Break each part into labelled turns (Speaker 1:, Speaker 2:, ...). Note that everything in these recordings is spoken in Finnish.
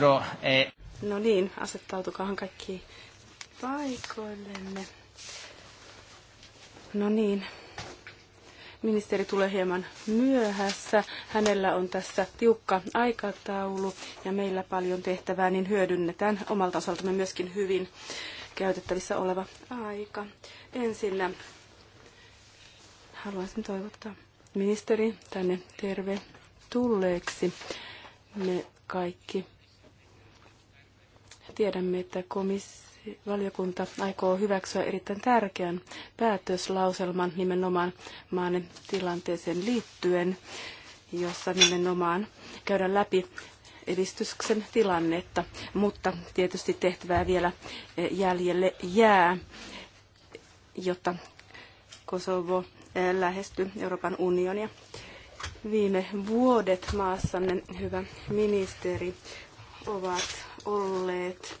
Speaker 1: nostro... E...
Speaker 2: No niin, asettautukaahan kaikki paikoillenne. No niin, ministeri tulee hieman myöhässä. Hänellä on tässä tiukka aikataulu ja meillä paljon tehtävää, niin hyödynnetään omalta osaltamme myöskin hyvin käytettävissä oleva aika. Ensinnä haluaisin toivottaa ministeri tänne tervetulleeksi. Me kaikki tiedämme, että komissi- valiokunta aikoo hyväksyä erittäin tärkeän päätöslauselman nimenomaan maan tilanteeseen liittyen, jossa nimenomaan käydään läpi edistyksen tilannetta, mutta tietysti tehtävää vielä jäljelle jää, jotta Kosovo eh, lähestyy Euroopan unionia. Viime vuodet maassanne, hyvä ministeri, ovat olleet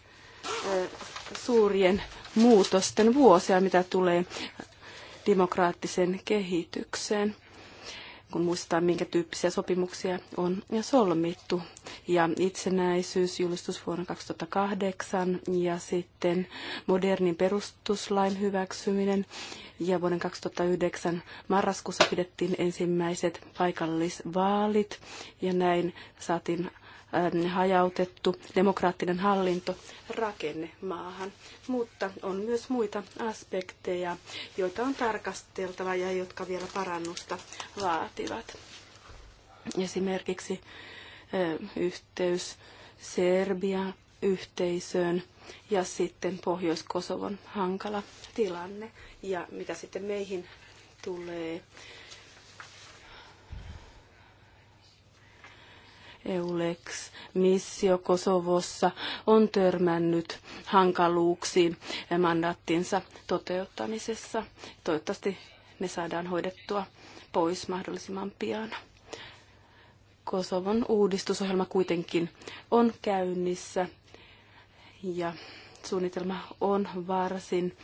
Speaker 2: suurien muutosten vuosia, mitä tulee demokraattiseen kehitykseen kun muistetaan, minkä tyyppisiä sopimuksia on ja solmittu. Ja itsenäisyys julistus vuonna 2008 ja sitten modernin perustuslain hyväksyminen. Ja vuoden 2009 marraskuussa pidettiin ensimmäiset paikallisvaalit ja näin saatiin Ähm, hajautettu demokraattinen hallinto rakenne maahan. Mutta on myös muita aspekteja, joita on tarkasteltava ja jotka vielä parannusta vaativat. Esimerkiksi ähm, yhteys Serbian yhteisöön ja sitten Pohjois-Kosovon hankala tilanne ja mitä sitten meihin tulee EULEX-missio Kosovossa on törmännyt hankaluuksiin mandaattinsa toteuttamisessa. Toivottavasti ne saadaan hoidettua pois mahdollisimman pian. Kosovon uudistusohjelma kuitenkin on käynnissä ja suunnitelma on varsin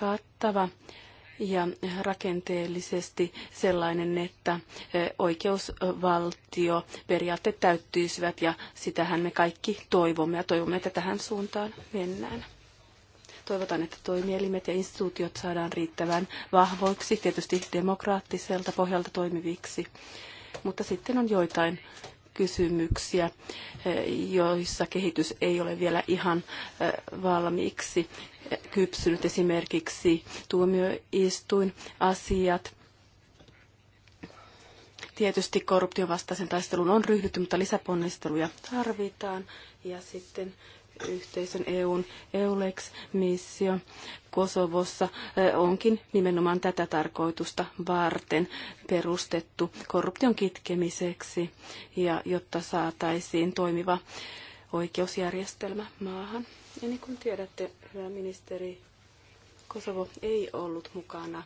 Speaker 2: kattava ja rakenteellisesti sellainen, että eh, oikeusvaltio periaatteet täyttyisivät ja sitähän me kaikki toivomme ja toivomme, että tähän suuntaan mennään. Toivotaan, että toimielimet ja instituutiot saadaan riittävän vahvoiksi, tietysti demokraattiselta pohjalta toimiviksi. Mutta sitten on joitain kysymyksiä, joissa kehitys ei ole vielä ihan valmiiksi kypsynyt, esimerkiksi tuomioistuinasiat. Tietysti korruption vastaisen taistelun on ryhdytty, mutta lisäponnisteluja tarvitaan. Ja sitten yhteisön EUn EULEX-missio Kosovossa eh, onkin nimenomaan tätä tarkoitusta varten perustettu korruption kitkemiseksi ja jotta saataisiin toimiva oikeusjärjestelmä maahan. Ja niin kuin tiedätte, hyvä ministeri, Kosovo ei ollut mukana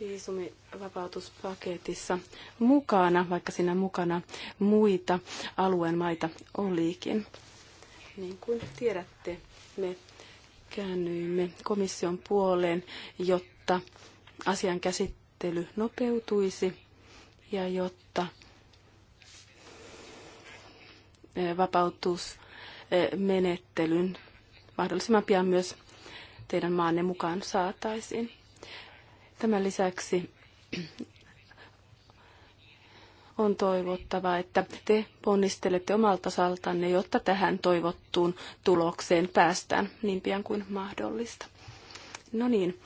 Speaker 2: viisumivapautuspaketissa mukana, vaikka siinä mukana muita alueen maita olikin. Niin kuin tiedätte, me käännyimme komission puoleen, jotta asian käsittely nopeutuisi ja jotta e, vapautusmenettelyn mahdollisimman pian myös teidän maanne mukaan saataisiin. Tämän lisäksi on toivottava, että te ponnistelette omalta saltanne, jotta tähän toivottuun tulokseen päästään niin pian kuin mahdollista. No niin,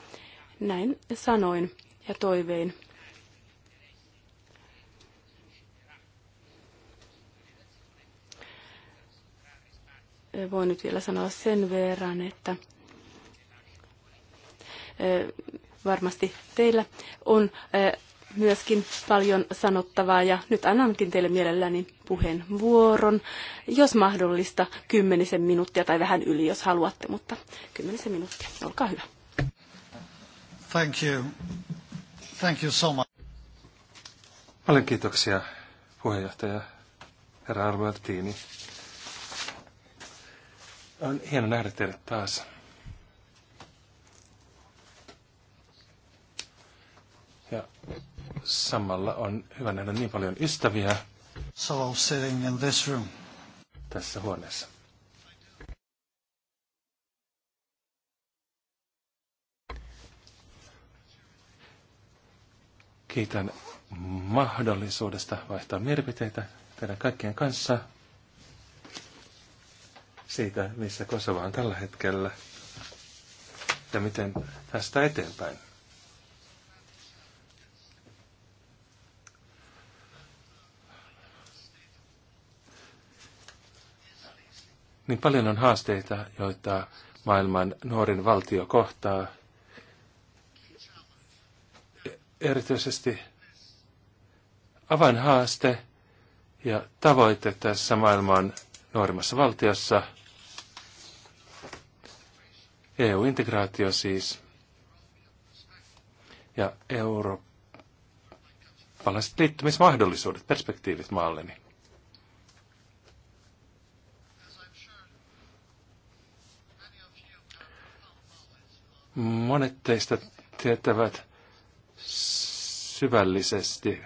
Speaker 2: näin sanoin ja toivein. Voin nyt vielä sanoa sen verran, että varmasti teillä on eh, myöskin paljon sanottavaa ja nyt annankin teille mielelläni puheenvuoron, jos mahdollista, kymmenisen minuuttia tai vähän yli, jos haluatte, mutta kymmenisen minuuttia, olkaa hyvä.
Speaker 3: Thank you. Thank you so much.
Speaker 4: Paljon kiitoksia puheenjohtaja herra Albertini. On hieno nähdä teidät taas. Samalla on hyvä nähdä niin paljon ystäviä. So sitting in this room. Tässä huoneessa. Kiitän mahdollisuudesta vaihtaa mielipiteitä teidän kaikkien kanssa siitä, missä Kosova on tällä hetkellä ja miten tästä eteenpäin. niin paljon on haasteita, joita maailman nuorin valtio kohtaa. Erityisesti avainhaaste ja tavoite tässä maailman nuorimmassa valtiossa, EU-integraatio siis, ja eurooppalaiset liittymismahdollisuudet, perspektiivit maalleni. Monet teistä tietävät syvällisesti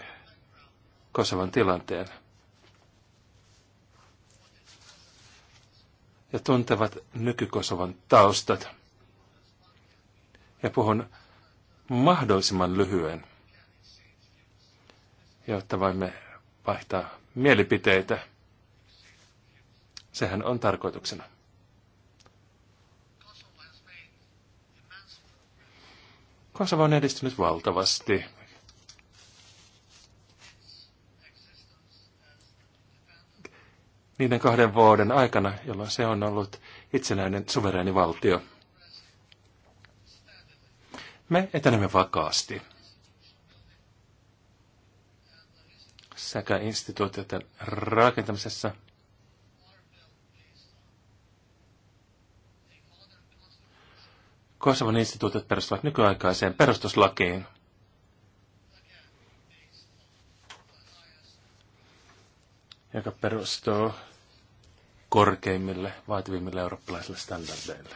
Speaker 4: Kosovan tilanteen. Ja tuntevat nykykosovan taustat. Ja puhun mahdollisimman lyhyen, jotta voimme vaihtaa mielipiteitä. Sehän on tarkoituksena. Kosovo on edistynyt valtavasti. Niiden kahden vuoden aikana, jolloin se on ollut itsenäinen suvereeni valtio. Me etenemme vakaasti. sekä instituutioiden rakentamisessa – Kosovon instituutit perustuvat nykyaikaiseen perustuslakiin. joka perustuu korkeimmille, vaativimmille eurooppalaisille standardeille.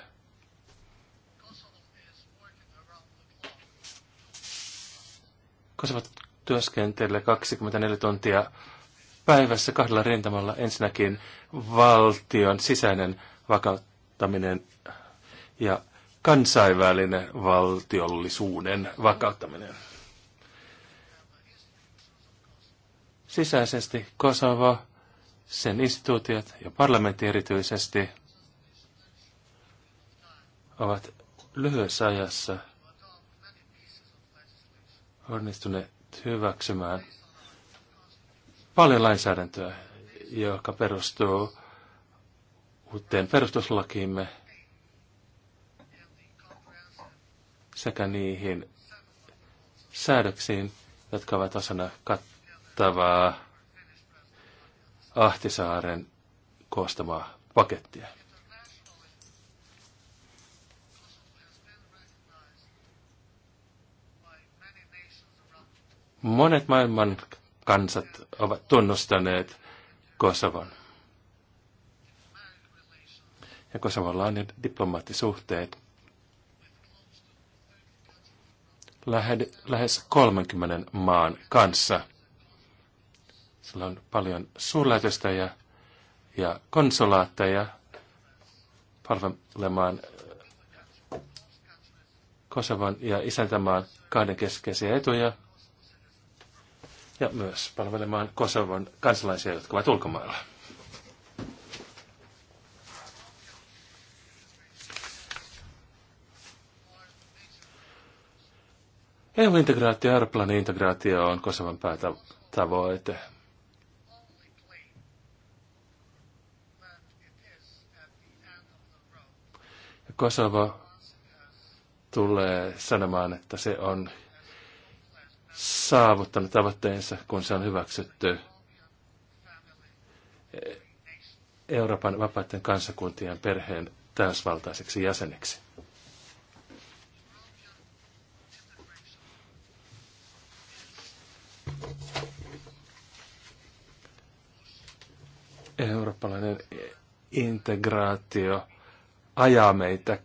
Speaker 4: Kosovat työskentelee 24 tuntia päivässä kahdella rintamalla. Ensinnäkin valtion sisäinen vakauttaminen ja kansainvälinen valtiollisuuden vakauttaminen. Sisäisesti Kosovo, sen instituutiot ja parlamentti erityisesti ovat lyhyessä ajassa onnistuneet hyväksymään paljon lainsäädäntöä, joka perustuu uuteen perustuslakiimme – sekä niihin säädöksiin, jotka ovat osana kattavaa Ahtisaaren koostamaa pakettia. Monet maailman kansat ovat tunnustaneet Kosovon. Ja Kosovalla on diplomaattisuhteet lähes 30 maan kanssa. Sillä on paljon suurlähetystä ja, ja konsulaatteja palvelemaan äh, Kosovan ja isäntämaan kahdenkeskeisiä etuja ja myös palvelemaan Kosovan kansalaisia, jotka ovat ulkomailla. EU-integraatio ja Euroopan integraatio on Kosovan päätavoite. Ja Kosovo tulee sanomaan, että se on saavuttanut tavoitteensa, kun se on hyväksytty Euroopan vapaiden kansakuntien perheen täysvaltaiseksi jäseneksi. eurooppalainen integraatio ajaa meitä,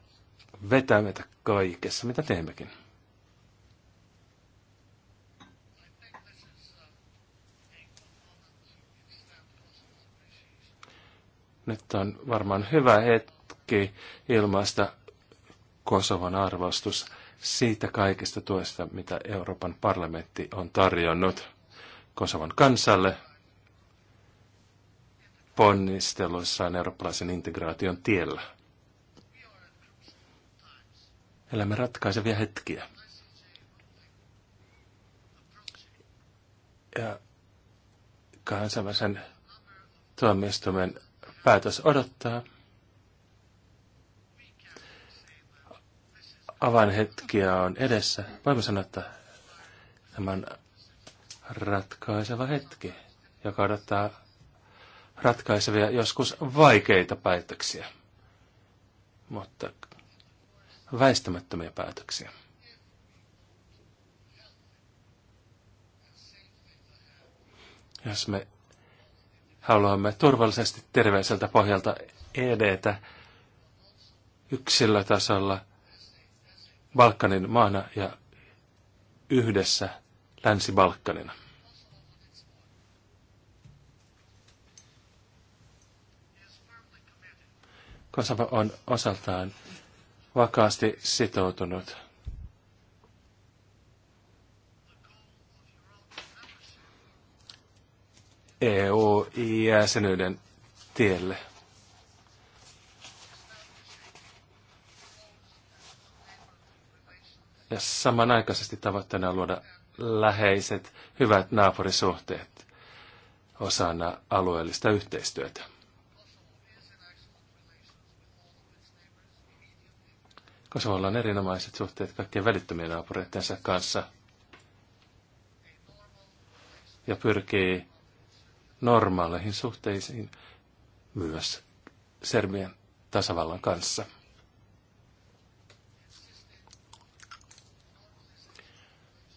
Speaker 4: vetää meitä kaikessa, mitä teemmekin. Nyt on varmaan hyvä hetki ilmaista Kosovon arvostus siitä kaikesta tuesta, mitä Euroopan parlamentti on tarjonnut kosovan kansalle – ponnisteluissaan eurooppalaisen integraation tiellä. Elämme ratkaisevia hetkiä. Ja kansainvälisen tuomioistuimen päätös odottaa. Avainhetkiä on edessä. Voimme sanoa, että on ratkaiseva hetki, joka odottaa ratkaisevia, joskus vaikeita päätöksiä, mutta väistämättömiä päätöksiä. Jos me haluamme turvallisesti terveiseltä pohjalta edetä yksilötasolla Balkanin maana ja yhdessä Länsi-Balkanina. Kosovo on osaltaan vakaasti sitoutunut. EU-jäsenyyden tielle. Ja samanaikaisesti tavoitteena on luoda läheiset, hyvät naapurisuhteet osana alueellista yhteistyötä. me ollaan erinomaiset suhteet kaikkien välittömien naapureittensa kanssa ja pyrkii normaaleihin suhteisiin myös Serbian tasavallan kanssa.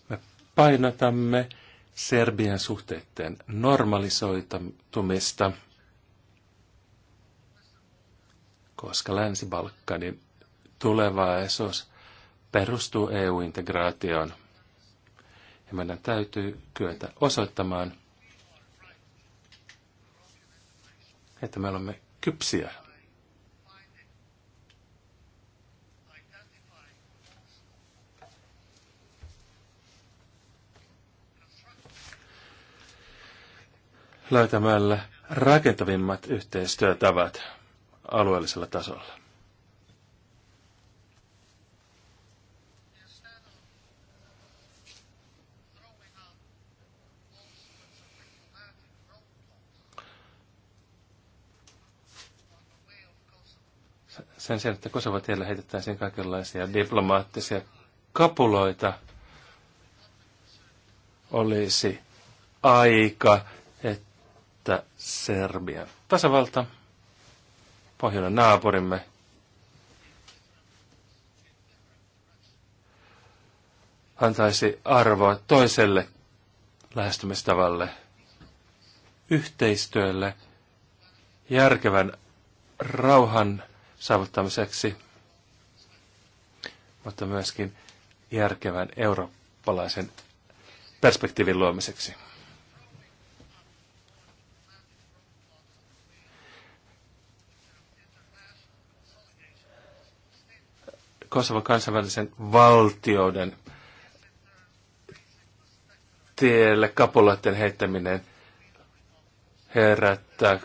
Speaker 4: Me painotamme Serbian suhteiden normalisoitumista, koska Länsi-Balkanin tulevaisuus perustuu EU-integraatioon. Ja meidän täytyy kyetä osoittamaan, että me olemme kypsiä. Löytämällä rakentavimmat yhteistyötavat alueellisella tasolla. sen sijaan, että Kosovo tiellä heitettäisiin kaikenlaisia diplomaattisia kapuloita, olisi aika, että Serbian tasavalta, pohjoinen naapurimme, antaisi arvoa toiselle lähestymistavalle, yhteistyölle, järkevän rauhan saavuttamiseksi, mutta myöskin järkevän eurooppalaisen perspektiivin luomiseksi. Kosovo kansainvälisen valtioiden tielle kapulaiden heittäminen herättää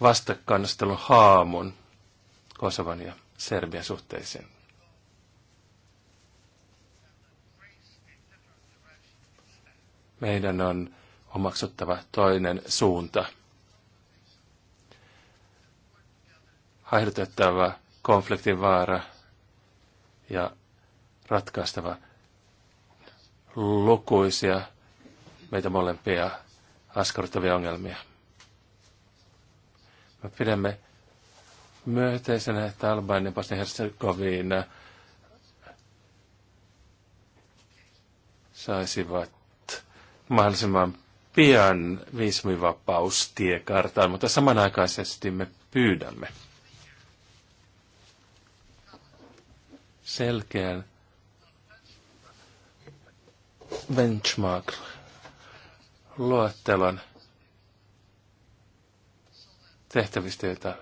Speaker 4: vastakkainastelun haamun. Kosovan ja Serbian suhteisiin. Meidän on omaksuttava toinen suunta. Haihdutettava konfliktin vaara ja ratkaistava lukuisia meitä molempia askarruttavia ongelmia. Me pidämme myöteisenä että Albania, Bosnia-Herzegovina saisivat mahdollisimman pian viisumivapaustiekartaan, mutta samanaikaisesti me pyydämme selkeän benchmark-luettelon tehtävistä, joita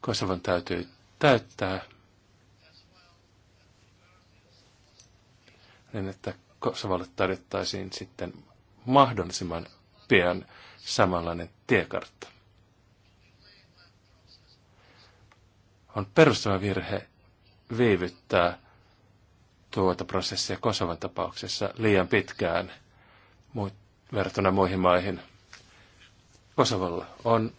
Speaker 4: Kosovon täytyy täyttää, niin että Kosovalle tarjottaisiin sitten mahdollisimman pian samanlainen tiekartta. On perustava virhe viivyttää tuota prosessia Kosovan tapauksessa liian pitkään verrattuna muihin maihin. Kosovalla on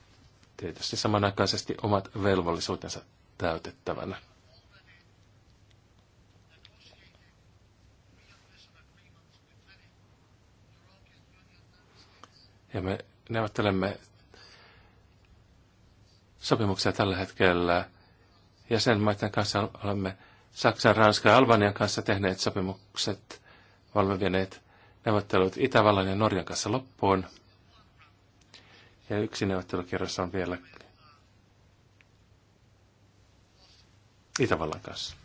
Speaker 4: tietysti samanaikaisesti omat velvollisuutensa täytettävänä. Ja me neuvottelemme sopimuksia tällä hetkellä jäsenmaiden kanssa. Olemme Saksan, Ranskan ja Albanian kanssa tehneet sopimukset, olemme vieneet neuvottelut Itävallan ja Norjan kanssa loppuun. Ja yksi neuvottelukierros on vielä Itävallan kanssa.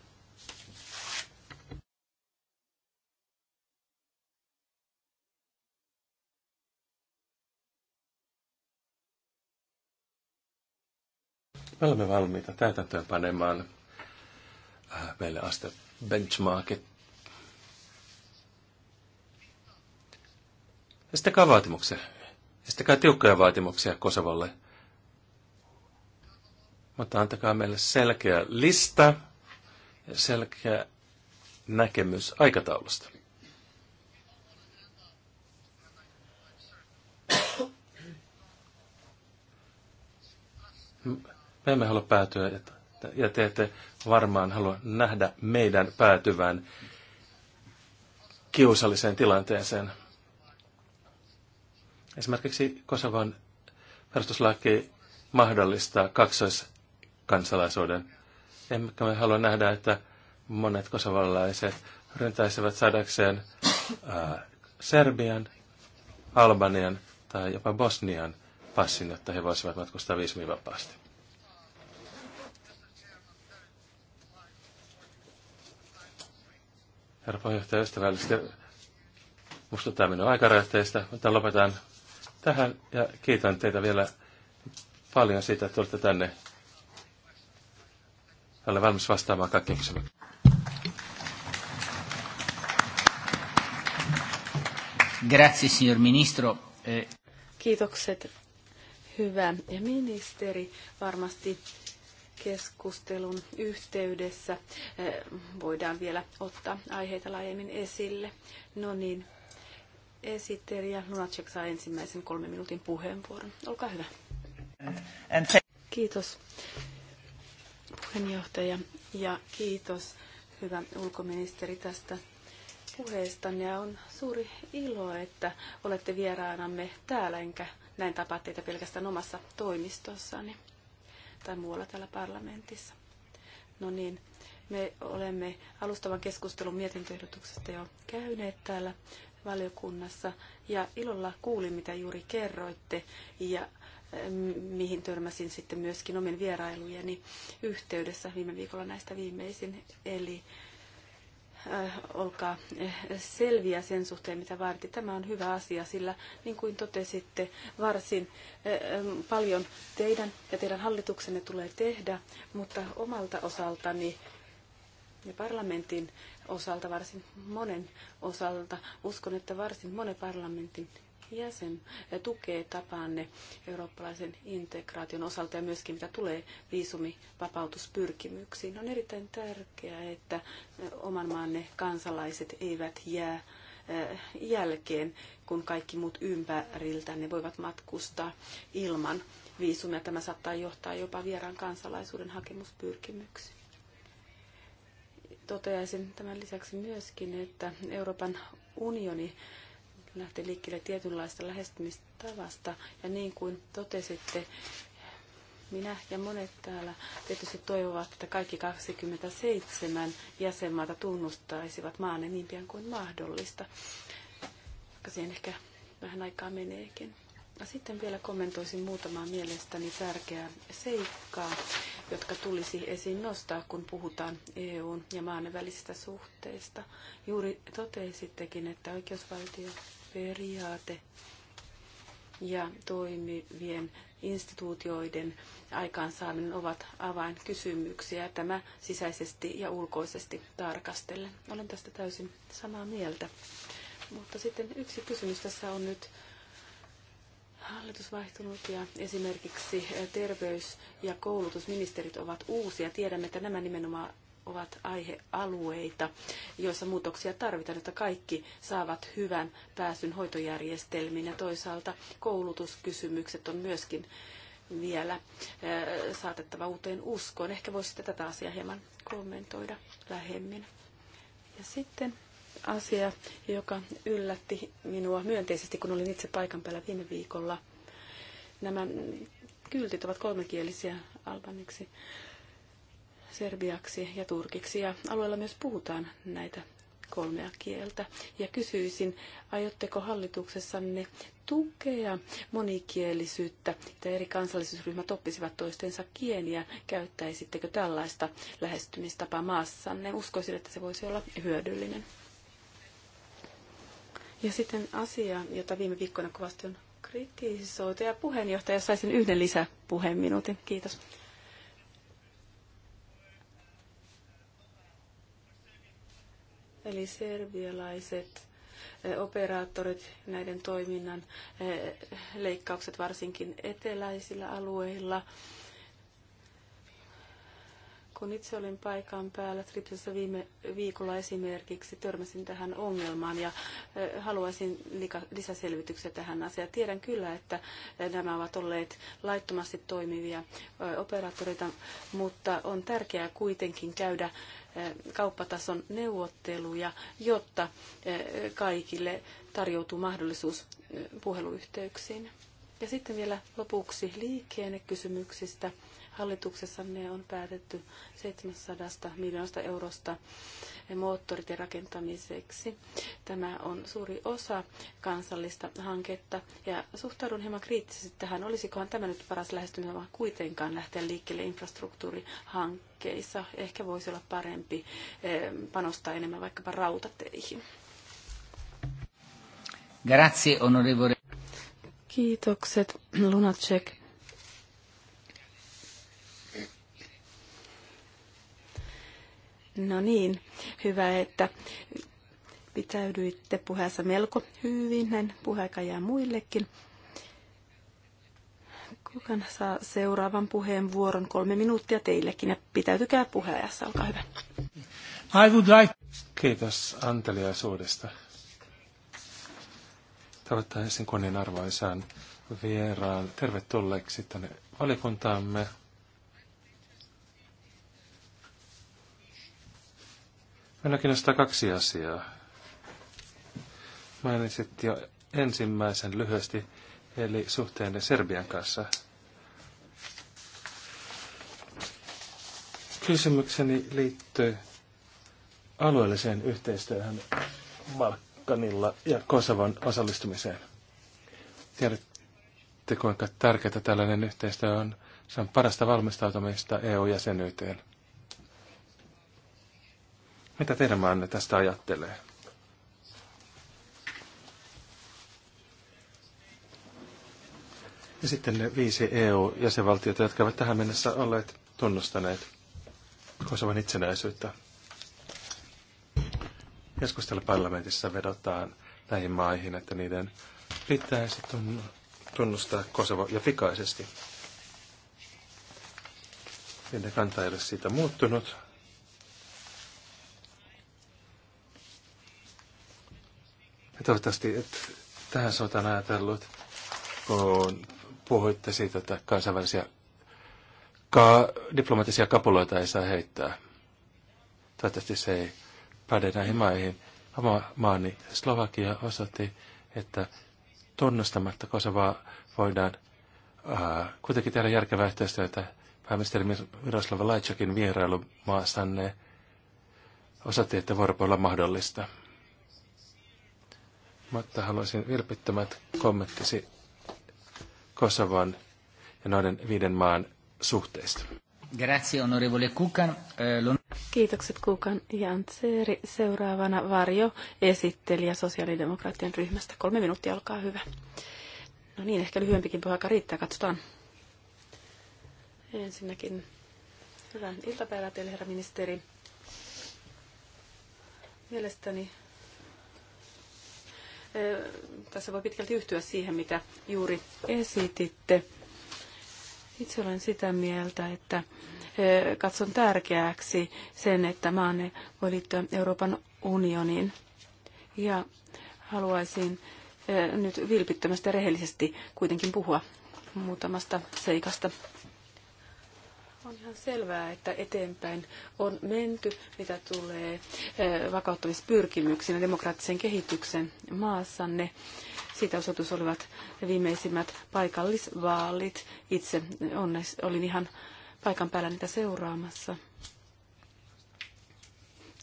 Speaker 4: Me olemme valmiita täytäntöön panemaan äh, meille aste benchmarkit. Ja sitten kaavaatimuksen Estäkää tiukkoja vaatimuksia Kosovalle. Mutta antakaa meille selkeä lista ja selkeä näkemys aikataulusta. Me emme halua päätyä, ja te ette varmaan halua nähdä meidän päätyvän kiusalliseen tilanteeseen. Esimerkiksi Kosovon perustuslaki mahdollistaa kaksoiskansalaisuuden. Emmekä me halua nähdä, että monet kosovalaiset ryntäisivät sadakseen äh, Serbian, Albanian tai jopa Bosnian passin, jotta he voisivat matkustaa vapaasti. Herra puheenjohtaja ystävällisesti muistuttaa minun aikarajoitteista, mutta lopetan tähän ja kiitän teitä vielä paljon siitä, että olette tänne. Olen valmis vastaamaan kaikkiin
Speaker 1: kysymyksiin. Grazie, signor ministro. Eh,
Speaker 2: Kiitokset, hyvä ministeri. Varmasti keskustelun yhteydessä eh, voidaan vielä ottaa aiheita laajemmin esille. No niin, esittelijä Lunacek saa ensimmäisen kolmen minuutin puheenvuoron. Olkaa hyvä. Kiitos puheenjohtaja ja kiitos hyvä ulkoministeri tästä puheestanne. Ja on suuri ilo, että olette vieraanamme täällä, enkä näin tapaa teitä pelkästään omassa toimistossani tai muualla täällä parlamentissa. No niin, me olemme alustavan keskustelun mietintöehdotuksesta jo käyneet täällä valiokunnassa ja ilolla kuulin, mitä juuri kerroitte ja eh, mihin törmäsin sitten myöskin omien vierailujeni yhteydessä viime viikolla näistä viimeisin. Eli eh, olkaa eh, selviä sen suhteen, mitä vaaditte. Tämä on hyvä asia, sillä niin kuin totesitte, varsin paljon teidän ja teidän hallituksenne tulee tehdä, mutta omalta osaltani ja parlamentin osalta, varsin monen osalta. Uskon, että varsin monen parlamentin jäsen tukee tapaanne eurooppalaisen integraation osalta ja myöskin mitä tulee viisumivapautuspyrkimyksiin. On erittäin tärkeää, että oman maanne kansalaiset eivät jää eh, jälkeen, kun kaikki muut ympäriltä ne voivat matkustaa ilman viisumia. Tämä saattaa johtaa jopa vieraan kansalaisuuden hakemuspyrkimyksiin. Toteaisin tämän lisäksi myöskin, että Euroopan unioni lähti liikkeelle tietynlaista lähestymistavasta. Ja niin kuin totesitte, minä ja monet täällä tietysti toivovat, että kaikki 27 jäsenmaata tunnustaisivat maanne niin pian kuin mahdollista. Vaikka siihen ehkä vähän aikaa meneekin. Ja sitten vielä kommentoisin muutamaa mielestäni tärkeää seikkaa, jotka tulisi esiin nostaa, kun puhutaan EUn ja maan välisistä suhteista. Juuri totesittekin, että oikeusvaltioperiaate ja toimivien instituutioiden aikaansaaminen ovat avainkysymyksiä. Tämä sisäisesti ja ulkoisesti tarkastellen. Olen tästä täysin samaa mieltä. Mutta sitten yksi kysymys tässä on nyt hallitus vaihtunut ja esimerkiksi terveys- ja koulutusministerit ovat uusia. Tiedämme, että nämä nimenomaan ovat aihealueita, joissa muutoksia tarvitaan, että kaikki saavat hyvän pääsyn hoitojärjestelmiin ja toisaalta koulutuskysymykset on myöskin vielä saatettava uuteen uskoon. Ehkä voisitte tätä asiaa hieman kommentoida lähemmin. Ja sitten asia, joka yllätti minua myönteisesti, kun olin itse paikan päällä viime viikolla. Nämä kyltit ovat kolmekielisiä albaniksi, serbiaksi ja turkiksi, ja alueella myös puhutaan näitä kolmea kieltä. Ja kysyisin, aiotteko hallituksessanne tukea monikielisyyttä, että eri kansallisuusryhmät oppisivat toistensa kieliä? Käyttäisittekö tällaista lähestymistapaa maassanne? Uskoisin, että se voisi olla hyödyllinen. Ja sitten asia, jota viime viikkoina kovasti on kritisoitu. Ja puheenjohtaja saisin yhden lisäpuheen minuutin. Kiitos. Eli serbialaiset eh, operaattorit, näiden toiminnan eh, leikkaukset varsinkin eteläisillä alueilla – kun itse olin paikan päällä Tripsissä viime viikolla esimerkiksi, törmäsin tähän ongelmaan ja haluaisin lisäselvityksiä tähän asiaan. Tiedän kyllä, että nämä ovat olleet laittomasti toimivia operaattoreita, mutta on tärkeää kuitenkin käydä kauppatason neuvotteluja, jotta kaikille tarjoutuu mahdollisuus puheluyhteyksiin. Ja sitten vielä lopuksi liikkeen kysymyksistä hallituksessanne on päätetty 700 miljoonasta eurosta moottoritien rakentamiseksi. Tämä on suuri osa kansallista hanketta ja suhtaudun hieman kriittisesti tähän. Olisikohan tämä nyt paras lähestymistapa kuitenkaan lähteä liikkeelle infrastruktuurihankkeissa? Ehkä voisi olla parempi eh, panostaa enemmän vaikkapa rautateihin.
Speaker 1: Grazie, onorevole.
Speaker 2: Kiitokset, Lunacek. No niin, hyvä, että pitäydyitte puheessa melko hyvin, näin puheaika jää muillekin. Kukaan saa seuraavan puheenvuoron, kolme minuuttia teillekin, ja pitäytykää puheajassa, olkaa hyvä.
Speaker 4: I would like... Kiitos anteliaisuudesta. Tavoittaisin koneen arvoisaan vieraan tervetulleeksi tänne valikuntaamme. Minä kiinnostaa kaksi asiaa. Mainitsit jo ensimmäisen lyhyesti, eli suhteenne Serbian kanssa. Kysymykseni liittyy alueelliseen yhteistyöhön Balkanilla ja Kosovan osallistumiseen. Tiedätte, kuinka tärkeää tällainen yhteistyö on. Se on parasta valmistautumista EU-jäsenyyteen. Mitä teidän maanne tästä ajattelee? Ja sitten ne viisi EU-jäsenvaltiota, jotka ovat tähän mennessä olleet tunnustaneet Kosovan itsenäisyyttä. Keskustella parlamentissa vedotaan näihin maihin, että niiden pitäisi tunnustaa Kosovo ja pikaisesti. Niiden kanta ei ole siitä muuttunut. toivottavasti et tähän suuntaan ajatellut, kun puhuitte siitä, että kansainvälisiä ka- diplomaattisia kapuloita ei saa heittää. Toivottavasti se ei päde näihin maihin. Oma maani Slovakia osoitti, että tunnustamatta Kosovaa voidaan ää, kuitenkin tehdä järkevää yhteistyötä. Pääministeri Miroslava Lajcsakin vierailu maassanne osoitti, että vuoropuolella on mahdollista. Matta, haluaisin vilpittömät kommenttisi Kosovan ja noiden
Speaker 1: viiden maan suhteista. Grazie, onorevole Kukan. Eh,
Speaker 2: Kiitokset Kukan ja Antseeri. Seuraavana Varjo, esittelijä sosiaalidemokraattien ryhmästä. Kolme minuuttia, olkaa hyvä. No niin, ehkä lyhyempikin puheaika riittää, katsotaan. Ensinnäkin hyvää iltapäivää teille, herra ministeri. Mielestäni tässä voi pitkälti yhtyä siihen, mitä juuri esititte. Itse olen sitä mieltä, että katson tärkeäksi sen, että maanne voi liittyä Euroopan unioniin. Ja haluaisin nyt vilpittömästi ja rehellisesti kuitenkin puhua muutamasta seikasta on ihan selvää, että eteenpäin on menty, mitä tulee eh, vakauttamispyrkimyksiin ja demokraattisen kehityksen maassanne. Siitä osoitus olivat viimeisimmät paikallisvaalit. Itse onnes, olin ihan paikan päällä niitä seuraamassa.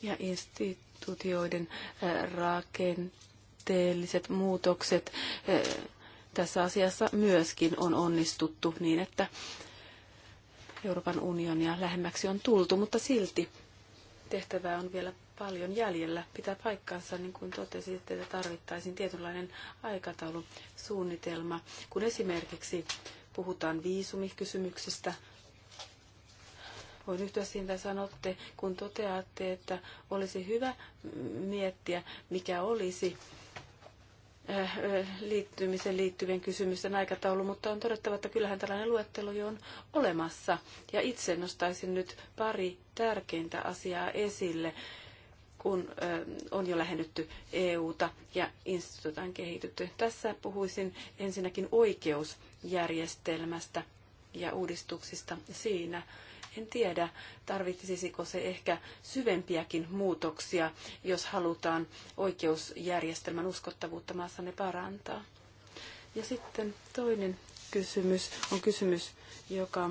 Speaker 2: Ja instituutioiden eh, rakenteelliset muutokset eh, tässä asiassa myöskin on onnistuttu niin, että Euroopan unionia lähemmäksi on tultu, mutta silti tehtävää on vielä paljon jäljellä. Pitää paikkansa, niin kuin totesit, että tarvittaisiin tietynlainen aikataulusuunnitelma, kun esimerkiksi puhutaan viisumikysymyksistä. Voin yhtyä siitä sanotte, kun toteatte, että olisi hyvä miettiä, mikä olisi Äh, liittymiseen liittyvien kysymysten aikataulu, mutta on todettava, että kyllähän tällainen luettelo jo on olemassa. Ja itse nostaisin nyt pari tärkeintä asiaa esille, kun on jo lähennytty EUta ja instituutta on kehitytty. Tässä puhuisin ensinnäkin oikeusjärjestelmästä ja uudistuksista siinä en tiedä, tarvitsisiko se ehkä syvempiäkin muutoksia, jos halutaan oikeusjärjestelmän uskottavuutta maassanne parantaa. Ja sitten toinen kysymys on kysymys, joka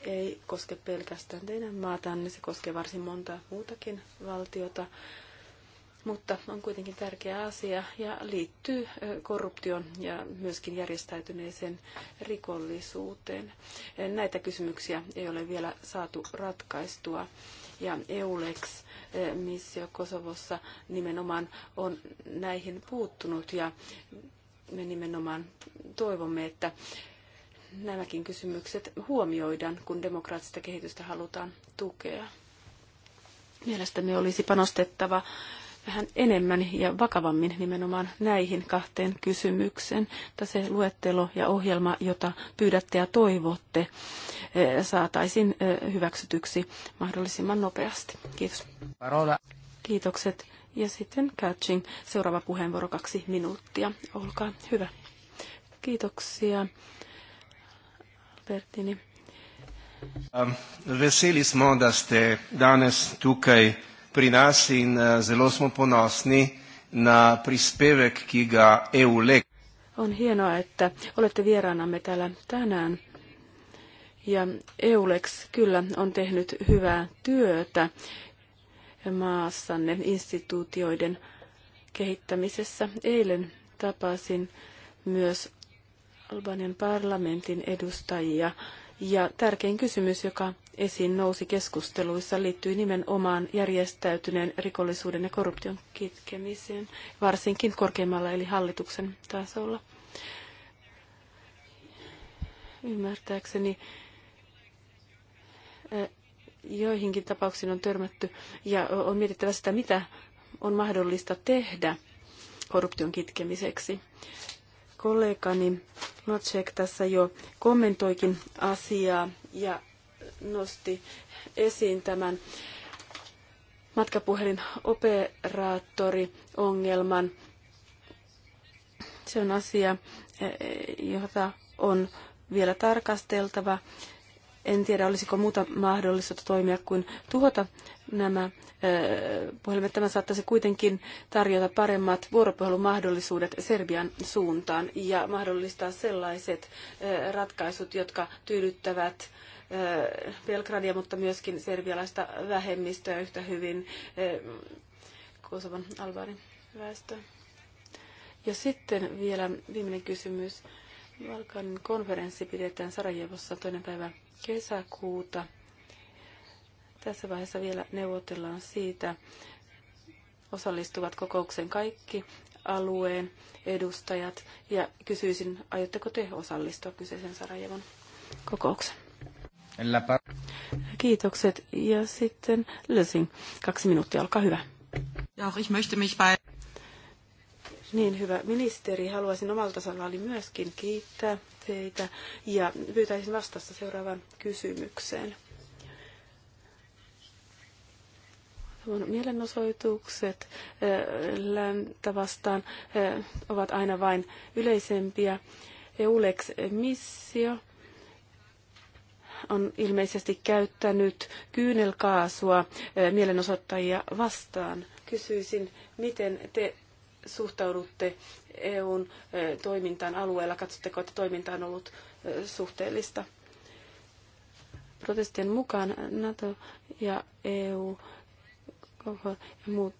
Speaker 2: ei koske pelkästään teidän maatanne, se koskee varsin monta muutakin valtiota mutta on kuitenkin tärkeä asia ja liittyy korruption ja myöskin järjestäytyneeseen rikollisuuteen. Näitä kysymyksiä ei ole vielä saatu ratkaistua ja EULEX missio Kosovossa nimenomaan on näihin puuttunut ja me nimenomaan toivomme, että nämäkin kysymykset huomioidaan, kun demokraattista kehitystä halutaan tukea. Mielestäni olisi panostettava vähän enemmän ja vakavammin nimenomaan näihin kahteen kysymykseen. Että se luettelo ja ohjelma, jota pyydätte ja toivotte, eh, saataisiin eh, hyväksytyksi mahdollisimman nopeasti. Kiitos. Parola. Kiitokset. Ja sitten catching. Seuraava puheenvuoro kaksi minuuttia. Olkaa hyvä. Kiitoksia. Albertini.
Speaker 5: Um, veselis smo, danes tukaj pri nas in eh, zelo smo ponosni na prispevek, ki ga EU-LEC.
Speaker 2: On hienoa, että olette vieraanamme täällä tänään. Ja EULEX kyllä on tehnyt hyvää työtä maassanne instituutioiden kehittämisessä. Eilen tapasin myös Albanian parlamentin edustajia. Ja tärkein kysymys, joka esiin nousi keskusteluissa, liittyy nimenomaan järjestäytyneen rikollisuuden ja korruption kitkemiseen, varsinkin korkeimmalla eli hallituksen tasolla. Ymmärtääkseni eh, joihinkin tapauksiin on törmätty ja on mietittävä sitä, mitä on mahdollista tehdä korruption kitkemiseksi. Kollegani Nocek tässä jo kommentoikin asiaa ja nosti esiin tämän matkapuhelinoperaattoriongelman. Se on asia, jota on vielä tarkasteltava. En tiedä, olisiko muuta mahdollisuutta toimia kuin tuhota nämä puhelimet. Tämä saattaisi kuitenkin tarjota paremmat vuoropuhelumahdollisuudet Serbian suuntaan ja mahdollistaa sellaiset ratkaisut, jotka tyydyttävät Belgradia, mutta myöskin serbialaista vähemmistöä yhtä hyvin Kosovan albarin väestöä. Ja sitten vielä viimeinen kysymys. Valkan konferenssi pidetään Sarajevossa toinen päivä kesäkuuta. Tässä vaiheessa vielä neuvotellaan siitä, osallistuvat kokouksen kaikki alueen edustajat. Ja kysyisin, aiotteko te osallistua kyseisen Sarajevon kokoukseen? Kiitokset. Ja sitten Lösing. Kaksi minuuttia, olkaa hyvä. Ja, ich möchte mich bei... Niin, hyvä ministeri. Haluaisin omalta sanallani myöskin kiittää teitä ja pyytäisin vastausta seuraavaan kysymykseen. mielenosoitukset läntä vastaan ovat aina vain yleisempiä. EULEX-missio on ilmeisesti käyttänyt kyynelkaasua eh, mielenosoittajia vastaan. Kysyisin, miten te suhtaudutte EUn eh, toimintaan alueella? Katsotteko, että toiminta on ollut eh, suhteellista? Protestien mukaan NATO ja EU ja muut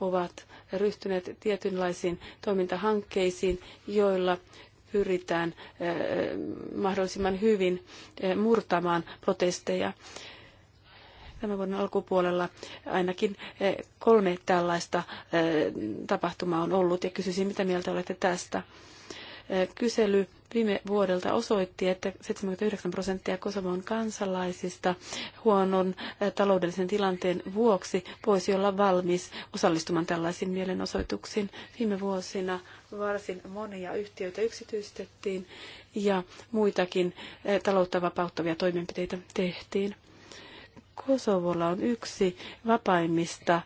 Speaker 2: ovat ryhtyneet tietynlaisiin toimintahankkeisiin, joilla pyritään eh, mahdollisimman hyvin eh, murtamaan protesteja. Tämän vuoden alkupuolella ainakin eh, kolme tällaista tapahtumaa on ollut ja kysyisin, mitä mieltä olette tästä. Kysely viime vuodelta osoitti, että 79 prosenttia Kosovon kansalaisista huonon taloudellisen tilanteen vuoksi voisi olla valmis osallistumaan tällaisiin mielenosoituksiin. Viime vuosina varsin monia yhtiöitä yksityistettiin ja muitakin taloutta vapauttavia toimenpiteitä tehtiin. Kosovolla on yksi vapaimmista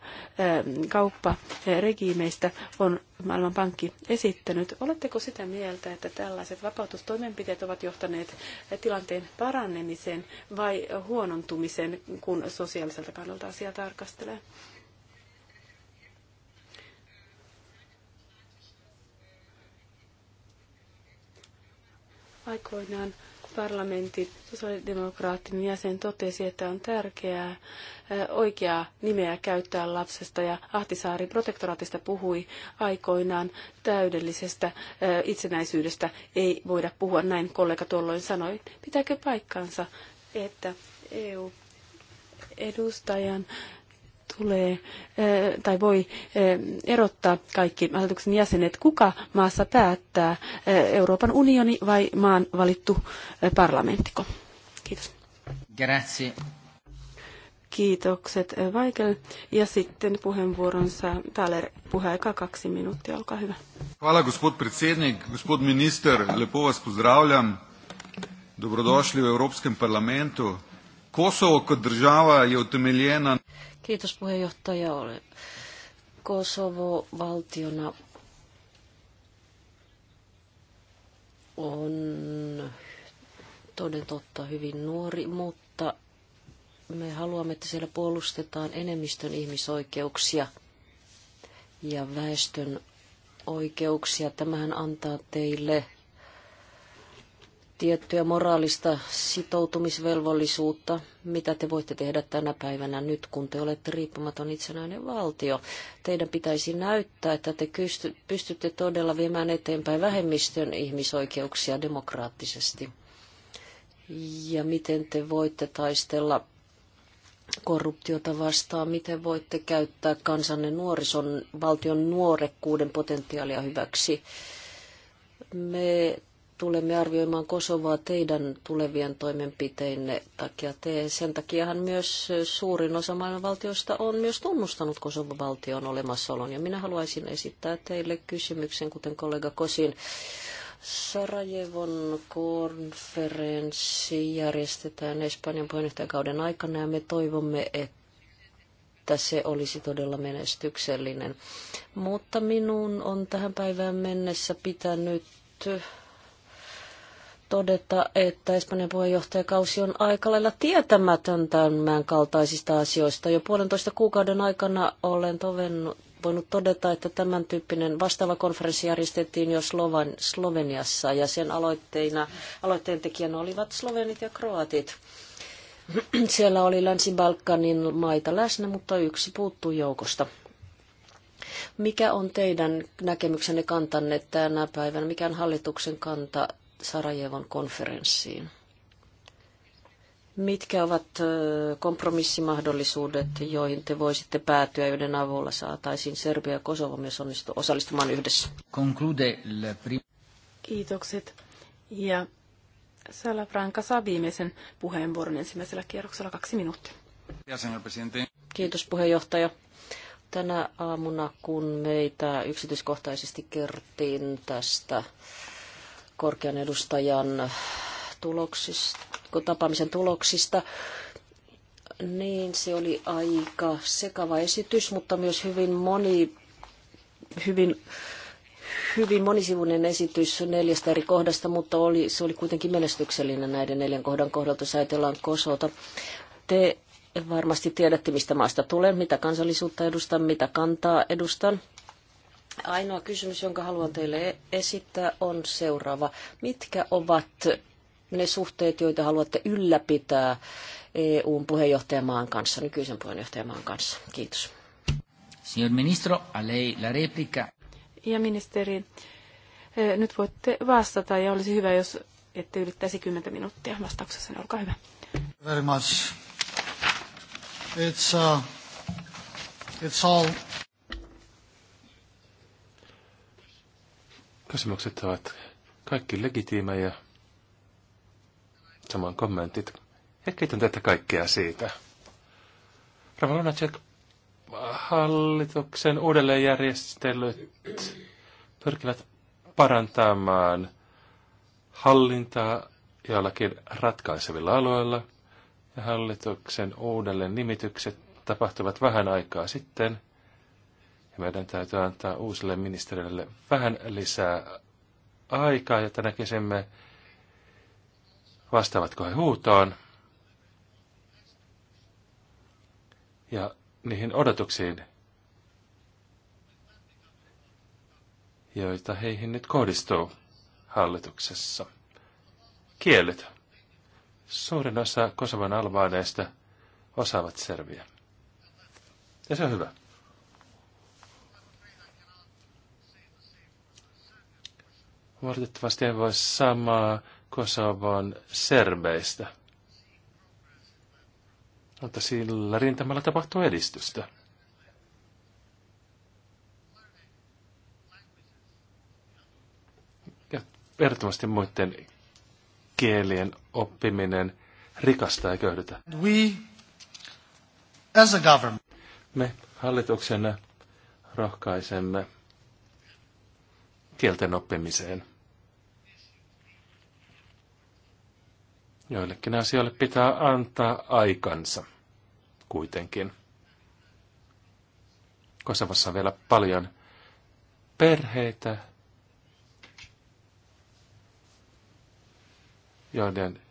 Speaker 2: kaupparegiimeistä, on Maailmanpankki esittänyt. Oletteko sitä mieltä, että tällaiset vapautustoimenpiteet ovat johtaneet tilanteen parannemiseen vai huonontumiseen, kun sosiaaliselta kannalta asiaa tarkastelee? Aikoinaan parlamentin sosiaalidemokraattinen jäsen totesi, että on tärkeää oikeaa nimeä käyttää lapsesta ja Ahtisaari protektoraatista puhui aikoinaan täydellisestä itsenäisyydestä. Ei voida puhua näin, kollega tuolloin sanoi. Pitääkö paikkansa, että EU-edustajan tulee tai voi erottaa kaikki hallituksen jäsenet, kuka maassa päättää, Euroopan unioni vai maan valittu parlamenttiko. Kiitos. Grazie. Kiitokset Vaikel. Ja sitten puheenvuoronsa Taler puheaika kaksi minuuttia, olkaa hyvä.
Speaker 1: Hvala gospod
Speaker 3: predsednik, gospod minister, lepo vas pozdravljam. Dobrodošli v Evropskem parlamentu. Kosovo kot država je utemeljena
Speaker 5: Kiitos puheenjohtaja. Kosovo valtiona on toden totta hyvin nuori, mutta me haluamme, että siellä puolustetaan enemmistön ihmisoikeuksia ja väestön oikeuksia. Tämähän antaa teille tiettyä moraalista sitoutumisvelvollisuutta, mitä te voitte tehdä tänä päivänä nyt, kun te olette riippumaton itsenäinen valtio. Teidän pitäisi näyttää, että te pystytte todella viemään eteenpäin vähemmistön ihmisoikeuksia demokraattisesti. Ja miten te voitte taistella korruptiota vastaan, miten voitte käyttää kansanne nuorison, valtion nuorekkuuden potentiaalia hyväksi. Me tulemme arvioimaan Kosovaa teidän tulevien toimenpiteinne takia. Te, sen takiahan myös suurin osa maailman valtioista on myös tunnustanut Kosovan valtion olemassaolon. Ja minä haluaisin esittää teille kysymyksen, kuten kollega Kosin. Sarajevon konferenssi järjestetään Espanjan puheenjohtajakauden aikana ja me toivomme, että että se olisi todella menestyksellinen. Mutta minun on tähän päivään mennessä pitänyt todeta, että Espanjan puheenjohtajakausi on aika lailla tietämätön tämän kaltaisista asioista. Jo puolentoista kuukauden aikana olen tovennut, voinut todeta, että tämän tyyppinen vastaava konferenssi järjestettiin jo Slovan, Sloveniassa ja sen aloitteina, aloitteen tekijänä olivat slovenit ja kroatit. Siellä oli Länsi-Balkanin maita läsnä, mutta yksi puuttuu joukosta. Mikä on teidän näkemyksenne kantanne tänä päivänä? Mikä on hallituksen kanta Sarajevon konferenssiin. Mitkä ovat kompromissimahdollisuudet, joihin te voisitte päätyä, joiden avulla saataisiin Serbia ja Kosovo myös osallistumaan yhdessä? Kiitokset. Ja Franka saa viimeisen puheenvuoron ensimmäisellä kierroksella kaksi minuuttia. Kiitos puheenjohtaja. Tänä aamuna, kun meitä yksityiskohtaisesti kerttiin tästä korkean edustajan tuloksista, tapaamisen tuloksista. Niin, se oli aika sekava esitys, mutta myös hyvin moni, hyvin, hyvin monisivuinen esitys neljästä eri kohdasta, mutta oli, se oli kuitenkin menestyksellinen näiden neljän kohdan kohdalta, jos ajatellaan Kosota. Te varmasti tiedätte, mistä maasta tulen, mitä kansallisuutta edustan, mitä kantaa edustan. Ainoa kysymys, jonka haluan teille esittää, on seuraava. Mitkä ovat ne suhteet, joita haluatte ylläpitää EUn puheenjohtajamaan kanssa, nykyisen puheenjohtajamaan kanssa? Kiitos.
Speaker 1: Signor ministro, a lei la replica.
Speaker 2: Ja ministeri, e, nyt voitte vastata ja olisi hyvä, jos ette ylittäisi 10 minuuttia vastauksessa. Niin olkaa hyvä.
Speaker 3: Very much. It's, uh, it's all
Speaker 4: Kysymykset ovat kaikki legitiimejä. Samoin kommentit. Ja kiitän teitä kaikkea siitä. Ravalonacek, hallituksen uudelleenjärjestelyt pyrkivät parantamaan hallintaa joillakin ratkaisevilla aloilla, ja hallituksen uudelleen nimitykset tapahtuvat vähän aikaa sitten – ja meidän täytyy antaa uusille ministerille vähän lisää aikaa, jotta näkisimme, vastaavatko he huutoon. Ja niihin odotuksiin, joita heihin nyt kohdistuu hallituksessa. Kielet. Suurin osa Kosovan albaaneista osaavat serviä. Ja se on hyvä. Valitettavasti en voi samaa Kosovon serbeistä. Mutta sillä rintamalla tapahtuu edistystä. Ja ehdottomasti muiden kielien oppiminen rikastaa ja köyhdytä.
Speaker 3: We, as a government. Me
Speaker 4: hallituksena rohkaisemme kielten oppimiseen. Joillekin asioille pitää antaa aikansa kuitenkin. Kosovassa on vielä paljon perheitä, joiden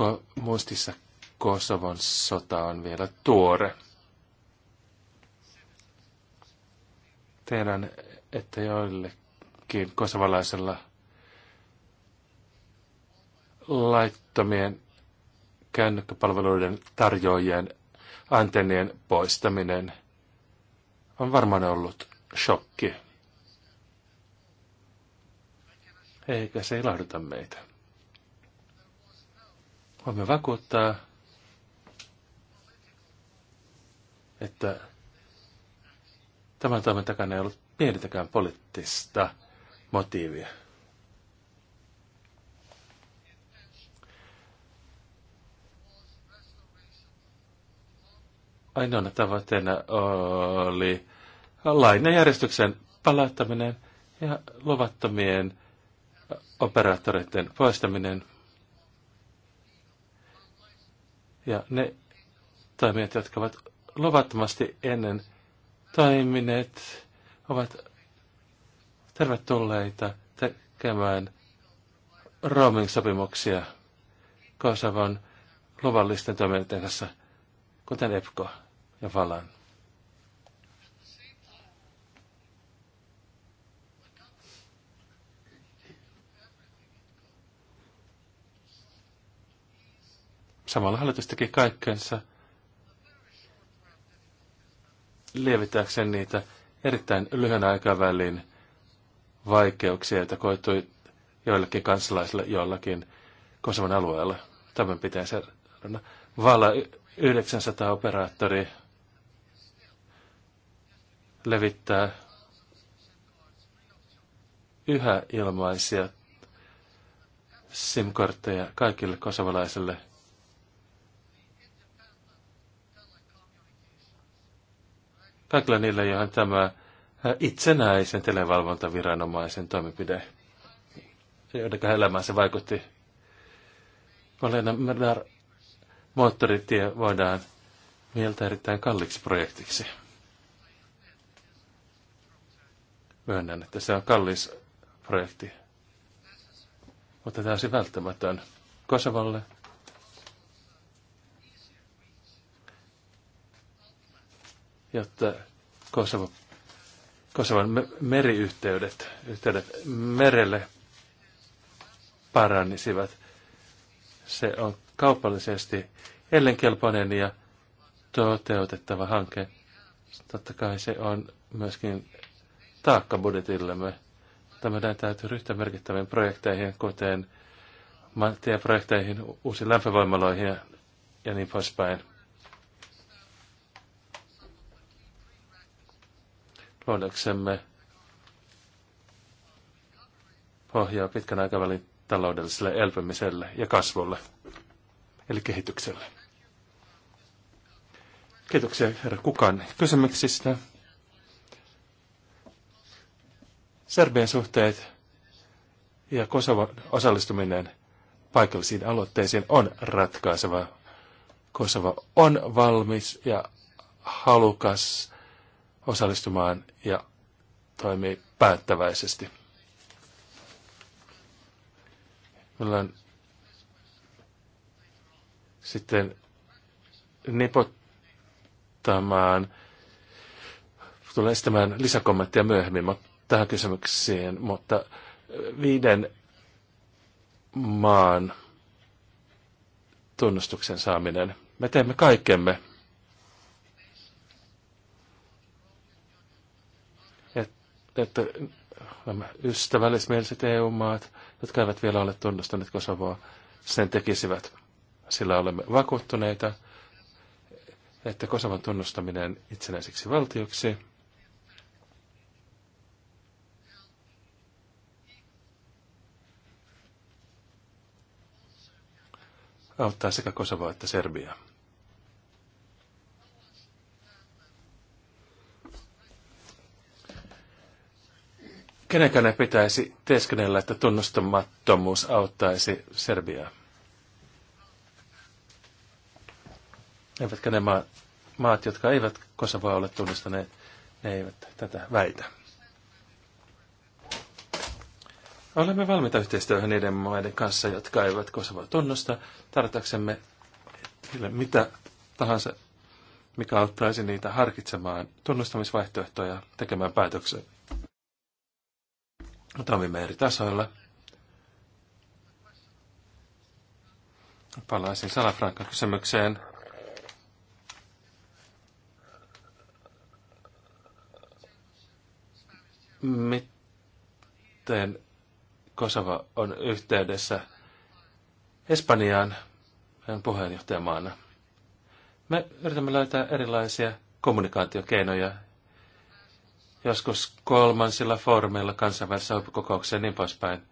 Speaker 4: ko- muistissa Kosovon sota on vielä tuore. Tiedän, että joillekin kosovalaisella laittomien kännykkäpalveluiden tarjoajien antennien poistaminen on varmaan ollut shokki. Eikä se ilahduta meitä. Voimme vakuuttaa, että tämän toimen takana ei ollut pienitäkään poliittista motiivia. Ainoana tavoitteena oli lainajärjestyksen palauttaminen ja luvattomien operaattoreiden poistaminen. Ja ne toimijat, jotka ovat luvattomasti ennen toimineet, ovat tervetulleita tekemään roaming-sopimuksia Kosovon luvallisten toimijoiden kanssa, kuten EPKO ja vallan. Samalla hallitus teki kaikkensa lievittääkseen niitä erittäin lyhyen aikavälin vaikeuksia, joita koitui joillekin kansalaisille jollakin Kosovan alueella. Tämän pitää seurata. Vala 900 operaattori levittää yhä ilmaisia SIM-kortteja kaikille kosovalaisille. Kaikilla niillä, johon tämä itsenäisen televalvontaviranomaisen toimenpide, joiden elämään se vaikutti. Valena moottoritie voidaan mieltä erittäin kalliiksi projektiksi. Myönnän, että se on kallis projekti. Mutta tämä on siis välttämätön Kosovalle. Jotta Kosovo, Kosovan meriyhteydet, yhteydet merelle parannisivat. Se on kaupallisesti ellenkelpoinen ja toteutettava hanke. Totta kai se on myöskin taakka budjetillemme. Tämä meidän täytyy ryhtyä merkittäviin projekteihin, kuten projekteihin, uusiin lämpövoimaloihin ja, ja niin poispäin. Luodaksemme pohjaa pitkän aikavälin taloudelliselle elpymiselle ja kasvulle, eli kehitykselle. Kiitoksia, herra Kukan, kysymyksistä. Serbian suhteet ja Kosovan osallistuminen paikallisiin aloitteisiin on ratkaiseva. Kosova on valmis ja halukas osallistumaan ja toimii päättäväisesti. Meillä on sitten nipottamaan, tulee estämään lisäkommentteja myöhemmin, mutta tähän kysymyksiin, mutta viiden maan tunnustuksen saaminen. Me teemme kaikkemme, että nämä ystävällismieliset EU-maat, jotka eivät vielä ole tunnustaneet Kosovoa, sen tekisivät. Sillä olemme vakuuttuneita, että Kosovan tunnustaminen itsenäiseksi valtioksi – auttaa sekä Kosovoa että Serbiaa. Kenenkään ne pitäisi teeskennellä, että tunnustamattomuus auttaisi Serbiaa. Eivätkä ne maat, maat jotka eivät Kosovoa ole tunnustaneet, ne eivät tätä väitä. Olemme valmiita yhteistyöhön niiden maiden kanssa, jotka eivät Kosovoa tunnusta, tartaksemme niille mitä tahansa, mikä auttaisi niitä harkitsemaan tunnustamisvaihtoehtoja ja tekemään päätöksen. Toimimme eri tasoilla. Palaisin Salafrankan kysymykseen. Miten Kosova on yhteydessä Espanjaan puheenjohtajamaana. Me yritämme löytää erilaisia kommunikaatiokeinoja, joskus kolmansilla foorumeilla kansainvälisessä huippukokouksessa ja niin poispäin.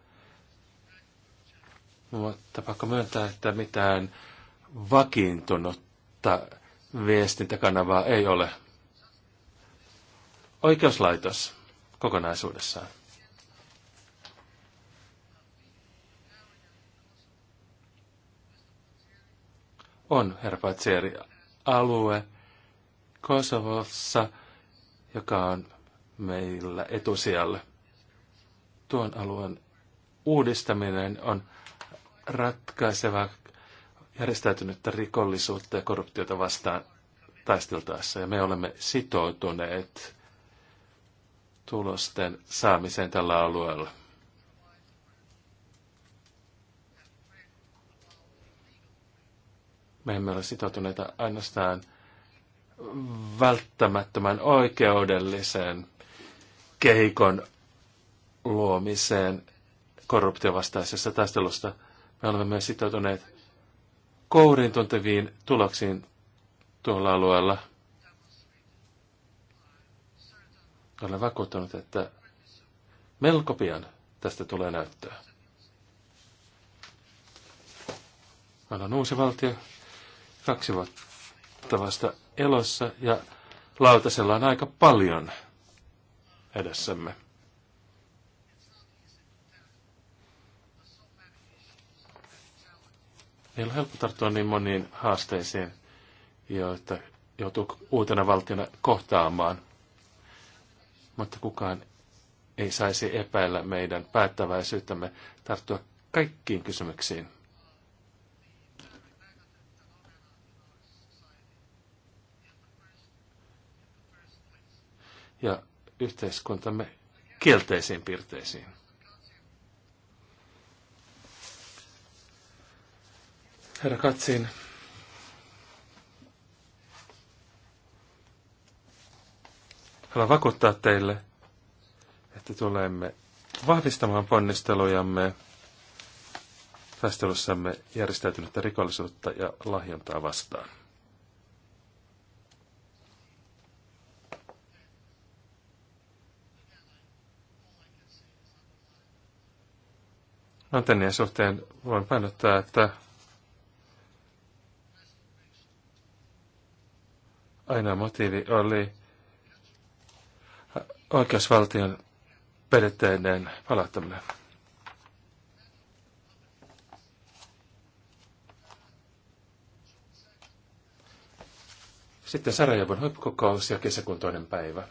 Speaker 4: Mutta pakko myöntää, että mitään vakiintunutta viestintäkanavaa ei ole. Oikeuslaitos kokonaisuudessaan. on herra alue Kosovossa, joka on meillä etusijalle. Tuon alueen uudistaminen on ratkaiseva järjestäytynyttä rikollisuutta ja korruptiota vastaan taisteltaessa. Ja me olemme sitoutuneet tulosten saamiseen tällä alueella. Me emme ole sitoutuneita ainoastaan välttämättömän oikeudellisen kehikon luomiseen korruptiovastaisessa taistelusta. Me olemme myös sitoutuneet kourin tunteviin tuloksiin tuolla alueella. Olen vakuuttunut, että melko pian tästä tulee näyttöä. Meillä on uusi valtio, kaksi vuotta vasta elossa ja lautasella on aika paljon edessämme. Ei ole helppo tarttua niin moniin haasteisiin, joita joutuu uutena valtiona kohtaamaan. Mutta kukaan ei saisi epäillä meidän päättäväisyyttämme tarttua kaikkiin kysymyksiin. ja yhteiskuntamme kielteisiin piirteisiin. Herra Katsin, haluan vakuuttaa teille, että tulemme vahvistamaan ponnistelujamme taistelussamme järjestäytynyttä rikollisuutta ja lahjontaa vastaan. antennien suhteen voin painottaa, että ainoa motiivi oli oikeusvaltion periaatteiden palauttaminen. Sitten Sarajevon huippukokous ja kesäkuun toinen päivä.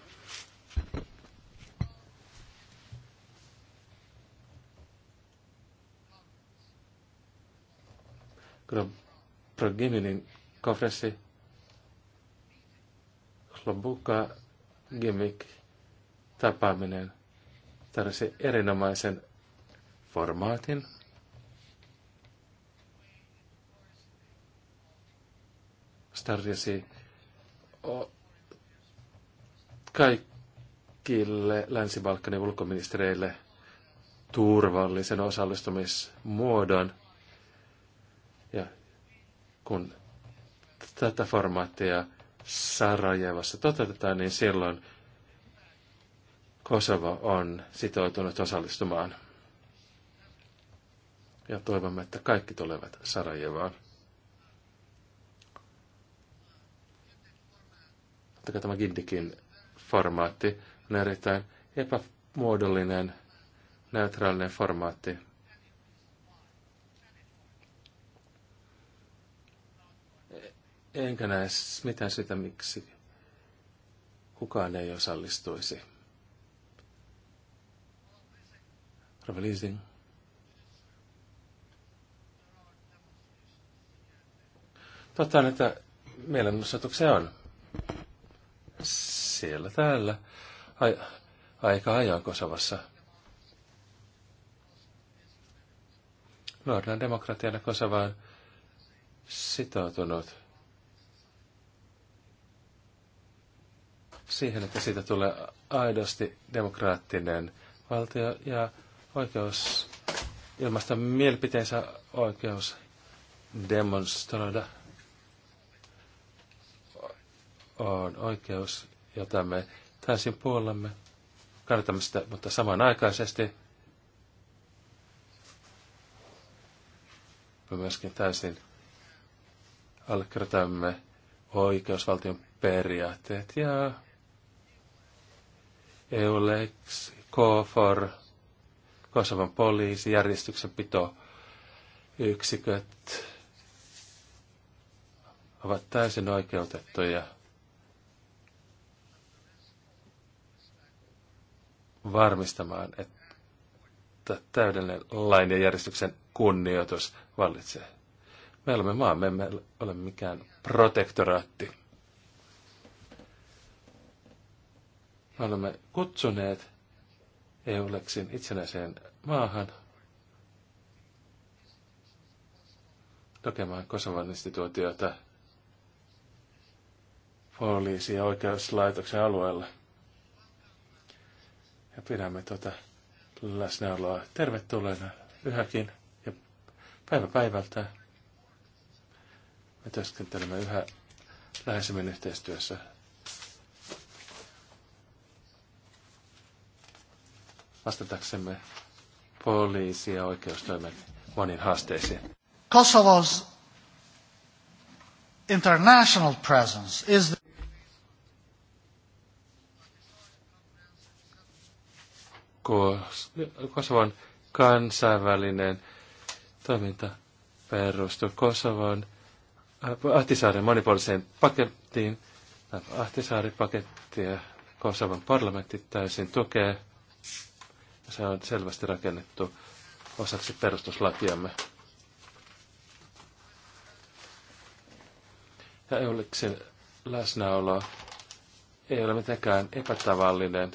Speaker 4: progeminin konferenssi Klobuka Gimik tapaaminen tarjosi erinomaisen formaatin. Se kaikille Länsi-Balkanin ulkoministereille turvallisen osallistumismuodon – ja kun tätä formaattia Sarajevassa toteutetaan, niin silloin Kosovo on sitoutunut osallistumaan. Ja toivomme, että kaikki tulevat Sarajevaan. Ottakaa tämä Gindikin formaatti on erittäin epämuodollinen, neutraalinen formaatti. Enkä näe mitään sitä, miksi kukaan ei osallistuisi. Rovelisin. Totta on, että mielenosoituksia on. Siellä täällä. Ai, aika ajan Kosovassa. Nuorten demokratian Kosovaan sitoutunut siihen, että siitä tulee aidosti demokraattinen valtio ja oikeus ilmaista mielipiteensä, oikeus demonstroida on oikeus, jota me täysin puolemme kannatamme sitä, mutta samanaikaisesti me myöskin täysin allekirjoitamme oikeusvaltion periaatteet ja EULEX, KFOR, Kosovan poliisi, järjestyksenpito, yksiköt ovat täysin oikeutettuja varmistamaan, että täydellinen lain ja järjestyksen kunnioitus vallitsee. Me olemme maa, me emme ole mikään protektoraatti. Me olemme kutsuneet EU-leksin itsenäiseen maahan tukemaan Kosovan instituutiota poliisi- ja oikeuslaitoksen alueella. Ja pidämme tuota läsnäoloa tervetulleena yhäkin ja päivä päivältä. Me työskentelemme yhä läheisemmin yhteistyössä vastataksemme poliisi- ja oikeustoimen moniin haasteisiin.
Speaker 3: Kosovo's international presence is the...
Speaker 4: Kosovon kansainvälinen toiminta perustuu Kosovon äh, Ahtisaaren monipuoliseen pakettiin. ahtisaari Kosovo'n parlamentti täysin tukee. Se on selvästi rakennettu osaksi perustuslakiamme. Ja Euliksen läsnäolo ei ole mitenkään epätavallinen.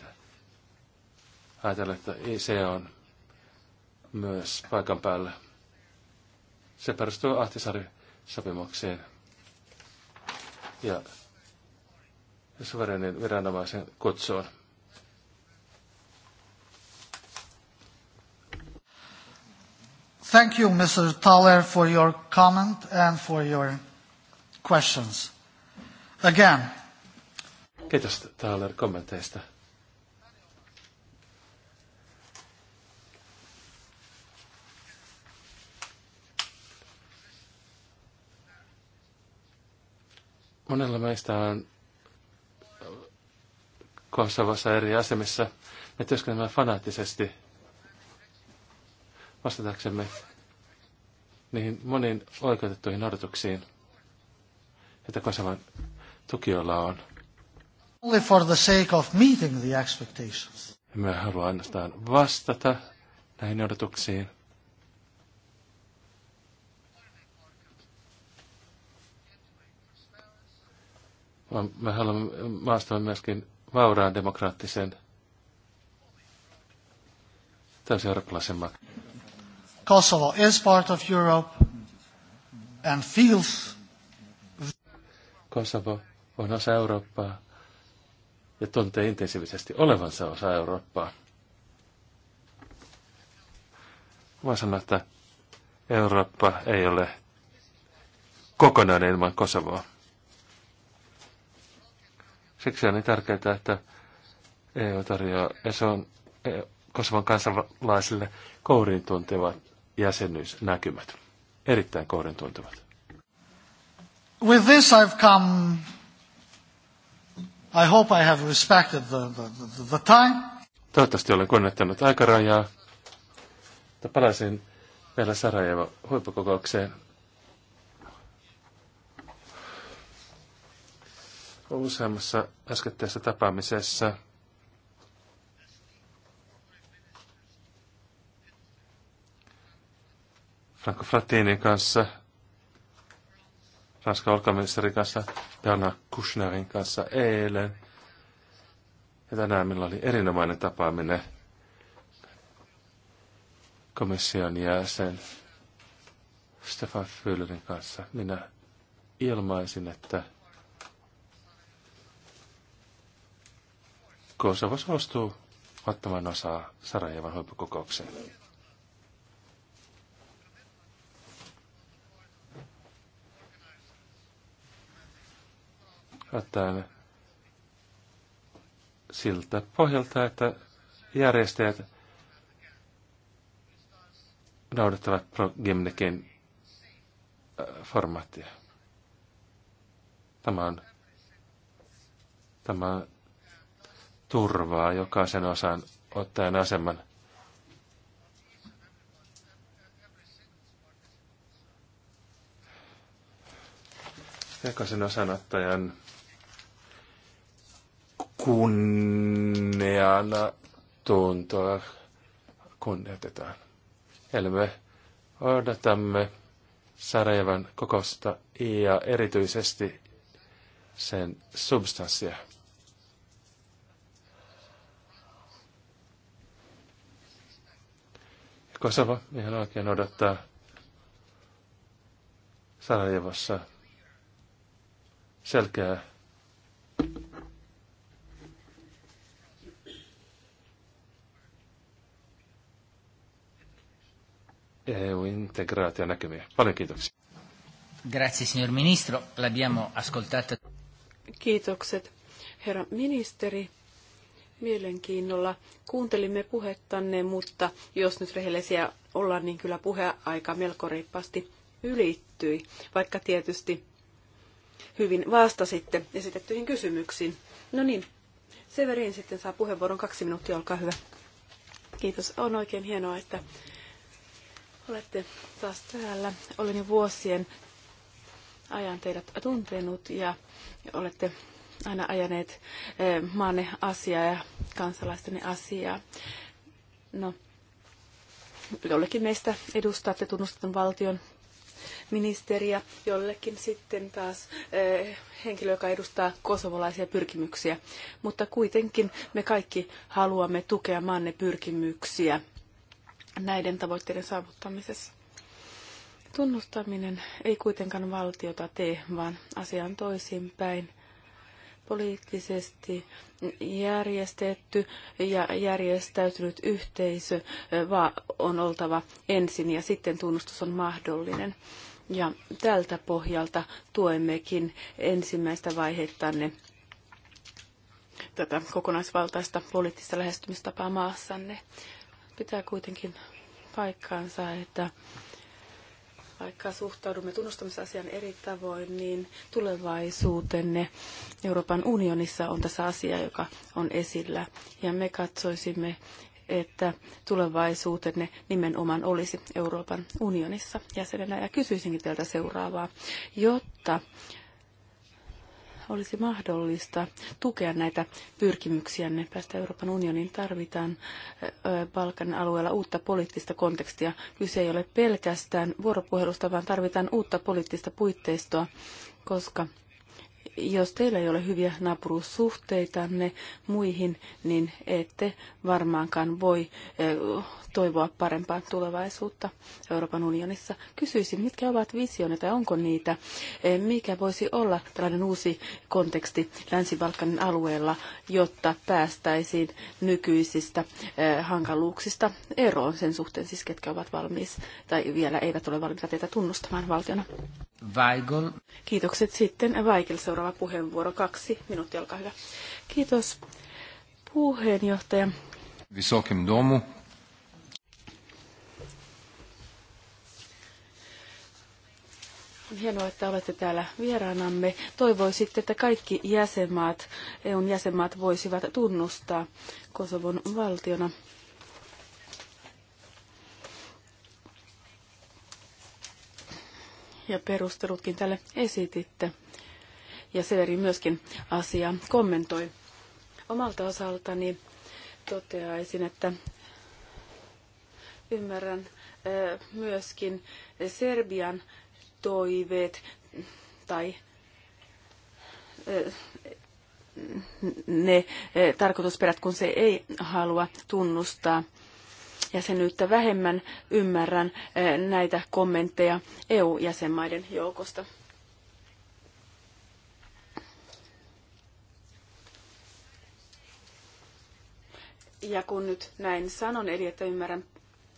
Speaker 4: Ajatellaan, että se on myös paikan päällä. Se perustuu Ahtisarin sopimukseen ja suverenin viranomaisen kutsuun.
Speaker 3: Thank you, Mr. Thaler, for your comment and for your questions. Again.
Speaker 4: Kiitos Thaler kommenteista. monella meistä on Kosovassa eri asemissa. Me työskennellään fanaattisesti vastataksemme niihin moniin oikeutettuihin odotuksiin, että Kosovan tukijoilla on.
Speaker 3: Only for the sake of meeting the expectations.
Speaker 4: Me haluamme ainoastaan vastata näihin odotuksiin. me haluamme maastamme myöskin vauraan demokraattisen täysin eurooppalaisemman
Speaker 3: Kosovo is part of Europe and feels...
Speaker 4: Kosovo on osa Eurooppaa ja tuntee intensiivisesti olevansa osa Eurooppaa. Voin sanoa, että Eurooppa ei ole kokonainen ilman Kosovoa. Siksi on niin tärkeää, että EU tarjoaa ja se on e Kosovan kansalaisille kouriin tuntevat jäsenyysnäkymät. Erittäin kohden tuntuvat.
Speaker 3: With this I've come... I hope I have respected the, the, the time.
Speaker 4: Toivottavasti olen kunnettanut aikarajaa. Palasin vielä Sarajevo huippukokoukseen. Useammassa äskettäisessä tapaamisessa Franco Frattinin kanssa, Ranskan ulkoministerin kanssa, Jana Kushnerin kanssa eilen. Ja tänään meillä oli erinomainen tapaaminen komission jäsen Stefan Füllerin kanssa. Minä ilmaisin, että Kosovo suostuu ottamaan osaa Sarajevan huippukokoukseen. että siltä pohjalta, että järjestäjät noudattavat ProGimnekin äh, formaattia. Tämä on, tämä on turvaa jokaisen osan ottaen aseman. Jokaisen osanottajan kunniana tuntoa kunnioitetaan. Eli me odotamme Sarajevan kokosta ja erityisesti sen substanssia. Kosovo ihan oikein odottaa Sarajevossa selkeää EU-integraationäkymiä. Paljon kiitoksia.
Speaker 2: Grazie,
Speaker 1: signor ministro. L'abbiamo ascoltato.
Speaker 2: Kiitokset, herra ministeri. Mielenkiinnolla kuuntelimme puhettanne, mutta jos nyt rehellisiä ollaan, niin kyllä puheaika melko reippaasti ylittyi, vaikka tietysti hyvin vastasitte esitettyihin kysymyksiin. No niin, Severin sitten saa puheenvuoron kaksi minuuttia, olkaa hyvä. Kiitos, on oikein hienoa, että Olette taas täällä. Olen jo vuosien ajan teidät tuntenut ja olette aina ajaneet eh, maanne asiaa ja kansalaistenne asiaa. No, jollekin meistä edustatte tunnustetun valtion ministeriä, jollekin sitten taas eh, henkilö, joka edustaa kosovolaisia pyrkimyksiä. Mutta kuitenkin me kaikki haluamme tukea maanne pyrkimyksiä näiden tavoitteiden saavuttamisessa. Tunnustaminen ei kuitenkaan valtiota tee, vaan asiaan toisinpäin. Poliittisesti järjestetty ja järjestäytynyt yhteisö on oltava ensin ja sitten tunnustus on mahdollinen. Ja tältä pohjalta tuemmekin ensimmäistä vaihettanne tätä kokonaisvaltaista poliittista lähestymistapaa maassanne. Pitää kuitenkin paikkaansa, että vaikka suhtaudumme tunnustamisasian eri tavoin, niin tulevaisuutenne Euroopan unionissa on tässä asia, joka on esillä. Ja me katsoisimme, että tulevaisuutenne nimenomaan olisi Euroopan unionissa jäsenenä. Ja kysyisinkin teiltä seuraavaa. Jotta olisi mahdollista tukea näitä ne päästä Euroopan unioniin. Tarvitaan Balkan alueella uutta poliittista kontekstia. Kyse ei ole pelkästään vuoropuhelusta, vaan tarvitaan uutta poliittista puitteistoa, koska jos teillä ei ole hyviä naapuruussuhteitanne muihin, niin ette varmaankaan voi eh, toivoa parempaa tulevaisuutta Euroopan unionissa. Kysyisin, mitkä ovat visioita tai onko niitä? Eh, mikä voisi olla tällainen uusi konteksti Länsi-Balkanin alueella, jotta päästäisiin nykyisistä eh, hankaluuksista eroon sen suhteen, siis ketkä ovat valmiis tai vielä eivät ole valmiita teitä tunnustamaan valtiona? Weigel. Kiitokset sitten Weigel seuraavaksi seuraava puheenvuoro. Kaksi minuuttia, olkaa hyvä. Kiitos puheenjohtaja.
Speaker 1: Visokim domu.
Speaker 2: hienoa, että olette täällä vieraanamme. Toivoisitte, että kaikki jäsenmaat, EUn jäsenmaat voisivat tunnustaa Kosovon valtiona. Ja perustelutkin tälle esititte ja Severi myöskin asia kommentoi. Omalta osaltani toteaisin, että ymmärrän eh, myöskin Serbian toiveet tai eh, ne eh, tarkoitusperät, kun se ei halua tunnustaa jäsenyyttä. Vähemmän ymmärrän näitä kommentteja EU-jäsenmaiden joukosta. Ja kun nyt näin sanon, eli että ymmärrän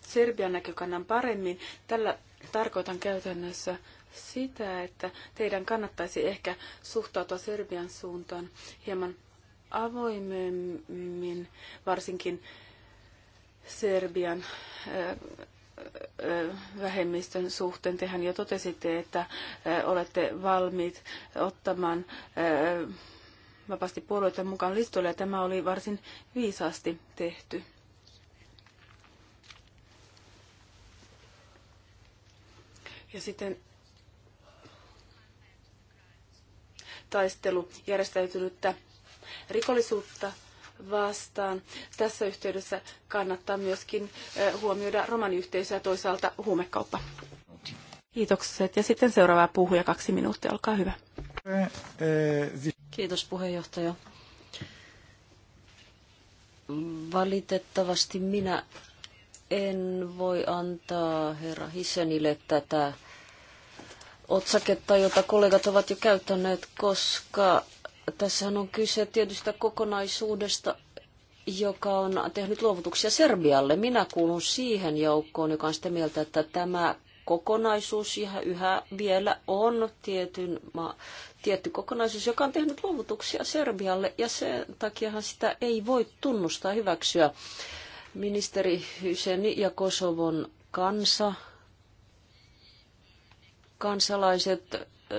Speaker 2: Serbian näkökannan paremmin, tällä tarkoitan käytännössä sitä, että teidän kannattaisi ehkä suhtautua Serbian suuntaan hieman avoimemmin, varsinkin Serbian vähemmistön suhteen. Tehän jo totesitte, että olette valmiit ottamaan vapaasti puolueiden mukaan listoille ja tämä oli varsin viisaasti tehty. Ja sitten taistelu järjestäytynyttä rikollisuutta vastaan. Tässä yhteydessä kannattaa myöskin eh, huomioida romaniyhteisöä ja toisaalta huumekauppa. Kiitokset. Ja sitten seuraava puhuja kaksi minuuttia, olkaa hyvä.
Speaker 5: Eh, eh, Kiitos puheenjohtaja. Valitettavasti minä en voi antaa herra Hisenille tätä otsaketta, jota kollegat ovat jo käyttäneet, koska tässä on kyse tietystä kokonaisuudesta, joka on tehnyt luovutuksia Serbialle. Minä kuulun siihen joukkoon, joka on sitä mieltä, että tämä kokonaisuus yhä, yhä vielä on tietyn, ma- tietty kokonaisuus, joka on tehnyt luovutuksia Serbialle, ja sen takiahan sitä ei voi tunnustaa hyväksyä. Ministeri Hyseni ja Kosovon kansa, kansalaiset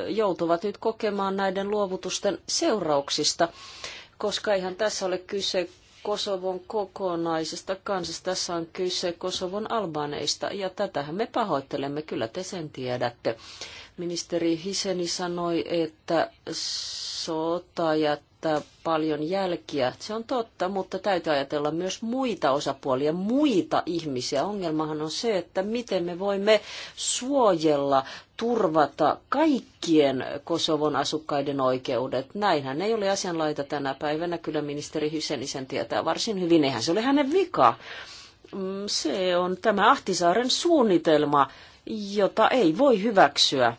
Speaker 5: joutuvat nyt kokemaan näiden luovutusten seurauksista, koska eihän tässä ole kyse Kosovon kokonaisesta kansasta. Tässä on kyse Kosovon albaneista, ja tätähän me pahoittelemme, kyllä te sen tiedätte. Ministeri Hiseni sanoi, että sota jättää paljon jälkiä. Se on totta, mutta täytyy ajatella myös muita osapuolia, muita ihmisiä. Ongelmahan on se, että miten me voimme suojella, turvata kaikkien Kosovon asukkaiden oikeudet. Näinhän ei ole asianlaita tänä päivänä. Kyllä ministeri Hyseni sen tietää varsin hyvin. Eihän se ole hänen vika. Mm, se on tämä Ahtisaaren suunnitelma, jota ei voi hyväksyä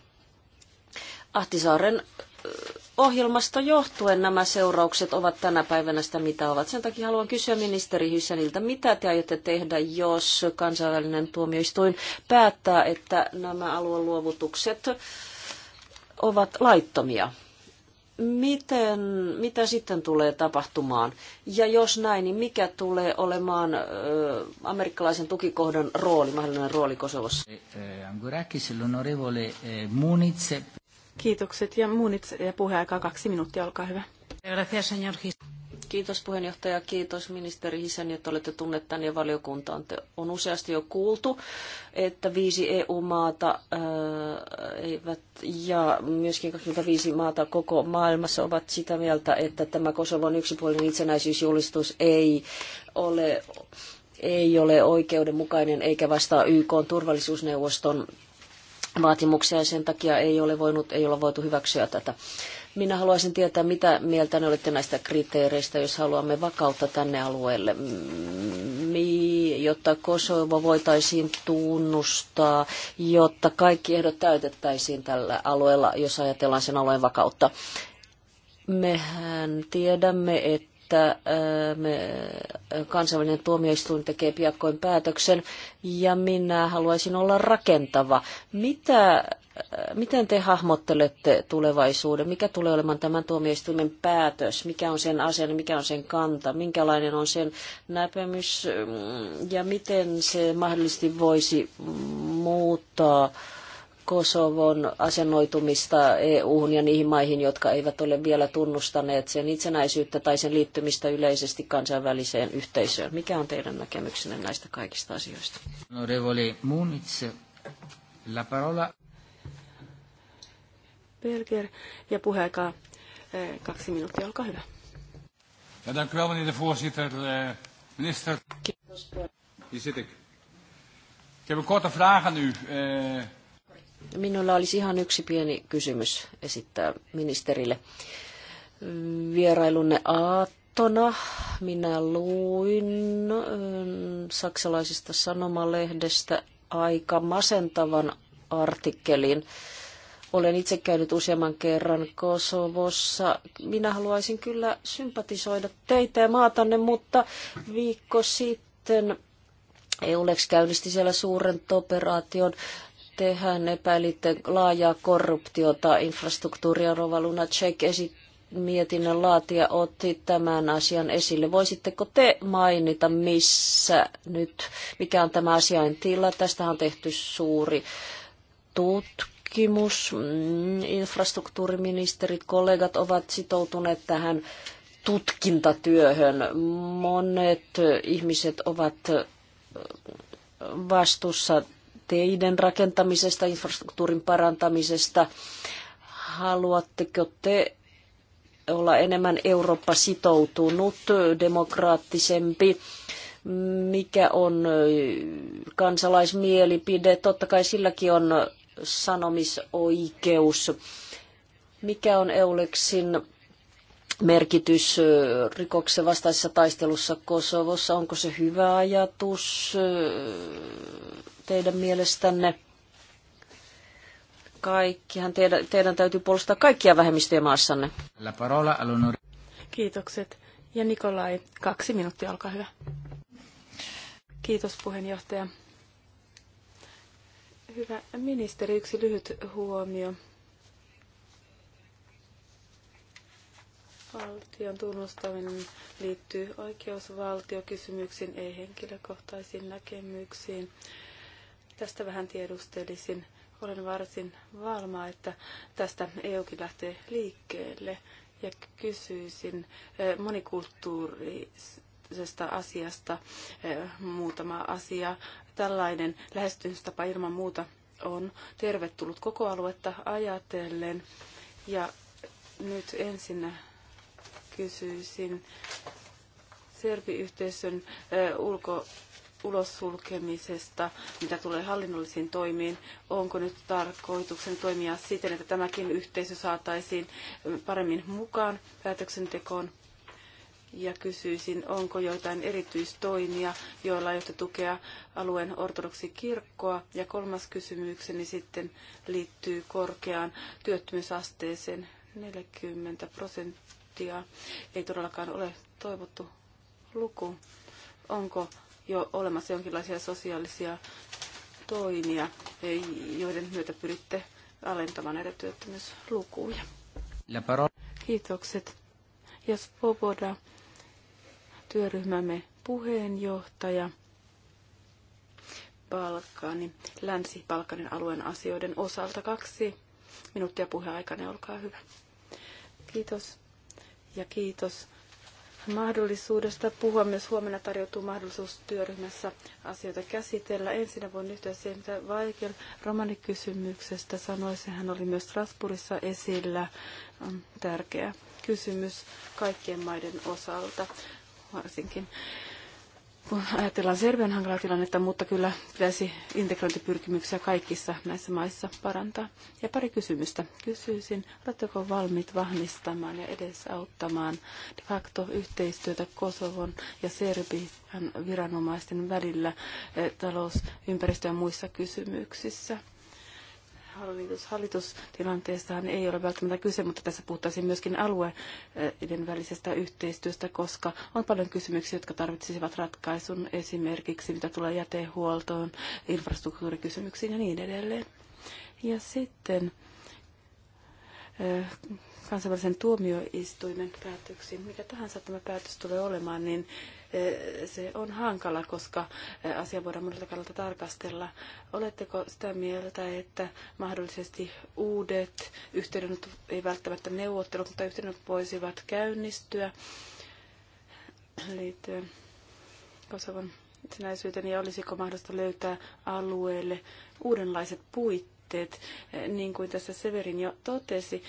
Speaker 5: Ahtisaaren ohjelmasta johtuen nämä seuraukset ovat tänä päivänä sitä, mitä ovat. Sen takia haluan kysyä ministeri Hyssäniltä, mitä te aiotte tehdä, jos kansainvälinen tuomioistuin päättää, että nämä luovutukset ovat laittomia? Miten, mitä sitten tulee tapahtumaan? Ja jos näin, niin mikä tulee olemaan ö, amerikkalaisen tukikohdan rooli, mahdollinen rooli Kosovossa? Eh,
Speaker 1: eh, Angurakis, l'onorevole eh, Muniz.
Speaker 5: Kiitokset ja
Speaker 2: muunit ja puheaikaa kaksi minuuttia, olkaa hyvä.
Speaker 5: Kiitos puheenjohtaja, kiitos ministeri Hisäni, että olette tunnet tänne valiokuntaan. Te on useasti jo kuultu, että viisi EU-maata äh, eivät, ja myöskin 25 maata koko maailmassa ovat sitä mieltä, että tämä Kosovon yksipuolinen itsenäisyysjulistus ei ole, ei ole oikeudenmukainen eikä vastaa YK turvallisuusneuvoston vaatimuksia ja sen takia ei ole, voinut, ei ole voitu hyväksyä tätä. Minä haluaisin tietää, mitä mieltä ne olette näistä kriteereistä, jos haluamme vakautta tänne alueelle, jotta Kosovo voitaisiin tunnustaa, jotta kaikki ehdot täytettäisiin tällä alueella, jos ajatellaan sen alueen vakautta. Mehän tiedämme, että että me, kansainvälinen tuomioistuin tekee piakkoin päätöksen ja minä haluaisin olla rakentava. Mitä, miten te hahmottelette tulevaisuuden? Mikä tulee olemaan tämän tuomioistuimen päätös? Mikä on sen asenne? Mikä on sen kanta? Minkälainen on sen näpemys? Mm, ja miten se mahdollisesti voisi muuttaa? Kosovon asennoitumista EU-hun ja niihin maihin, jotka eivät ole vielä tunnustaneet sen itsenäisyyttä tai sen liittymistä yleisesti kansainväliseen yhteisöön. Mikä on teidän näkemyksenne näistä kaikista asioista? Onorevole
Speaker 1: la parola.
Speaker 2: Berger ja puheaikaa eh, kaksi minuuttia, olkaa hyvä.
Speaker 4: Ja dank meneer de voorzitter. Eh, minister. Kiitos. Hier zit ik. Ik heb een korte
Speaker 5: vraag aan u. Uh, Minulla olisi ihan yksi pieni kysymys esittää ministerille. Vierailunne aattona minä luin ähm, saksalaisesta sanomalehdestä aika masentavan artikkelin. Olen itse käynyt useamman kerran Kosovossa. Minä haluaisin kyllä sympatisoida teitä ja maatanne, mutta viikko sitten EULEX käynnisti siellä suuren operaation Tehän epäilitte laajaa korruptiota. Infrastruktuuria Rovaluna Tsek mietinnön laatija otti tämän asian esille. Voisitteko te mainita, missä nyt, mikä on tämä asian tila? Tästä on tehty suuri tutkimus. Mm, infrastruktuuriministerit, kollegat ovat sitoutuneet tähän tutkintatyöhön. Monet ihmiset ovat vastuussa teiden rakentamisesta, infrastruktuurin parantamisesta. Haluatteko te olla enemmän Eurooppa sitoutunut, demokraattisempi? Mikä on kansalaismielipide? Totta kai silläkin on sanomisoikeus. Mikä on Euleksin merkitys rikoksen vastaisessa taistelussa Kosovossa? Onko se hyvä ajatus? teidän mielestänne? Kaikkihan teidän, teidän täytyy puolustaa kaikkia vähemmistöjä maassanne. La parola Kiitokset. Ja Nikolai, kaksi
Speaker 2: minuuttia, olkaa hyvä. Kiitos puheenjohtaja. Hyvä ministeri, yksi lyhyt huomio. Valtion tunnustaminen liittyy oikeusvaltiokysymyksiin, ei henkilökohtaisiin näkemyksiin. Tästä vähän tiedustelisin. Olen varsin varma, että tästä EUkin lähtee liikkeelle ja kysyisin eh, monikulttuurisesta asiasta eh, muutama asia. Tällainen lähestymistapa ilman muuta on tervetullut koko aluetta ajatellen. Ja nyt ensin kysyisin serbiyhteisön eh, ulko- ulossulkemisesta, mitä tulee hallinnollisiin toimiin, onko nyt tarkoituksen toimia siten, että tämäkin yhteisö saataisiin paremmin mukaan päätöksentekoon? Ja kysyisin, onko joitain erityistoimia, joilla aiotte tukea alueen ortodoksikirkkoa? Ja kolmas kysymykseni sitten liittyy korkeaan työttömyysasteeseen 40 prosenttia. Ei todellakaan ole toivottu luku. Onko jo olemassa jonkinlaisia sosiaalisia toimia, e, joiden myötä pyritte alentamaan näitä työttömyyslukuja. Kiitokset. Ja Svoboda, työryhmämme puheenjohtaja, Balkani, Länsi-Balkanin alueen asioiden osalta kaksi minuuttia puheaikainen, olkaa hyvä. Kiitos ja kiitos mahdollisuudesta puhua. Myös huomenna tarjoutuu mahdollisuus työryhmässä asioita käsitellä. Ensinnä voin yhtyä siihen, mitä Vaikel romanikysymyksestä sanoi. Sehän oli myös Strasbourgissa esillä. Tärkeä kysymys kaikkien maiden osalta, varsinkin kun ajatellaan Serbian hankalaa tilannetta, mutta kyllä pitäisi integrointipyrkimyksiä kaikissa näissä maissa parantaa. Ja pari kysymystä kysyisin. Oletteko valmiit vahvistamaan ja edesauttamaan de facto yhteistyötä Kosovon ja Serbian viranomaisten välillä eh, talous-, ympäristö- ja muissa kysymyksissä? Hallitus, hallitustilanteesta ei ole välttämättä kyse, mutta tässä puhuttaisiin myöskin alueiden välisestä yhteistyöstä, koska on paljon kysymyksiä, jotka tarvitsisivat ratkaisun esimerkiksi, mitä tulee jätehuoltoon, infrastruktuurikysymyksiin ja niin edelleen. Ja sitten eh, kansainvälisen tuomioistuimen päätöksiin, mikä tahansa tämä päätös tulee olemaan, niin se on hankala, koska asia voidaan monelta kannalta tarkastella. Oletteko sitä mieltä, että mahdollisesti uudet yhteydenotot, ei välttämättä neuvottelut, mutta yhteydenotot voisivat käynnistyä liittyen Kosovan itsenäisyyteen ja olisiko mahdollista löytää alueelle uudenlaiset puitteet, niin kuin tässä Severin jo totesi,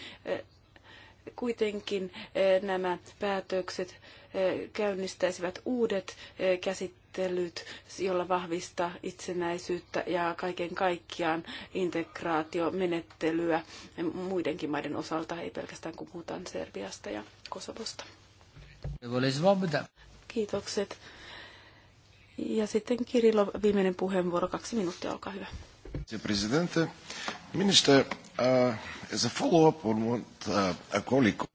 Speaker 2: kuitenkin eh, nämä päätökset eh, käynnistäisivät uudet eh, käsittelyt, jolla vahvistaa itsenäisyyttä ja kaiken kaikkiaan integraatiomenettelyä muidenkin maiden osalta, ei pelkästään kun puhutaan Serbiasta ja Kosovosta. Kiitokset. Ja sitten Kirilov, viimeinen puheenvuoro, kaksi minuuttia, olkaa hyvä.
Speaker 3: Presidente, Minister, uh, as a follow-up on what uh, a colleague...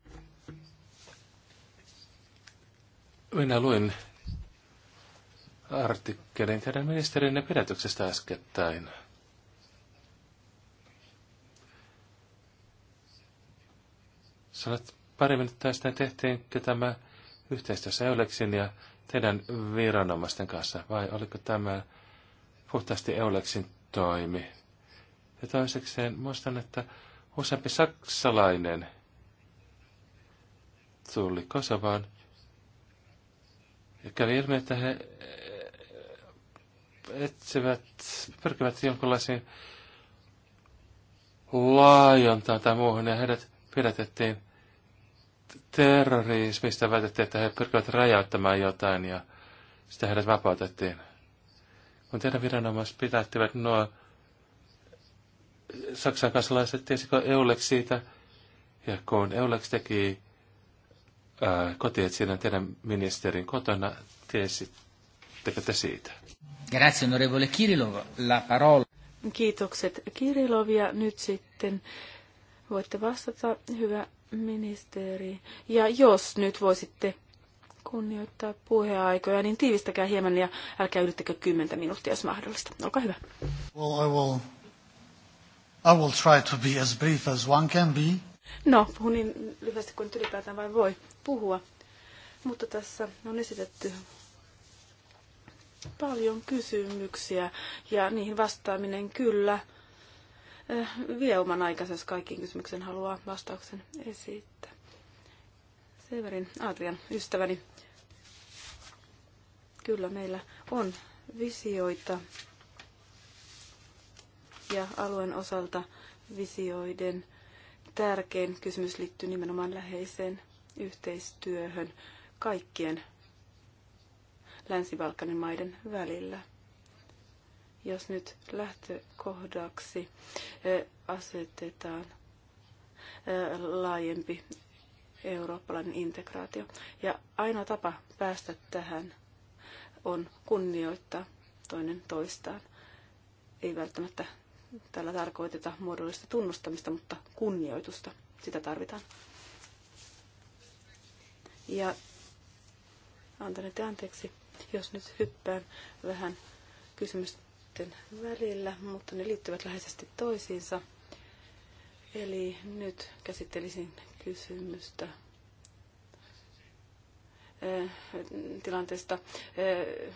Speaker 4: I luin artikkelin teidän ministerinne pidätyksestä äskettäin. Sanat pari minuuttia sitten tehtiin tämä yhteistyössä Eulexin ja teidän viranomaisten kanssa, vai oliko tämä puhtaasti Eulexin toimi? Ja toisekseen muistan, että useampi saksalainen tuli Kosovaan ja kävi ilmi, että he eh, etsivät, pyrkivät jonkinlaisiin laajentaa tai muuhun, ja heidät pidätettiin terrorismista, väitettiin, että he pyrkivät räjäyttämään jotain, ja sitten heidät vapautettiin. Kun teidän viranomaiset pitäyttivät nuo Saksan kansalaiset tiesikö Eulex siitä, ja kun Eulex teki kotietsinnän teidän ministerin kotona,
Speaker 1: tiesittekö te siitä? Grazie, onorevole Kirilov. La parola.
Speaker 2: Kiitokset Kirilov ja nyt sitten voitte vastata, hyvä ministeri. Ja jos nyt voisitte kunnioittaa puheaikoja, niin tiivistäkää hieman ja älkää ylittäkö kymmentä minuuttia, jos mahdollista. Olkaa hyvä.
Speaker 3: Well, I will I will try to be as brief as one can be.
Speaker 2: No, puhun niin lyhyesti kuin ylipäätään vain voi puhua. Mutta tässä on esitetty paljon kysymyksiä ja niihin vastaaminen kyllä eh, vie oman aikansa, jos kaikkiin kysymyksen haluaa vastauksen esittää. Severin Adrian, ystäväni. Kyllä meillä on visioita ja alueen osalta visioiden tärkein kysymys liittyy nimenomaan läheiseen yhteistyöhön kaikkien Länsi-Balkanin maiden välillä. Jos nyt lähtökohdaksi asetetaan laajempi eurooppalainen integraatio. Ja ainoa tapa päästä tähän on kunnioittaa toinen toistaan. Ei välttämättä tällä tarkoiteta muodollista tunnustamista, mutta kunnioitusta. Sitä tarvitaan. Ja antaneet anteeksi, jos nyt hyppään vähän kysymysten välillä, mutta ne liittyvät läheisesti toisiinsa. Eli nyt käsittelisin kysymystä eh, tilanteesta eh,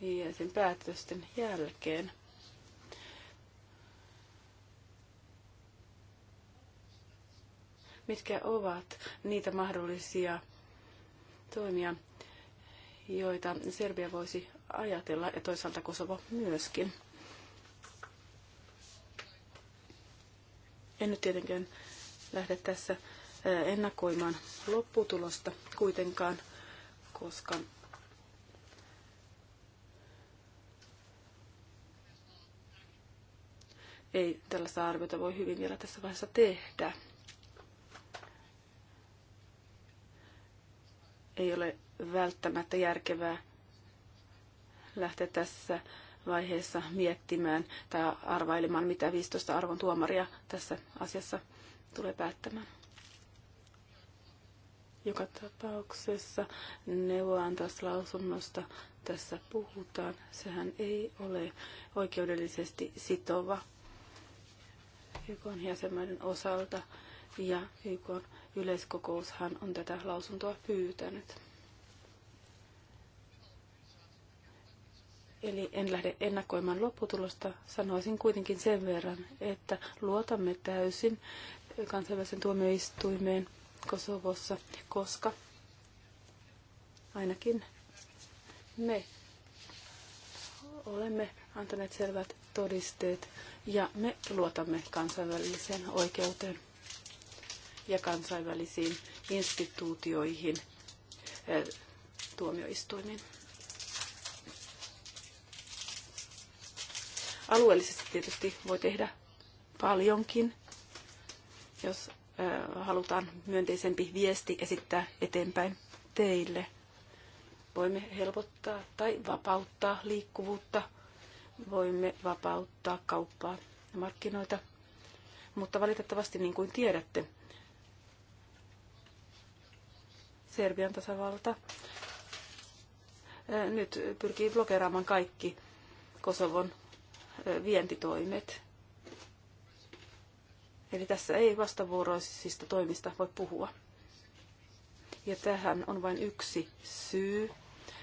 Speaker 2: ja sen päätösten jälkeen. mitkä ovat niitä mahdollisia toimia, joita Serbia voisi ajatella ja toisaalta Kosovo myöskin. En nyt tietenkään lähde tässä äh, ennakoimaan lopputulosta kuitenkaan, koska ei tällaista arviota voi hyvin vielä tässä vaiheessa tehdä. ei ole välttämättä järkevää lähteä tässä vaiheessa miettimään tai arvailemaan, mitä 15 arvon tuomaria tässä asiassa tulee päättämään. Joka tapauksessa neuvoantaslausunnosta tässä puhutaan. Sehän ei ole oikeudellisesti sitova YK jäsenmaiden osalta ja YK Yleiskokoushan on tätä lausuntoa pyytänyt. Eli en lähde ennakoimaan lopputulosta. Sanoisin kuitenkin sen verran, että luotamme täysin kansainvälisen tuomioistuimeen Kosovossa, koska ainakin me olemme antaneet selvät todisteet ja me luotamme kansainväliseen oikeuteen ja kansainvälisiin instituutioihin eh, tuomioistuimiin. Alueellisesti tietysti voi tehdä paljonkin, jos eh, halutaan myönteisempi viesti esittää eteenpäin teille. Voimme helpottaa tai vapauttaa liikkuvuutta, voimme vapauttaa kauppaa ja markkinoita, mutta valitettavasti niin kuin tiedätte, Serbian tasavalta nyt pyrkii blokeraamaan kaikki Kosovon vientitoimet. Eli tässä ei vastavuoroisista toimista voi puhua. Ja tähän on vain yksi syy.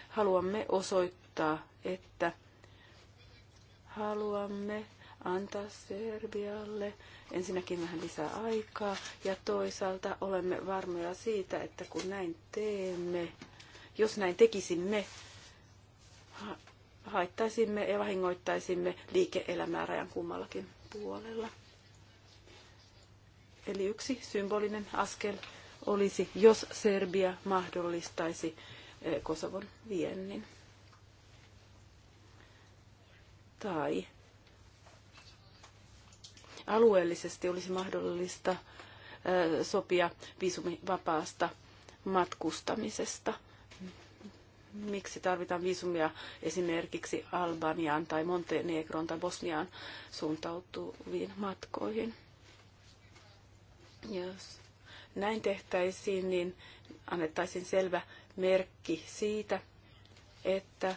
Speaker 2: Haluamme osoittaa, että haluamme antaa Serbialle. Ensinnäkin vähän lisää aikaa ja toisaalta olemme varmoja siitä, että kun näin teemme, jos näin tekisimme, ha- haittaisimme ja vahingoittaisimme liike-elämää rajan kummallakin puolella. Eli yksi symbolinen askel olisi, jos Serbia mahdollistaisi eh, Kosovon viennin. Tai alueellisesti olisi mahdollista sopia viisumivapaasta matkustamisesta. Miksi tarvitaan viisumia esimerkiksi Albaniaan tai Montenegroon tai Bosniaan suuntautuviin matkoihin? Jos näin tehtäisiin, niin annettaisiin selvä merkki siitä, että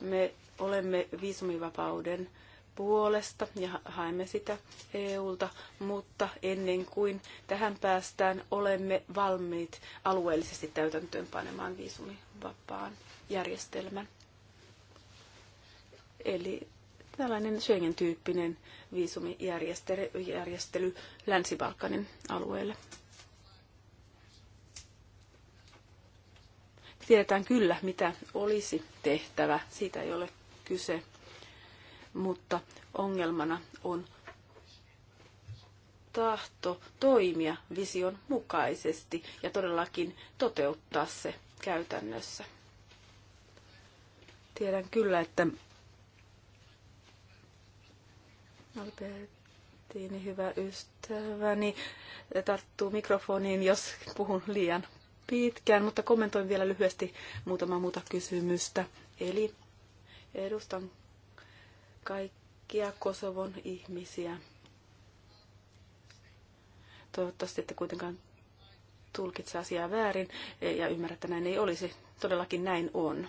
Speaker 2: me olemme viisumivapauden puolesta ja haemme sitä EUlta, mutta ennen kuin tähän päästään, olemme valmiit alueellisesti täytäntöönpanemaan viisumivapaan järjestelmän. Eli tällainen Schengen-tyyppinen viisumijärjestely Länsi-Balkanin alueelle. Tiedetään kyllä, mitä olisi tehtävä. Siitä ei ole kyse mutta ongelmana on tahto toimia vision mukaisesti ja todellakin toteuttaa se käytännössä. Tiedän kyllä, että Albertini, hyvä ystäväni, tarttuu mikrofoniin, jos puhun liian pitkään, mutta kommentoin vielä lyhyesti muutama muuta kysymystä. Eli edustan kaikkia Kosovon ihmisiä. Toivottavasti ette kuitenkaan tulkitse asiaa väärin ja ymmärrä, että näin ei olisi. Todellakin näin on.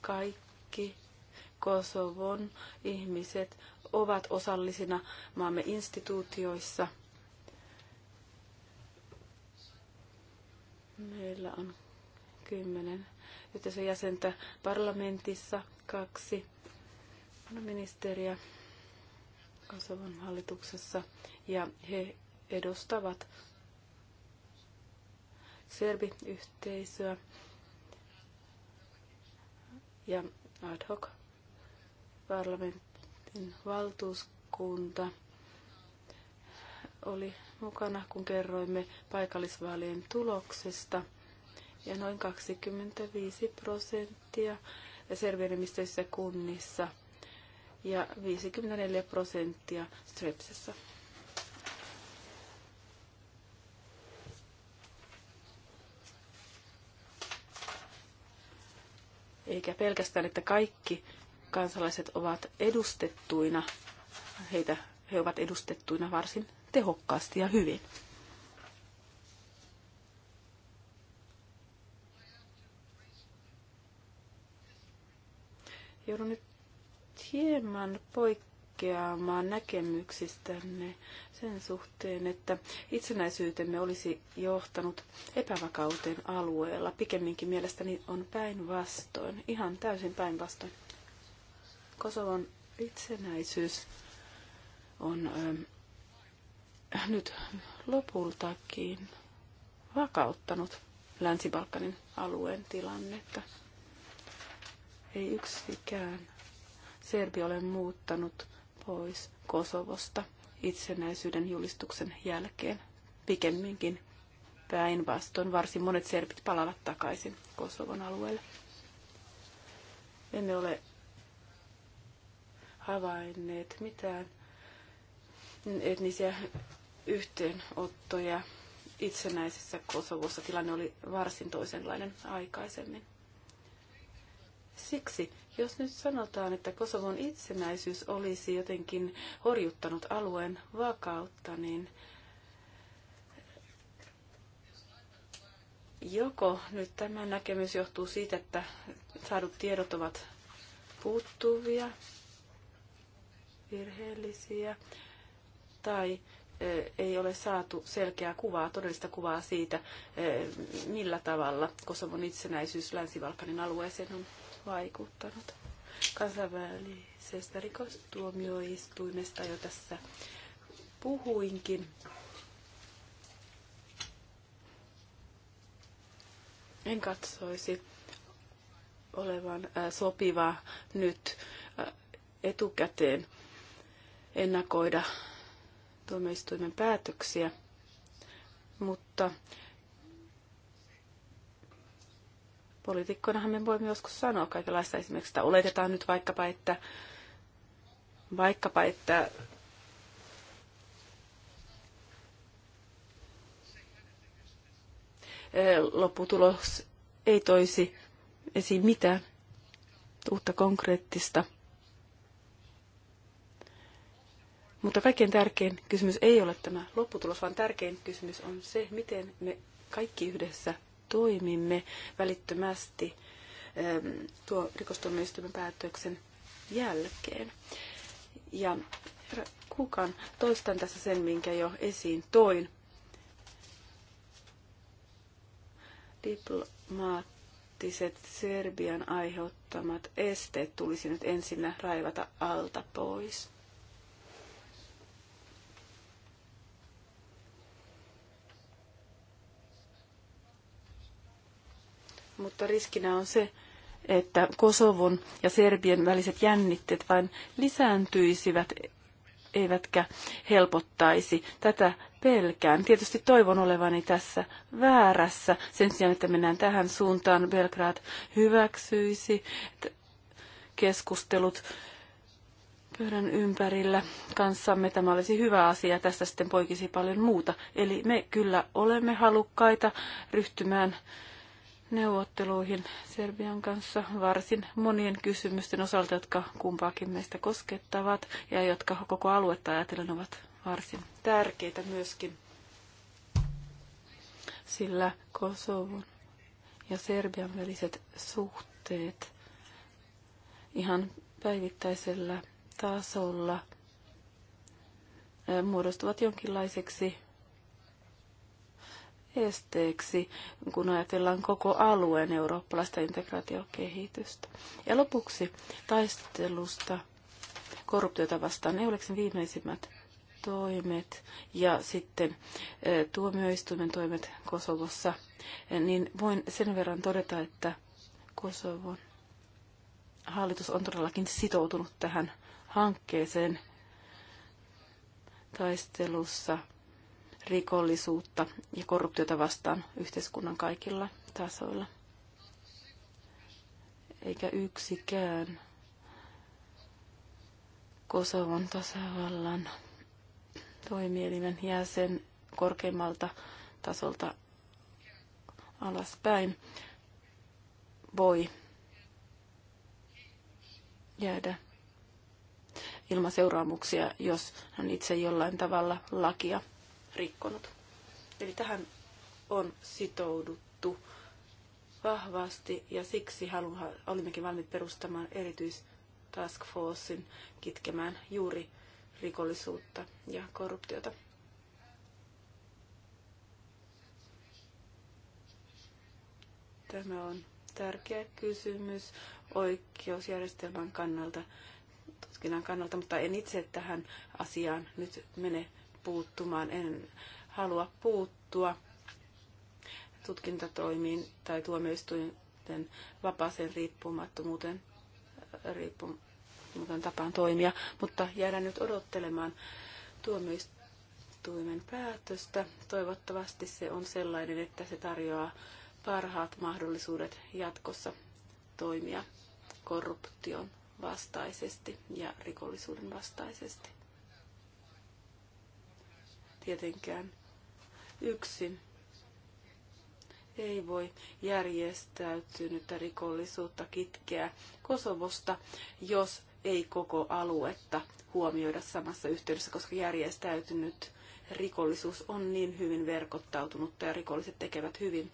Speaker 2: Kaikki Kosovon ihmiset ovat osallisina maamme instituutioissa. Meillä on kymmenen yhteisön jäsentä parlamentissa, kaksi ministeriä Kosovon hallituksessa ja he edustavat serbiyhteisöä ja ad hoc parlamentin valtuuskunta oli mukana, kun kerroimme paikallisvaalien tuloksesta. Ja noin 25 prosenttia serbienemistöissä kunnissa – ja 54 prosenttia strepsessä. Eikä pelkästään, että kaikki kansalaiset ovat edustettuina, heitä, he ovat edustettuina varsin tehokkaasti ja hyvin. Joudun nyt hieman poikkeamaan näkemyksistänne sen suhteen, että itsenäisyytemme olisi johtanut epävakauteen alueella. Pikemminkin mielestäni on päinvastoin, ihan täysin päinvastoin. Kosovon itsenäisyys on äh, nyt lopultakin vakauttanut Länsi-Balkanin alueen tilannetta. Ei yksikään Serbi olen muuttanut pois Kosovosta itsenäisyyden julistuksen jälkeen. Pikemminkin päinvastoin varsin monet serbit palavat takaisin Kosovon alueelle. Emme ole havainneet mitään etnisiä yhteenottoja itsenäisessä Kosovossa. Tilanne oli varsin toisenlainen aikaisemmin. Siksi, jos nyt sanotaan, että Kosovon itsenäisyys olisi jotenkin horjuttanut alueen vakautta, niin joko nyt tämä näkemys johtuu siitä, että saadut tiedot ovat puuttuvia, virheellisiä, tai e, ei ole saatu selkeää kuvaa, todellista kuvaa siitä, e, millä tavalla Kosovon itsenäisyys länsi valkanin alueeseen on vaikuttanut. Kansainvälisestä rikostuomioistuimesta jo tässä puhuinkin. En katsoisi olevan sopiva nyt etukäteen ennakoida tuomioistuimen päätöksiä, mutta Poliitikkoinahan me voimme joskus sanoa kaikenlaista esimerkiksi, että oletetaan nyt vaikkapa, että, vaikkapa, että lopputulos ei toisi esiin mitään uutta konkreettista. Mutta kaikkein tärkein kysymys ei ole tämä lopputulos, vaan tärkein kysymys on se, miten me kaikki yhdessä toimimme välittömästi ähm, tuo rikostuomioistuimen päätöksen jälkeen. Ja kukaan, toistan tässä sen, minkä jo esiin toin. Diplomaattiset Serbian aiheuttamat esteet tulisi nyt ensinnä raivata alta pois. mutta riskinä on se, että Kosovon ja Serbian väliset jännitteet vain lisääntyisivät eivätkä helpottaisi. Tätä pelkään. Tietysti toivon olevani tässä väärässä. Sen sijaan, että mennään tähän suuntaan, Belgrad hyväksyisi keskustelut pöydän ympärillä kanssamme. Tämä olisi hyvä asia. Tästä sitten poikisi paljon muuta. Eli me kyllä olemme halukkaita ryhtymään neuvotteluihin Serbian kanssa varsin monien kysymysten osalta, jotka kumpaakin meistä koskettavat ja jotka koko aluetta ajatellen ovat varsin tärkeitä myöskin, sillä Kosovon ja Serbian väliset suhteet ihan päivittäisellä tasolla eh, muodostuvat jonkinlaiseksi esteeksi, kun ajatellaan koko alueen eurooppalaista integraatiokehitystä. Ja lopuksi taistelusta korruptiota vastaan Euleksen viimeisimmät toimet ja sitten e, tuomioistuimen toimet Kosovossa, e, niin voin sen verran todeta, että Kosovon hallitus on todellakin sitoutunut tähän hankkeeseen taistelussa – rikollisuutta ja korruptiota vastaan yhteiskunnan kaikilla tasoilla. Eikä yksikään Kosovon tasavallan toimielimen jäsen korkeimmalta tasolta alaspäin voi jäädä ilman seuraamuksia, jos hän itse jollain tavalla lakia rikkonut. Eli tähän on sitouduttu vahvasti ja siksi haluha, olimmekin valmiit perustamaan task forcein kitkemään juuri rikollisuutta ja korruptiota. Tämä on tärkeä kysymys oikeusjärjestelmän kannalta, tutkinnan kannalta, mutta en itse tähän asiaan nyt mene puuttumaan. En halua puuttua tutkintatoimiin tai tuomioistuinten vapaaseen riippumattomuuteen riippumaton tapaan toimia, mutta jäädään nyt odottelemaan tuomioistuimen päätöstä. Toivottavasti se on sellainen, että se tarjoaa parhaat mahdollisuudet jatkossa toimia korruption vastaisesti ja rikollisuuden vastaisesti tietenkään yksin ei voi järjestäytynyttä rikollisuutta kitkeä Kosovosta, jos ei koko aluetta huomioida samassa yhteydessä, koska järjestäytynyt rikollisuus on niin hyvin verkottautunutta ja rikolliset tekevät hyvin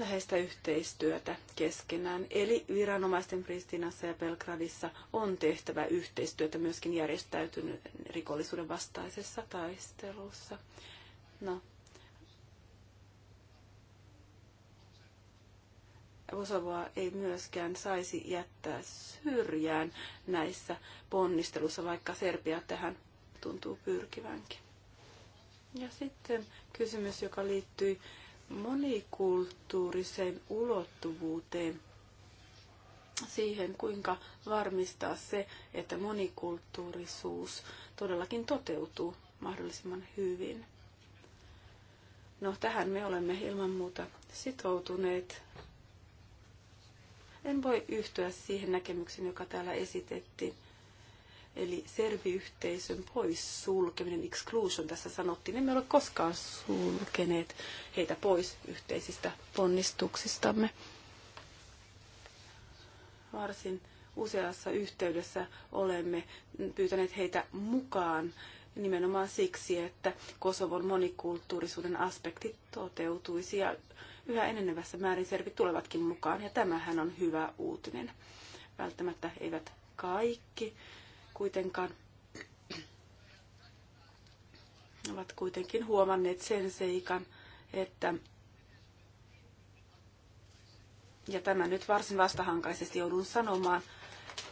Speaker 2: läheistä yhteistyötä keskenään. Eli viranomaisten Pristinassa ja Belgradissa on tehtävä yhteistyötä myöskin järjestäytynyt rikollisuuden vastaisessa taistelussa. No. Kosovoa ei myöskään saisi jättää syrjään näissä ponnistelussa, vaikka Serbia tähän tuntuu pyrkivänkin. Ja sitten kysymys, joka liittyy monikulttuuriseen ulottuvuuteen, siihen kuinka varmistaa se, että monikulttuurisuus todellakin toteutuu mahdollisimman hyvin. No tähän me olemme ilman muuta sitoutuneet. En voi yhtyä siihen näkemykseen, joka täällä esitettiin Eli serviyhteisön sulkeminen, exclusion tässä sanottiin, emme ole koskaan sulkeneet heitä pois yhteisistä ponnistuksistamme. Varsin useassa yhteydessä olemme pyytäneet heitä mukaan nimenomaan siksi, että Kosovon monikulttuurisuuden aspekti toteutuisi ja yhä enenevässä määrin servit tulevatkin mukaan ja tämähän on hyvä uutinen. Välttämättä eivät kaikki kuitenkaan ovat kuitenkin huomanneet sen seikan, että ja tämä nyt varsin vastahankaisesti joudun sanomaan,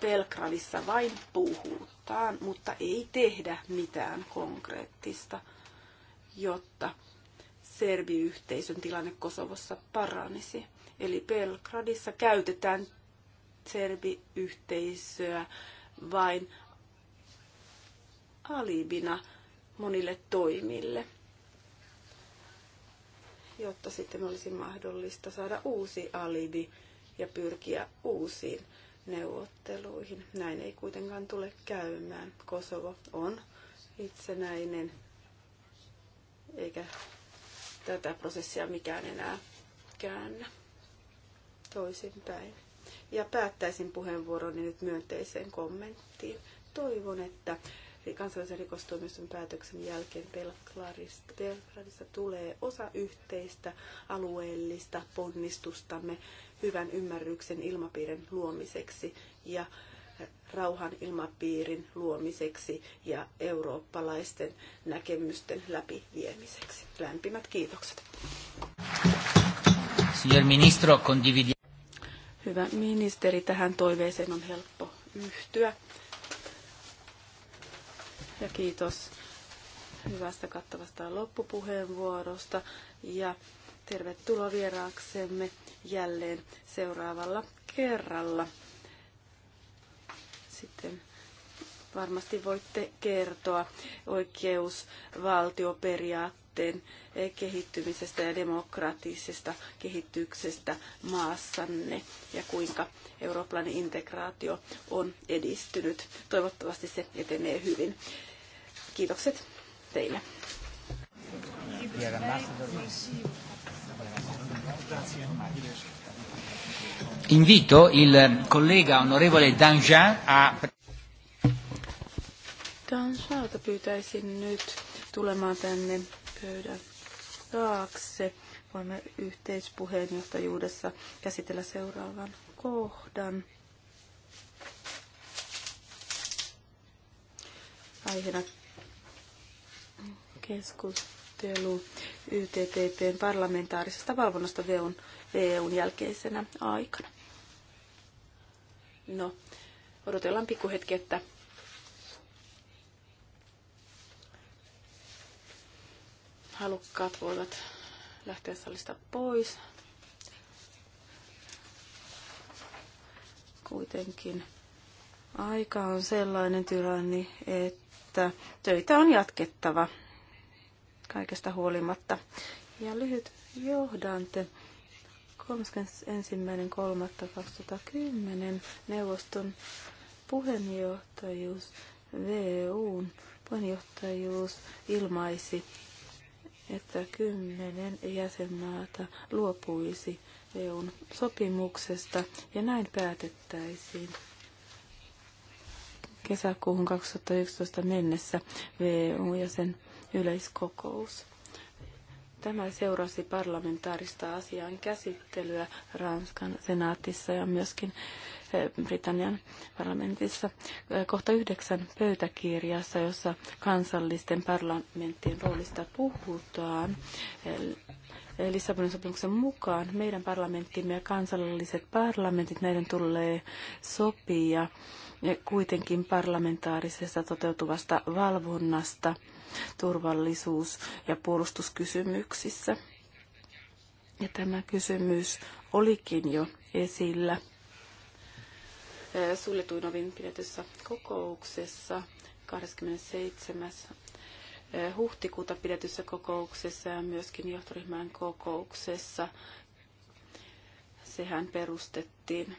Speaker 2: Belgradissa vain puhutaan, mutta ei tehdä mitään konkreettista, jotta serbiyhteisön tilanne Kosovossa paranisi. Eli Belgradissa käytetään serbiyhteisöä vain alibina monille toimille, jotta sitten olisi mahdollista saada uusi alibi ja pyrkiä uusiin neuvotteluihin. Näin ei kuitenkaan tule käymään. Kosovo on itsenäinen, eikä tätä prosessia mikään enää käännä toisinpäin. Ja päättäisin puheenvuoroni nyt myönteiseen kommenttiin. Toivon, että kansallisen rikostuomioistuimen päätöksen jälkeen Belgradista, tulee osa yhteistä alueellista ponnistustamme hyvän ymmärryksen ilmapiirin luomiseksi ja rauhan ilmapiirin luomiseksi ja eurooppalaisten näkemysten läpiviemiseksi. Lämpimät kiitokset.
Speaker 1: Signor ministro, condividi...
Speaker 2: Hyvä ministeri, tähän toiveeseen on helppo yhtyä. Ja kiitos hyvästä kattavasta loppupuheenvuorosta ja tervetuloa vieraaksemme jälleen seuraavalla kerralla. Sitten varmasti voitte kertoa oikeusvaltioperiaatteesta suhteen kehittymisestä ja demokraattisesta kehityksestä maassanne ja kuinka eurooppalainen integraatio on edistynyt. Toivottavasti se etenee hyvin. Kiitokset teille.
Speaker 1: Invito il collega onorevole Danjean a...
Speaker 2: Danjeanta pyytäisin nyt tulemaan tänne pöydän taakse. Voimme yhteispuheenjohtajuudessa käsitellä seuraavan kohdan. Aiheena keskustelu YTTPn parlamentaarisesta valvonnasta VEUn, VEUn jälkeisenä aikana. No, odotellaan pikkuhetki, että halukkaat voivat lähteä salista pois. Kuitenkin aika on sellainen tyranni, että töitä on jatkettava kaikesta huolimatta. Ja lyhyt johdante. 31.3.2010 neuvoston puheenjohtajuus, VU puheenjohtajuus ilmaisi että kymmenen jäsenmaata luopuisi EUn sopimuksesta ja näin päätettäisiin kesäkuuhun 2011 mennessä EU ja sen yleiskokous. Tämä seurasi parlamentaarista asian käsittelyä Ranskan senaatissa ja myöskin Britannian parlamentissa kohta yhdeksän pöytäkirjassa, jossa kansallisten parlamenttien roolista puhutaan. Lissabonin sopimuksen mukaan meidän parlamenttimme ja kansalliset parlamentit, näiden tulee sopia e, kuitenkin parlamentaarisesta toteutuvasta valvonnasta turvallisuus- ja puolustuskysymyksissä. Ja tämä kysymys olikin jo esillä suljetuin ovin pidetyssä kokouksessa 27 huhtikuuta pidetyssä kokouksessa ja myöskin johtoryhmän kokouksessa. Sehän perustettiin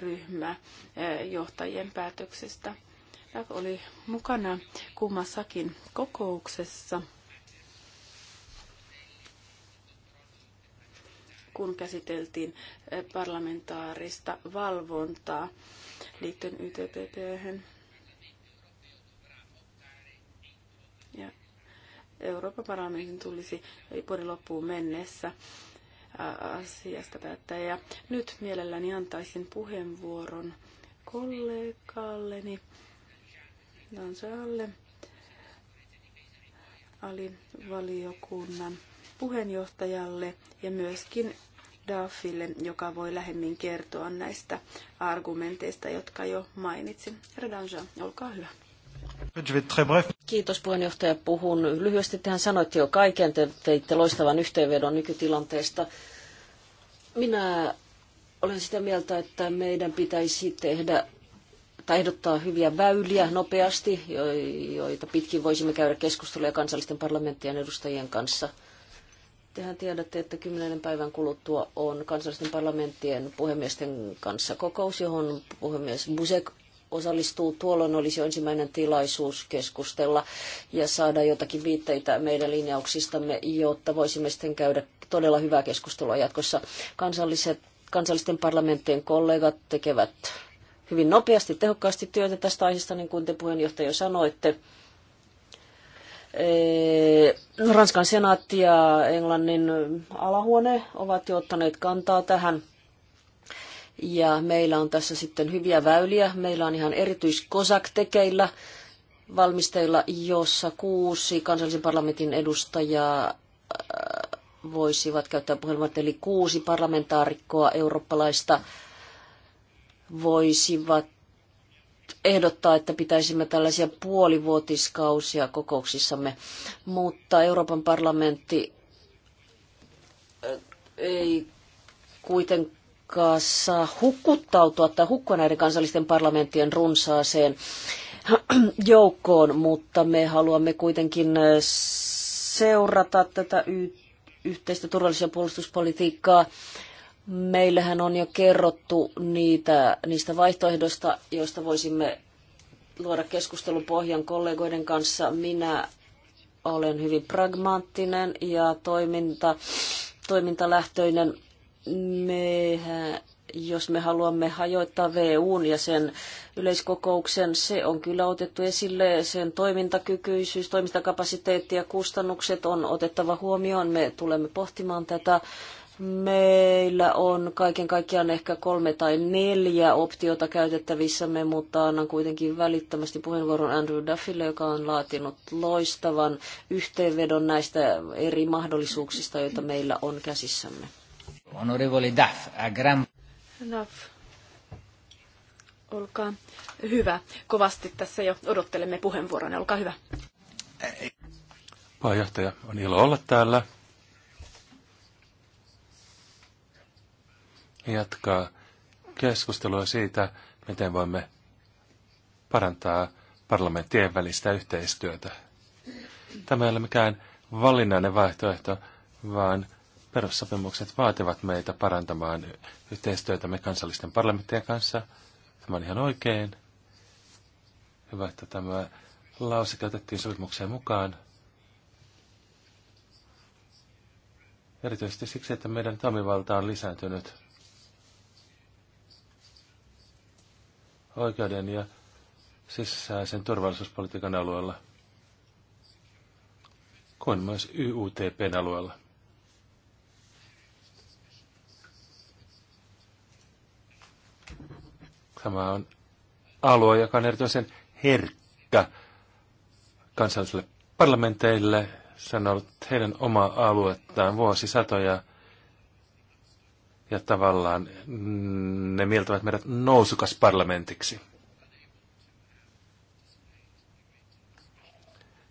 Speaker 2: ryhmä johtajien päätöksestä. Oli mukana kummassakin kokouksessa. kun käsiteltiin eh, parlamentaarista valvontaa liittyen YTPP. Ja Euroopan parlamentin tulisi vuoden loppuun mennessä asiasta päättää. Ja nyt mielelläni antaisin puheenvuoron kollegalleni Lansalle alivaliokunnan puheenjohtajalle ja myöskin Duffille, joka voi lähemmin kertoa näistä argumenteista, jotka jo mainitsin. Radanja, olkaa hyvä.
Speaker 5: Kiitos puheenjohtaja. Puhun lyhyesti. Tehän sanoitte jo kaiken. Te teitte loistavan yhteenvedon nykytilanteesta. Minä olen sitä mieltä, että meidän pitäisi tehdä tai ehdottaa hyviä väyliä nopeasti, joita pitkin voisimme käydä keskusteluja kansallisten parlamenttien edustajien kanssa – Tehän tiedätte, että kymmenen päivän kuluttua on kansallisten parlamenttien puhemiesten kanssa kokous, johon puhemies Busek osallistuu. Tuolloin olisi ensimmäinen tilaisuus keskustella ja saada jotakin viitteitä meidän linjauksistamme, jotta voisimme sitten käydä todella hyvää keskustelua jatkossa. Kansalliset, kansallisten parlamenttien kollegat tekevät hyvin nopeasti, tehokkaasti työtä tästä aiheesta, niin kuin te puheenjohtaja jo sanoitte. Ranskan senaatti ja Englannin alahuone ovat jo ottaneet kantaa tähän. Ja meillä on tässä sitten hyviä väyliä. Meillä on ihan erityiskosak tekeillä valmisteilla, jossa kuusi kansallisen parlamentin edustajaa äh, voisivat käyttää puhelimat, eli kuusi parlamentaarikkoa eurooppalaista voisivat ehdottaa, että pitäisimme tällaisia puolivuotiskausia kokouksissamme, mutta Euroopan parlamentti ei kuitenkaan saa hukuttautua tai hukkua näiden kansallisten parlamenttien runsaaseen joukkoon, mutta me haluamme kuitenkin seurata tätä yhteistä turvallisuus- ja puolustuspolitiikkaa Meillähän on jo kerrottu niitä, niistä vaihtoehdoista, joista voisimme luoda keskustelun pohjan kollegoiden kanssa. Minä olen hyvin pragmaattinen ja toiminta, toimintalähtöinen. Mehän, jos me haluamme hajoittaa VUn ja sen yleiskokouksen, se on kyllä otettu esille, sen toimintakykyisyys, toimintakapasiteetti ja kustannukset on otettava huomioon. Me tulemme pohtimaan tätä Meillä on kaiken kaikkiaan ehkä kolme tai neljä optiota käytettävissämme, mutta annan kuitenkin välittömästi puheenvuoron Andrew Duffille, joka on laatinut loistavan yhteenvedon näistä eri mahdollisuuksista, joita meillä on käsissämme.
Speaker 1: Honorevole Duff, a
Speaker 2: Duff, olkaa hyvä. Kovasti tässä jo odottelemme puheenvuoron, olkaa hyvä.
Speaker 4: Pääjohtaja, on ilo olla täällä. jatkaa keskustelua siitä, miten voimme parantaa parlamenttien välistä yhteistyötä. Tämä ei ole mikään valinnainen vaihtoehto, vaan perussopimukset vaativat meitä parantamaan yhteistyötämme kansallisten parlamenttien kanssa. Tämä on ihan oikein. Hyvä, että tämä lauseke otettiin sopimukseen mukaan. Erityisesti siksi, että meidän toimivalta on lisääntynyt oikeuden ja sisäisen turvallisuuspolitiikan alueella kuin myös YUTPn alueella. Tämä on alue, joka on erityisen herkkä kansallisille parlamenteille. Se on ollut heidän omaa aluettaan vuosisatoja ja tavallaan ne mieltävät meidät nousukas parlamentiksi,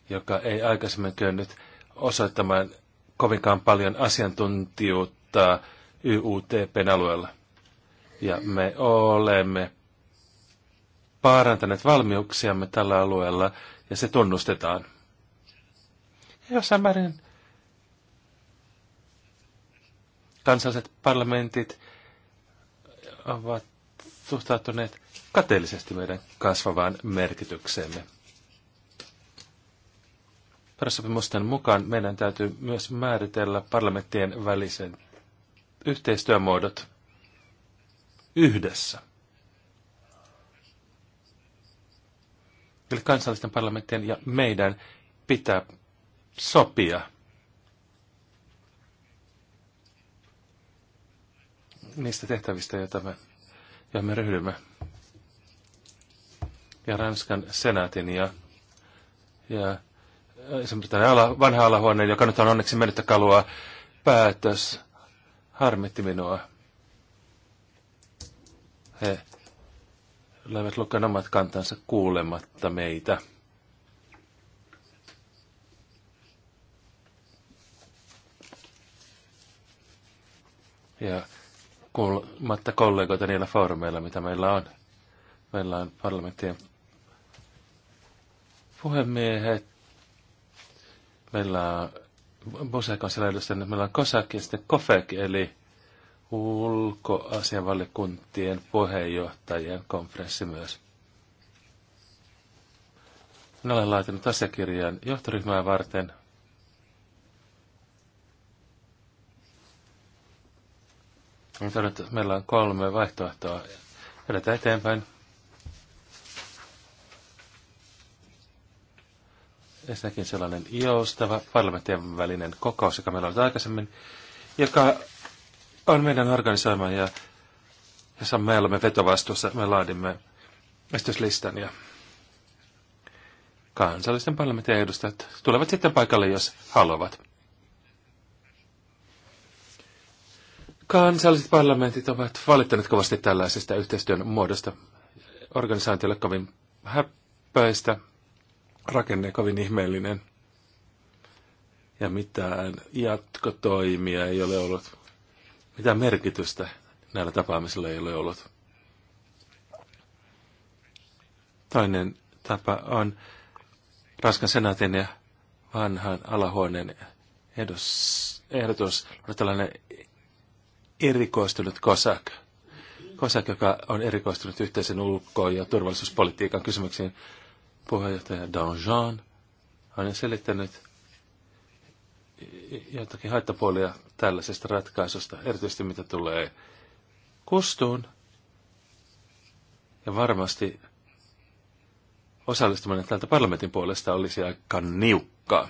Speaker 4: joka ei aikaisemmin kyennyt osoittamaan kovinkaan paljon asiantuntijuutta YUTPn alueella. Ja me olemme parantaneet valmiuksiamme tällä alueella ja se tunnustetaan. jossain määrin kansalliset parlamentit ovat suhtautuneet kateellisesti meidän kasvavaan merkitykseemme. Perussopimusten mukaan meidän täytyy myös määritellä parlamenttien välisen yhteistyömuodot yhdessä. Eli kansallisten parlamenttien ja meidän pitää sopia – niistä tehtävistä, joita me, ja me ryhdymme. Ja Ranskan senaatin ja, ja äh, esimerkiksi tämä ala, vanha alahuone, joka nyt on onneksi mennyttä kalua, päätös harmitti minua. He olivat lukan omat kantansa kuulematta meitä. Ja kuulematta kollegoita niillä foorumeilla, mitä meillä on. Meillä on parlamenttien puhemiehet, meillä on bose niin meillä on COSAC ja sitten COFEC, eli ulkoasianvalikuntien puheenjohtajien konferenssi myös. Minä olen laatinut asiakirjan johtoryhmää varten – Mä että meillä on kolme vaihtoehtoa. Edetään eteenpäin. Ensinnäkin sellainen joustava parlamenttien välinen kokous, joka meillä oli aikaisemmin, joka on meidän organisoima ja jossa me olemme vetovastuussa. Me laadimme esityslistan ja kansallisten parlamenttien edustajat tulevat sitten paikalle, jos haluavat. Kansalliset parlamentit ovat valittaneet kovasti tällaisesta yhteistyön muodosta. Organisaatiolle kovin häppäistä, rakenne kovin ihmeellinen. Ja mitään jatkotoimia ei ole ollut. Mitään merkitystä näillä tapaamisilla ei ole ollut. Toinen tapa on Ranskan senaatin ja vanhan alahuoneen edus, ehdotus, tällainen erikoistunut kosak, kosak joka on erikoistunut yhteisen ulko- ja turvallisuuspolitiikan kysymyksiin. Puheenjohtaja Danjean on selittänyt jotakin haittapuolia tällaisesta ratkaisusta, erityisesti mitä tulee kustuun. Ja varmasti osallistuminen tältä parlamentin puolesta olisi aika niukkaa.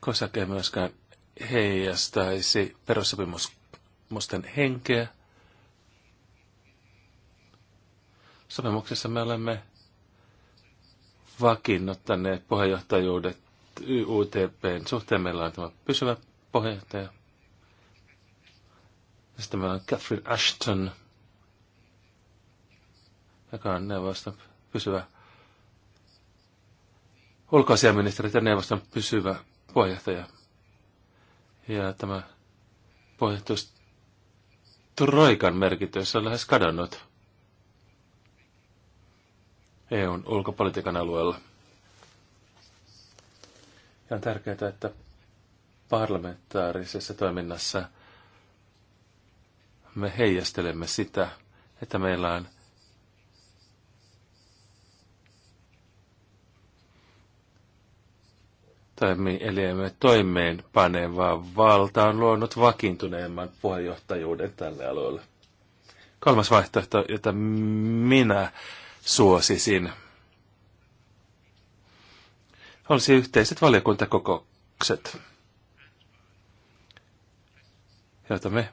Speaker 4: Kosak ei myöskään heijastaisi perussopimusten henkeä. Sopimuksessa me olemme vakiinnuttaneet puheenjohtajuudet UTPn suhteen. Meillä on tämä pysyvä puheenjohtaja. sitten meillä on Catherine Ashton, joka on neuvoston pysyvä ulkoasiaministeri ja neuvoston pysyvä puheenjohtaja. Ja tämä pohjoitus Troikan merkitys on lähes kadonnut EUn ulkopolitiikan alueella. Ja on tärkeää, että parlamentaarisessa toiminnassa me heijastelemme sitä, että meillä on – toimieliemme toimeenpaneva valta on luonut vakiintuneemman puheenjohtajuuden tälle alueelle. Kolmas vaihtoehto, jota minä suosisin, olisi yhteiset valiokuntakokoukset, joita me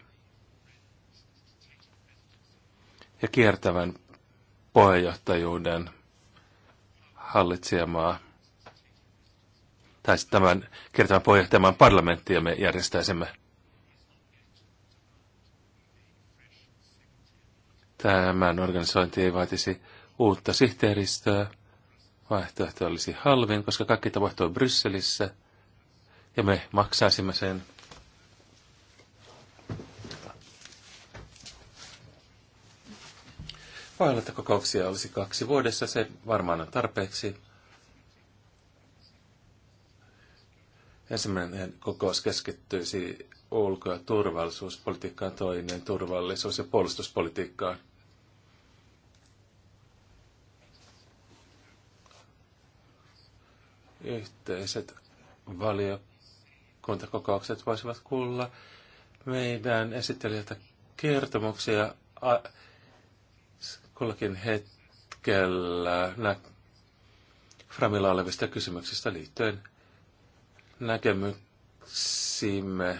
Speaker 4: ja kiertävän puheenjohtajuuden hallitsijamaa – tai tämän kertoman puheenjohtajan parlamentti ja me järjestäisimme. Tämän organisointi ei vaatisi uutta sihteeristöä. Vaihtoehto olisi halvin, koska kaikki tapahtuu Brysselissä ja me maksaisimme sen. Voi kokouksia olisi kaksi vuodessa, se varmaan on tarpeeksi. Ensimmäinen kokous keskittyisi ulko- ja turvallisuuspolitiikkaan, toinen turvallisuus- ja puolustuspolitiikkaan. Yhteiset valiokuntakokoukset voisivat kuulla meidän esittelijältä kertomuksia kullakin hetkellä nä- Framilla olevista kysymyksistä liittyen näkemyksiimme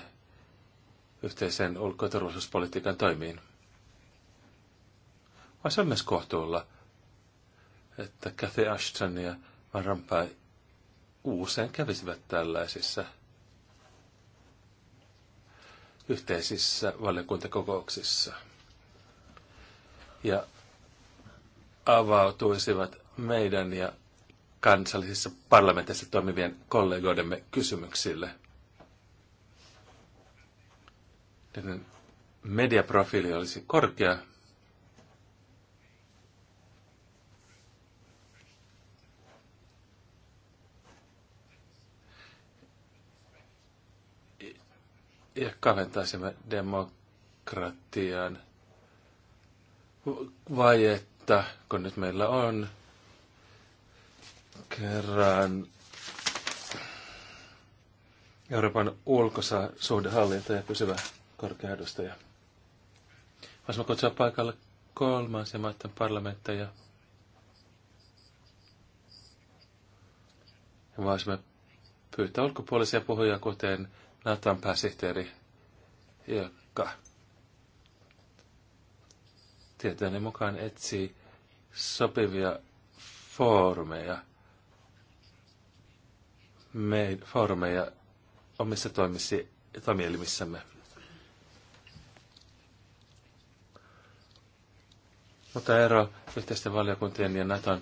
Speaker 4: yhteisen ulko- ja turvallisuuspolitiikan toimiin. Vaan se on myös kohtuulla, että Cathy Ashton ja Marampai usein kävisivät tällaisissa yhteisissä valiokuntakokouksissa ja avautuisivat meidän ja kansallisissa parlamenteissa toimivien kollegoidemme kysymyksille. Niiden mediaprofiili olisi korkea. Ja kaventaisimme demokratian vajetta, kun nyt meillä on kerran Euroopan ulkosuhdehallinta ja pysyvä korkea edustaja. Voisimme kutsua paikalle ja maiden parlamentteja. Ja voisimme pyytää ulkopuolisia puhujia, kuten Natan pääsihteeri, joka tietojeni mukaan etsii sopivia foorumeja – me, foorumeja omissa toimissi, toimielimissämme. Mutta ero yhteisten valiokuntien ja Naton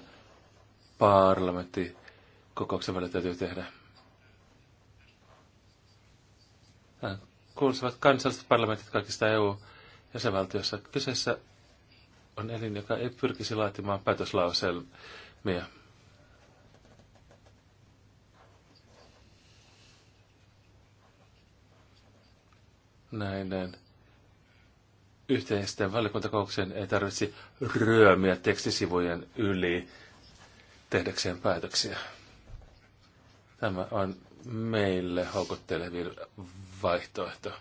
Speaker 4: parlamenttikokouksen välillä täytyy tehdä. Kuulisivat kansalliset parlamentit kaikista EU-jäsenvaltioissa. Kyseessä on elin, joka ei pyrkisi laatimaan päätöslauselmia. näiden yhteisten valiokuntakouksen ei tarvitsi ryömiä tekstisivujen yli tehdäkseen päätöksiä. Tämä on meille houkuttelevin vaihtoehto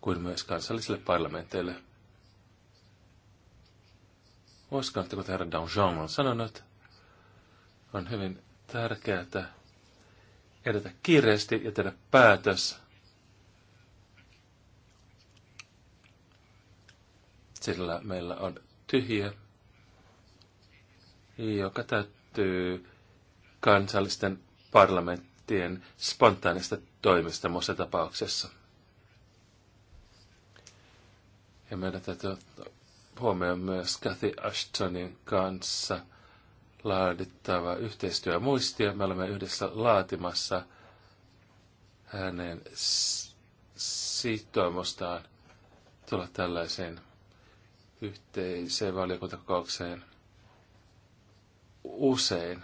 Speaker 4: kuin myös kansallisille parlamenteille. Uskon, että kuten herra Danjean on sanonut, on hyvin tärkeää edetä kiireesti ja tehdä päätös sillä meillä on tyhjä, joka täyttyy kansallisten parlamenttien spontaanista toimista muussa tapauksessa. Ja meidän täytyy huomioida myös Kathy Ashtonin kanssa laadittava yhteistyömuistia. Me olemme yhdessä laatimassa hänen sitoumustaan tulla tällaiseen yhteiseen valiokuntakokoukseen usein.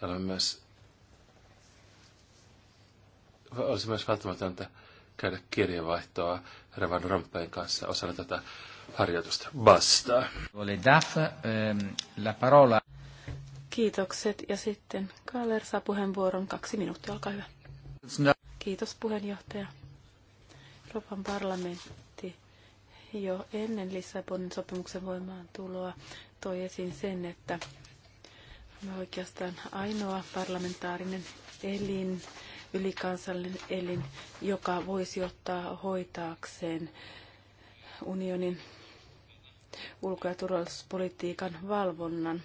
Speaker 4: Ja olemme myös, olisi myös välttämätöntä käydä kirjeenvaihtoa Revan Rompeen kanssa osana tätä harjoitusta.
Speaker 1: Basta. Ehm, la parola.
Speaker 2: Kiitokset ja sitten Kaller saa puheenvuoron. Kaksi minuuttia, olkaa hyvä. Kiitos puheenjohtaja. Euroopan parlamentti jo ennen Lissabonin sopimuksen voimaan tuloa toi esiin sen, että me oikeastaan ainoa parlamentaarinen elin, ylikansallinen elin, joka voisi ottaa hoitaakseen unionin ulko- ja turvallisuuspolitiikan valvonnan.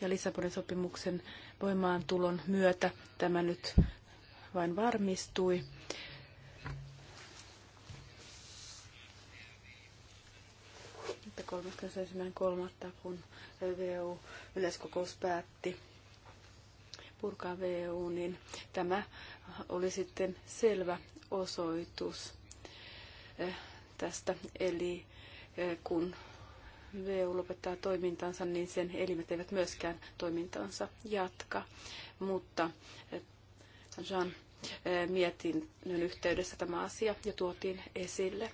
Speaker 2: Ja Lissabonin sopimuksen voimaantulon myötä tämä nyt vain varmistui. että 31.3. kun VU yleiskokous päätti purkaa VU, niin tämä oli sitten selvä osoitus eh, tästä. Eli eh, kun VU lopettaa toimintansa, niin sen elimet eivät myöskään toimintansa jatka. Mutta eh, Jean mietinnön yhteydessä tämä asia jo tuotiin esille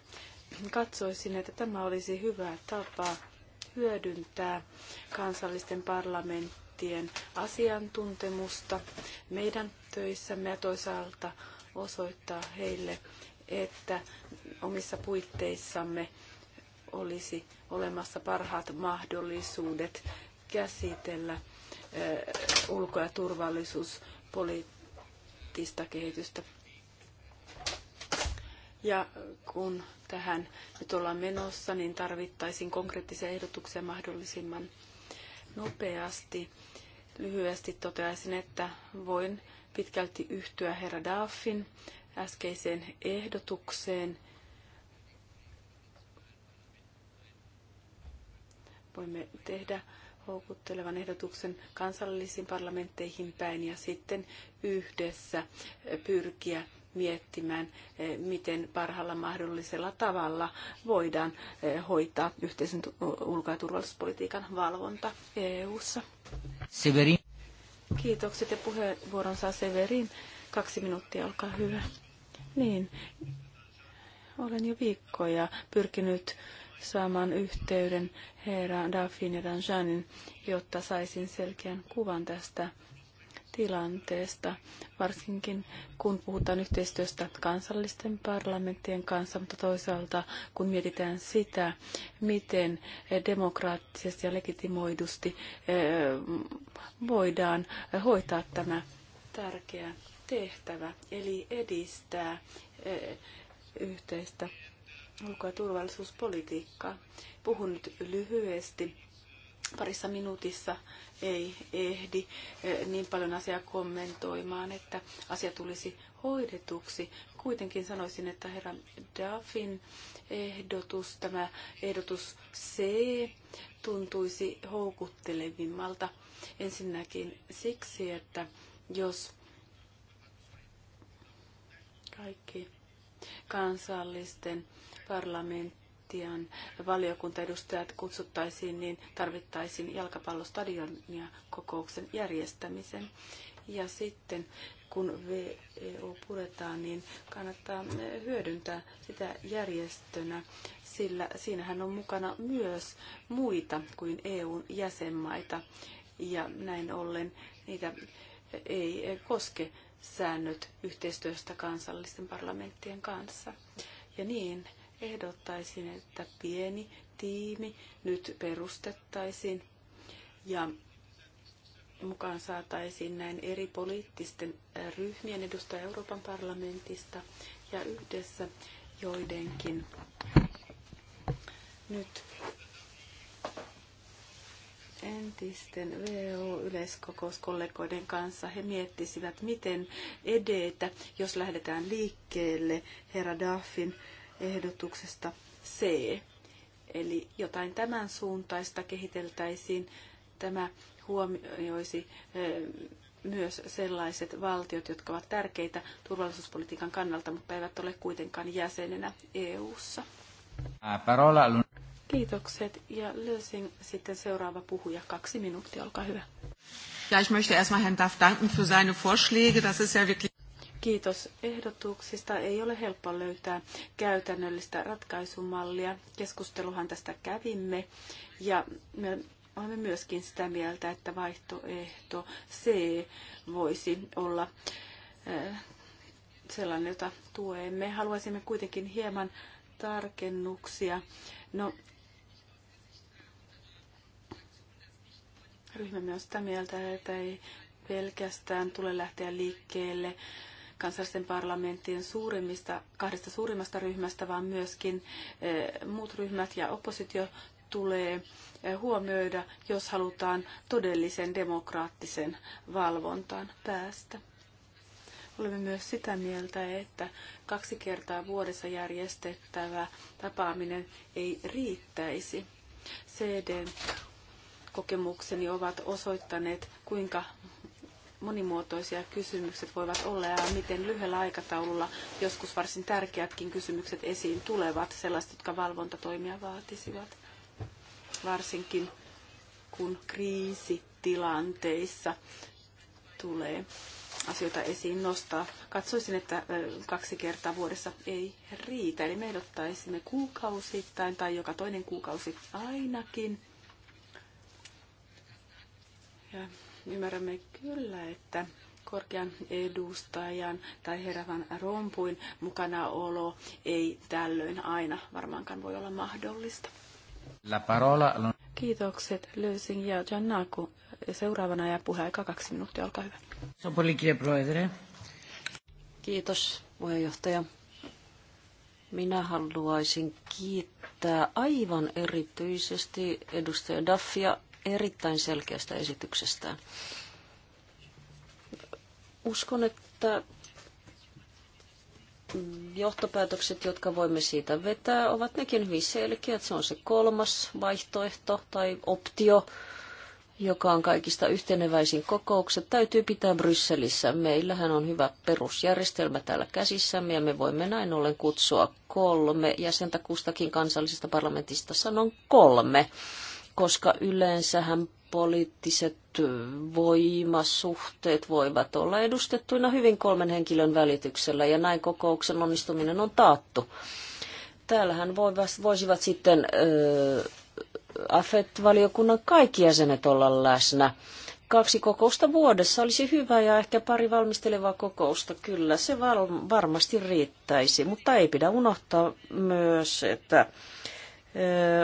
Speaker 2: katsoisin, että tämä olisi hyvä tapa hyödyntää kansallisten parlamenttien asiantuntemusta meidän töissämme ja toisaalta osoittaa heille, että omissa puitteissamme olisi olemassa parhaat mahdollisuudet käsitellä ulko- ja turvallisuuspoliittista kehitystä ja kun tähän nyt ollaan menossa, niin tarvittaisiin konkreettisia ehdotuksia mahdollisimman nopeasti. Lyhyesti toteaisin, että voin pitkälti yhtyä herra Daffin äskeiseen ehdotukseen. Voimme tehdä houkuttelevan ehdotuksen kansallisiin parlamentteihin päin ja sitten yhdessä pyrkiä miettimään, eh, miten parhaalla mahdollisella tavalla voidaan eh, hoitaa yhteisen ulko- ja turvallisuuspolitiikan valvonta EU-ssa. Severin. Kiitokset ja puheenvuoron saa Severin. Kaksi minuuttia, olkaa hyvä. Niin, olen jo viikkoja pyrkinyt saamaan yhteyden herra Daffin ja Danjanin, jotta saisin selkeän kuvan tästä tilanteesta, varsinkin kun puhutaan yhteistyöstä kansallisten parlamenttien kanssa, mutta toisaalta kun mietitään sitä, miten demokraattisesti ja legitimoidusti eh, voidaan hoitaa tämä tärkeä tehtävä, eli edistää eh, yhteistä ulko- ja turvallisuuspolitiikkaa. Puhun nyt lyhyesti parissa minuutissa ei ehdi eh, niin paljon asiaa kommentoimaan, että asia tulisi hoidetuksi. Kuitenkin sanoisin, että herra Duffin ehdotus, tämä ehdotus C, tuntuisi houkuttelevimmalta ensinnäkin siksi, että jos kaikki kansallisten parlamentti Kroatian valiokuntaedustajat kutsuttaisiin, niin tarvittaisiin jalkapallostadionia kokouksen järjestämisen. Ja sitten kun VEU puretaan, niin kannattaa eh, hyödyntää sitä järjestönä, sillä siinähän on mukana myös muita kuin EUn jäsenmaita. Ja näin ollen niitä ei eh, koske säännöt yhteistyöstä kansallisten parlamenttien kanssa. Ja niin ehdottaisin, että pieni tiimi nyt perustettaisiin ja mukaan saataisiin näin eri poliittisten ryhmien edustajia Euroopan parlamentista ja yhdessä joidenkin nyt entisten VO-yleiskokouskollegoiden kanssa. He miettisivät, miten edetä, jos lähdetään liikkeelle herra Daffin ehdotuksesta C. Eli jotain tämän suuntaista kehiteltäisiin. Tämä huomioisi myös sellaiset valtiot, jotka ovat tärkeitä turvallisuuspolitiikan kannalta, mutta eivät ole kuitenkaan jäsenenä EU:ssa.
Speaker 1: ssa
Speaker 2: Kiitokset. Ja löysin sitten seuraava puhuja. Kaksi minuuttia, olkaa hyvä. Ja, ich möchte erstmal Herrn Duff danken für seine Vorschläge. Das ist ja wirklich... Kiitos ehdotuksista. Ei ole helppo löytää käytännöllistä ratkaisumallia. Keskusteluhan tästä kävimme ja me olemme myöskin sitä mieltä, että vaihtoehto C voisi olla eh, sellainen, jota tuemme. Haluaisimme kuitenkin hieman tarkennuksia. No, ryhmämme on sitä mieltä, että ei pelkästään tule lähteä liikkeelle kansallisten parlamenttien suurimmista, kahdesta suurimmasta ryhmästä, vaan myöskin eh, muut ryhmät ja oppositio tulee eh, huomioida, jos halutaan todellisen demokraattisen valvontaan päästä. Olemme myös sitä mieltä, että kaksi kertaa vuodessa järjestettävä tapaaminen ei riittäisi. cd kokemukseni ovat osoittaneet, kuinka monimuotoisia kysymykset voivat olla ja miten lyhyellä aikataululla joskus varsin tärkeätkin kysymykset esiin tulevat, sellaiset, jotka valvontatoimia vaatisivat, varsinkin kun kriisitilanteissa tulee asioita esiin nostaa. Katsoisin, että kaksi kertaa vuodessa ei riitä, eli me ehdottaisimme kuukausittain tai joka toinen kuukausi ainakin. Ja Ymmärrämme kyllä, että korkean edustajan tai herävän rompuin mukanaolo ei tällöin aina varmaankaan voi olla mahdollista. La parola... Kiitokset Löysing ja Giannaku. Seuraavana ja puheaika kaksi
Speaker 5: minuuttia, olkaa hyvä. Kiitos puheenjohtaja. Minä haluaisin kiittää aivan erityisesti edustaja Daffia erittäin selkeästä esityksestä. Uskon, että johtopäätökset, jotka voimme siitä vetää, ovat nekin hyvin selkeät. Se on se kolmas vaihtoehto tai optio, joka on kaikista yhteneväisin kokoukset, täytyy pitää Brysselissä. Meillähän on hyvä perusjärjestelmä täällä käsissämme ja me voimme näin ollen kutsua kolme jäsentä kustakin kansallisesta parlamentista. Sanon kolme koska yleensähän poliittiset voimasuhteet voivat olla edustettuina hyvin kolmen henkilön välityksellä ja näin kokouksen onnistuminen on taattu. Täällähän voisivat sitten AFET-valiokunnan kaikki jäsenet olla läsnä. Kaksi kokousta vuodessa olisi hyvä ja ehkä pari valmistelevaa kokousta, kyllä se varmasti riittäisi, mutta ei pidä unohtaa myös, että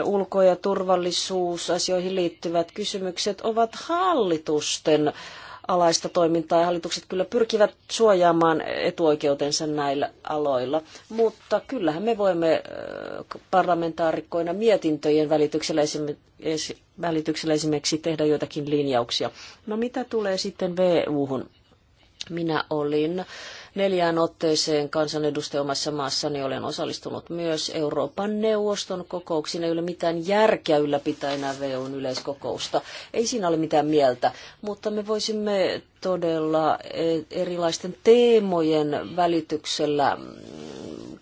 Speaker 5: ulko- ja turvallisuusasioihin liittyvät kysymykset ovat hallitusten alaista toimintaa ja hallitukset kyllä pyrkivät suojaamaan etuoikeutensa näillä aloilla. Mutta kyllähän me voimme parlamentaarikkoina mietintöjen välityksellä, esimerkiksi tehdä joitakin linjauksia. No mitä tulee sitten VU-hun? Minä olin neljään otteeseen kansanedustaja omassa maassani. Olen osallistunut myös Euroopan neuvoston kokouksiin. Ei ole mitään järkeä ylläpitää enää VUn yleiskokousta. Ei siinä ole mitään mieltä, mutta me voisimme todella e, erilaisten teemojen välityksellä mm,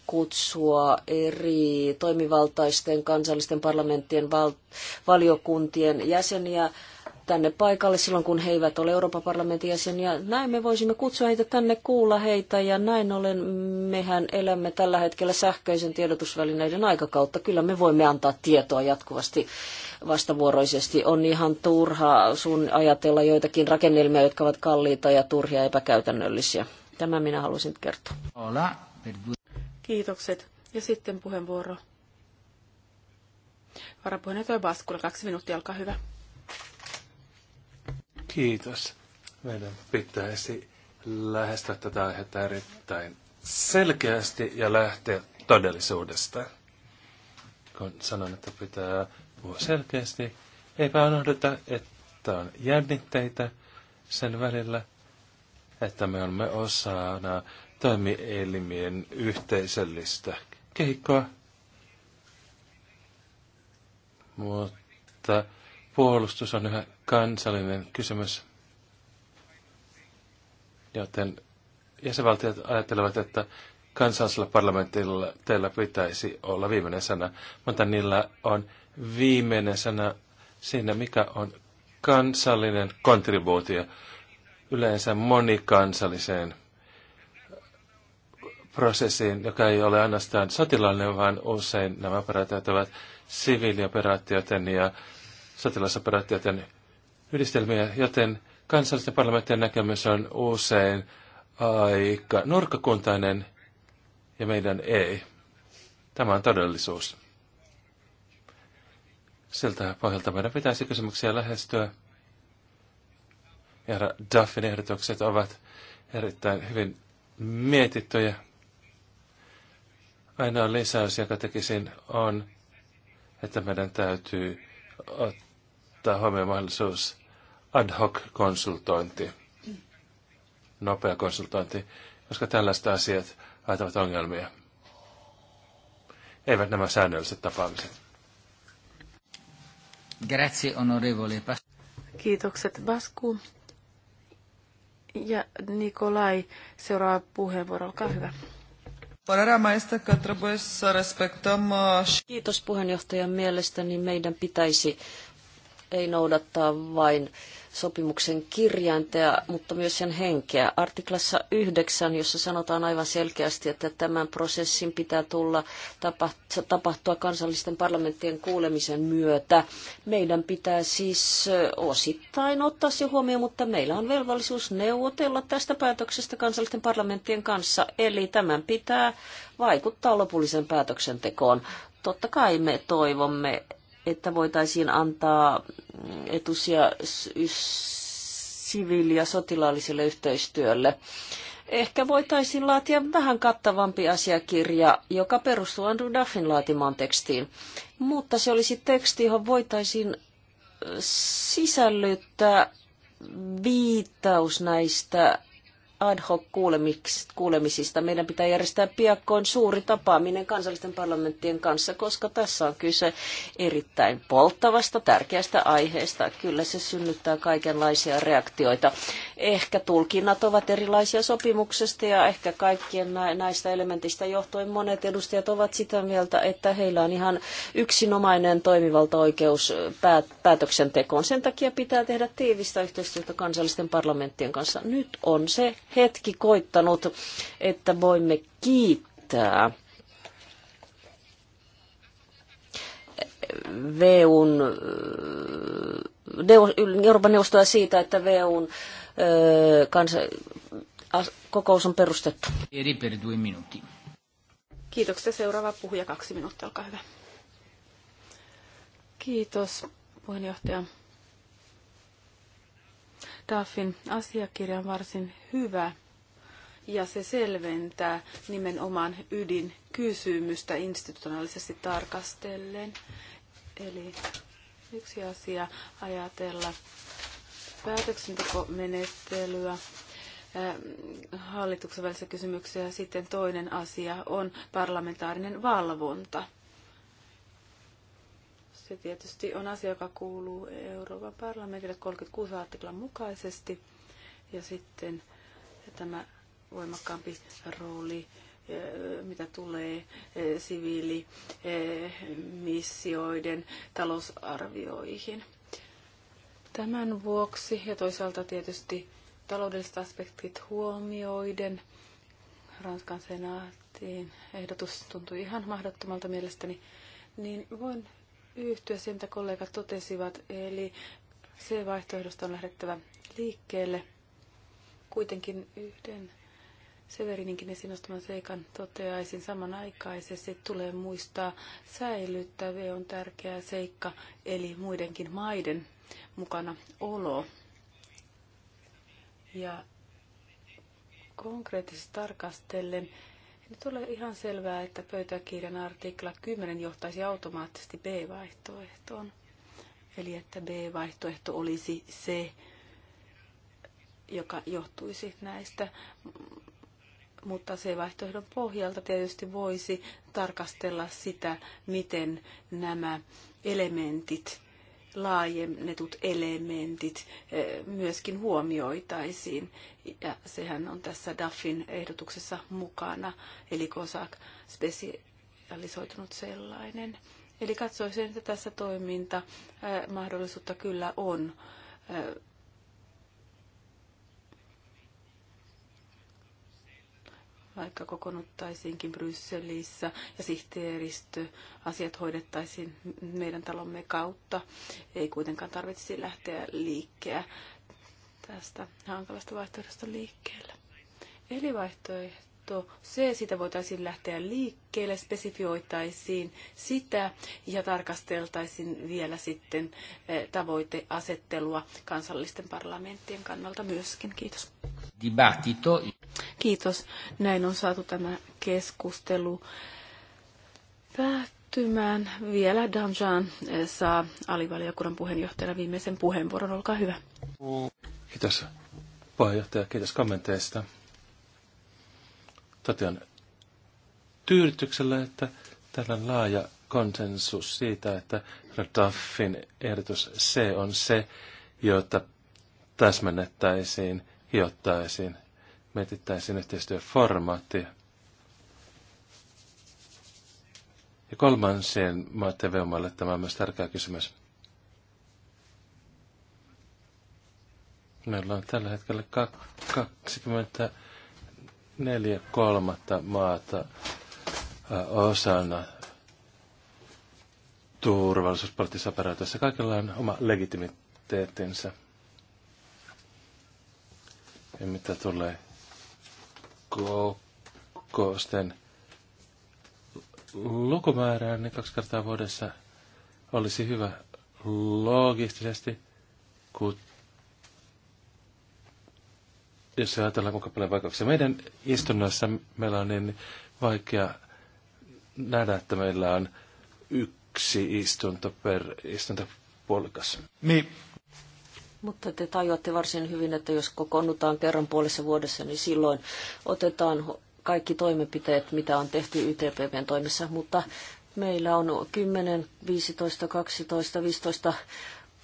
Speaker 5: kutsua eri toimivaltaisten kansallisten parlamenttien val- valiokuntien jäseniä tänne paikalle silloin, kun he eivät ole Euroopan parlamentin jäseniä. Näin me voisimme kutsua heitä tänne, kuulla heitä ja näin ollen mehän elämme tällä hetkellä sähköisen tiedotusvälineiden aikakautta. Kyllä me voimme antaa tietoa jatkuvasti vastavuoroisesti. On ihan turha sun ajatella joitakin rakennelmia, jotka ovat kalliita ja turhia ja epäkäytännöllisiä. Tämä minä halusin kertoa.
Speaker 2: Kiitokset. Ja sitten puheenvuoro. Varapuheenjohtaja Baskula, kaksi minuuttia, olkaa hyvä.
Speaker 4: Kiitos. Meidän pitäisi lähestyä tätä aihetta erittäin selkeästi ja lähteä todellisuudesta. Kun sanon, että pitää puhua selkeästi, eipä unohdeta, että on jännitteitä sen välillä, että me olemme osana toimielimien yhteisöllistä kehikkoa. Mutta puolustus on yhä kansallinen kysymys, joten jäsenvaltiot ajattelevat, että kansallisella parlamentilla teillä pitäisi olla viimeinen sana, mutta niillä on viimeinen sana siinä, mikä on kansallinen kontribuutio yleensä monikansalliseen prosessiin, joka ei ole ainoastaan sotilaallinen, vaan usein nämä operaatiot ovat siviilioperaatioiden ja sotilasoperaatioiden yhdistelmiä, joten kansallisten parlamenttien näkemys on usein aika nurkkakuntainen ja meidän ei. Tämä on todellisuus. Siltä pohjalta meidän pitäisi kysymyksiä lähestyä. Ja Duffin ehdotukset ovat erittäin hyvin mietittyjä. Ainoa lisäys, joka tekisin, on, että meidän täytyy että on mahdollisuus ad hoc konsultointi, nopea konsultointi, koska tällaiset asiat aiheuttavat ongelmia. Eivät nämä säännölliset tapaamiset.
Speaker 1: Grazie, onorevole.
Speaker 2: Kiitokset, Basku. Ja Nikolai, seuraava puheenvuoro, olkaa hyvä.
Speaker 5: Uh, Kiitos puheenjohtajan mielestäni niin meidän pitäisi ei noudattaa vain sopimuksen kirjainta, mutta myös sen henkeä. Artiklassa 9, jossa sanotaan aivan selkeästi, että tämän prosessin pitää tulla tapahtua kansallisten parlamenttien kuulemisen myötä. Meidän pitää siis osittain ottaa se huomioon, mutta meillä on velvollisuus neuvotella tästä päätöksestä kansallisten parlamenttien kanssa, eli tämän pitää vaikuttaa lopulliseen päätöksentekoon. Totta kai me toivomme, että voitaisiin antaa etusia siviili- ja sotilaalliselle yhteistyölle. Ehkä voitaisiin laatia vähän kattavampi asiakirja, joka perustuu Andrew Duffin laatimaan tekstiin. Mutta se olisi teksti, johon voitaisiin sisällyttää viittaus näistä ad hoc kuulemisista. Meidän pitää järjestää piakkoin suuri tapaaminen kansallisten parlamenttien kanssa, koska tässä on kyse erittäin polttavasta, tärkeästä aiheesta. Kyllä se synnyttää kaikenlaisia reaktioita. Ehkä tulkinnat ovat erilaisia sopimuksesta ja ehkä kaikkien näistä elementistä johtuen monet edustajat ovat sitä mieltä, että heillä on ihan yksinomainen toimivaltaoikeus päätöksentekoon. Sen takia pitää tehdä tiivistä yhteistyötä kansallisten parlamenttien kanssa. Nyt on se hetki koittanut, että voimme kiittää VUn, Euroopan neuvostoa siitä, että VUn kansa, kokous on perustettu.
Speaker 1: Eri per due
Speaker 2: Kiitoksia. Seuraava puhuja kaksi minuuttia, olkaa hyvä. Kiitos puheenjohtaja. Daffin asiakirja on varsin hyvä ja se selventää nimenomaan ydinkysymystä institutionaalisesti tarkastellen. Eli yksi asia ajatella päätöksentekomenettelyä ähm, hallituksen välisessä kysymyksessä ja sitten toinen asia on parlamentaarinen valvonta. Se tietysti on asia, joka kuuluu Euroopan parlamentille 36 artiklan mukaisesti. Ja sitten tämä voimakkaampi rooli, eh, mitä tulee eh, siviilimissioiden eh, talousarvioihin. Tämän vuoksi ja toisaalta tietysti taloudelliset aspektit huomioiden Ranskan senaattiin ehdotus tuntui ihan mahdottomalta mielestäni, niin voin yhtyä siihen, mitä kollegat totesivat, eli se vaihtoehdosta on lähdettävä liikkeelle. Kuitenkin yhden Severininkin esiin nostaman seikan toteaisin samanaikaisesti, tulee muistaa säilyttävä on tärkeä seikka, eli muidenkin maiden mukana olo. Ja konkreettisesti tarkastellen nyt ole ihan selvää, että pöytäkirjan artikla 10 johtaisi automaattisesti B-vaihtoehtoon. Eli että B-vaihtoehto olisi se, joka johtuisi näistä. Mutta se vaihtoehdon pohjalta tietysti voisi tarkastella sitä, miten nämä elementit laajennetut elementit eh, myöskin huomioitaisiin. Ja sehän on tässä DAFin ehdotuksessa mukana, eli COSAC spesialisoitunut sellainen. Eli katsoisin, että tässä toiminta mahdollisuutta kyllä on eh, vaikka kokonuttaisiinkin Brysselissä ja sihteeristö asiat hoidettaisiin meidän talomme kautta, ei kuitenkaan tarvitsisi lähteä liikkeä tästä hankalasta vaihtoehdosta liikkeelle. Eli vaihtoehto se C, sitä voitaisiin lähteä liikkeelle, spesifioitaisiin sitä ja tarkasteltaisiin vielä sitten eh, tavoiteasettelua kansallisten parlamenttien kannalta myöskin. Kiitos. Dibattito. Kiitos. Näin on saatu tämä keskustelu päättymään. Vielä Danjan eh, saa alivaliokunnan puheenjohtajana viimeisen puheenvuoron. Olkaa hyvä.
Speaker 4: Kiitos puheenjohtaja, kiitos kommenteista totean tyydytyksellä, että tällainen on laaja konsensus siitä, että Radaffin ehdotus C on se, jota täsmennettäisiin, hiottaisiin, mietittäisiin yhteistyöformaattia. Ja kolmansien maiden veomaille tämä on myös tärkeä kysymys. Meillä on tällä hetkellä 20 neljä kolmatta maata osana turvallisuuspoliittisessa operaatiossa. Kaikilla on oma legitimiteettinsä. Ja mitä tulee kokousten lukumäärään, niin kaksi kertaa vuodessa olisi hyvä logistisesti, kuten jos ajatellaan kuinka paljon vaikeuksia. Meidän istunnoissa meillä on niin vaikea nähdä, että meillä on yksi istunto per istuntopuolikas.
Speaker 3: Niin.
Speaker 5: Mutta te tajuatte varsin hyvin, että jos kokoonnutaan kerran puolessa vuodessa, niin silloin otetaan kaikki toimenpiteet, mitä on tehty YTPVn toimissa, mutta meillä on 10, 15, 12, 15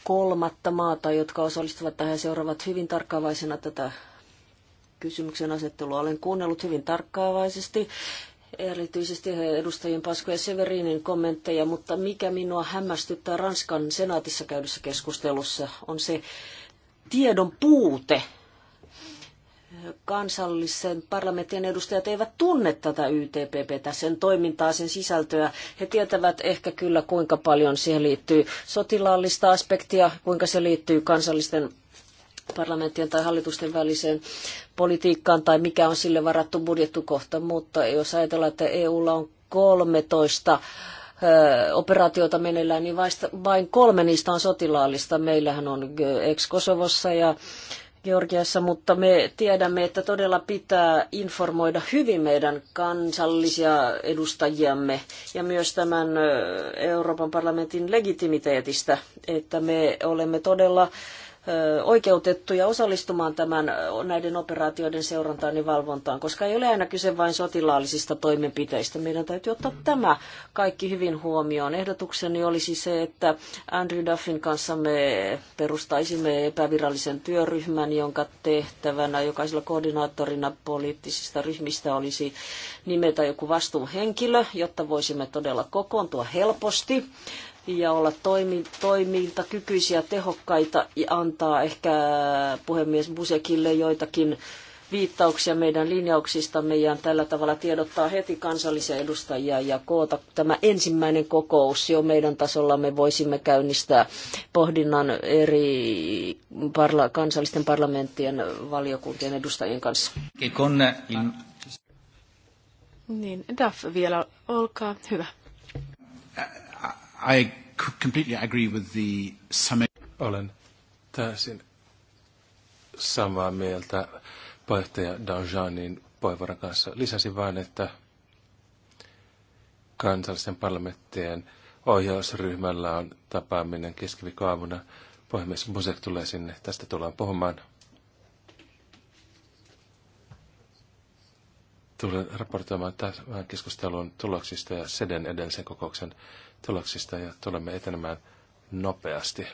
Speaker 5: kolmatta maata, jotka osallistuvat tähän seuraavat hyvin tarkkaavaisena tätä kysymyksen asettelua. Olen kuunnellut hyvin tarkkaavaisesti erityisesti edustajien Pasko ja Severinin kommentteja, mutta mikä minua hämmästyttää Ranskan senaatissa käydyssä keskustelussa on se tiedon puute. Kansallisen parlamentin edustajat eivät tunne tätä YTPPtä, sen toimintaa, sen sisältöä. He tietävät ehkä kyllä, kuinka paljon siihen liittyy sotilaallista aspektia, kuinka se liittyy kansallisten parlamenttien tai hallitusten väliseen politiikkaan tai mikä on sille varattu budjettukohta, mutta jos ajatellaan, että EUlla on 13 operaatiota meneillään, niin vain kolme niistä on sotilaallista. Meillähän on ex-Kosovossa ja Georgiassa, mutta me tiedämme, että todella pitää informoida hyvin meidän kansallisia edustajiamme ja myös tämän Euroopan parlamentin legitimiteetistä, että me olemme todella oikeutettuja osallistumaan tämän, näiden operaatioiden seurantaan ja valvontaan, koska ei ole aina kyse vain sotilaallisista toimenpiteistä. Meidän täytyy ottaa tämä kaikki hyvin huomioon. Ehdotukseni olisi se, että Andrew Duffin kanssa me perustaisimme epävirallisen työryhmän, jonka tehtävänä jokaisella koordinaattorina poliittisista ryhmistä olisi nimetä joku vastuuhenkilö, jotta voisimme todella kokoontua helposti ja olla toimi, toimintakykyisiä, tehokkaita ja antaa ehkä puhemies Busekille joitakin viittauksia meidän linjauksista, meidän tällä tavalla tiedottaa heti kansallisia edustajia ja koota tämä ensimmäinen kokous jo meidän tasolla. Me voisimme käynnistää pohdinnan eri parla- kansallisten parlamenttien valiokuntien edustajien kanssa.
Speaker 2: Niin, Daf vielä, olkaa hyvä.
Speaker 1: I completely agree with
Speaker 4: the summit. Olen täysin samaa mieltä puheenjohtaja Danjanin puheenvuoron kanssa. Lisäsin vain, että kansallisten parlamenttien ohjausryhmällä on tapaaminen keskiviikkoaamuna. Puhemies Musek tulee sinne. Tästä tullaan puhumaan. tulen raportoimaan tämän keskustelun tuloksista ja SEDEN edellisen kokouksen tuloksista ja tulemme etenemään nopeasti.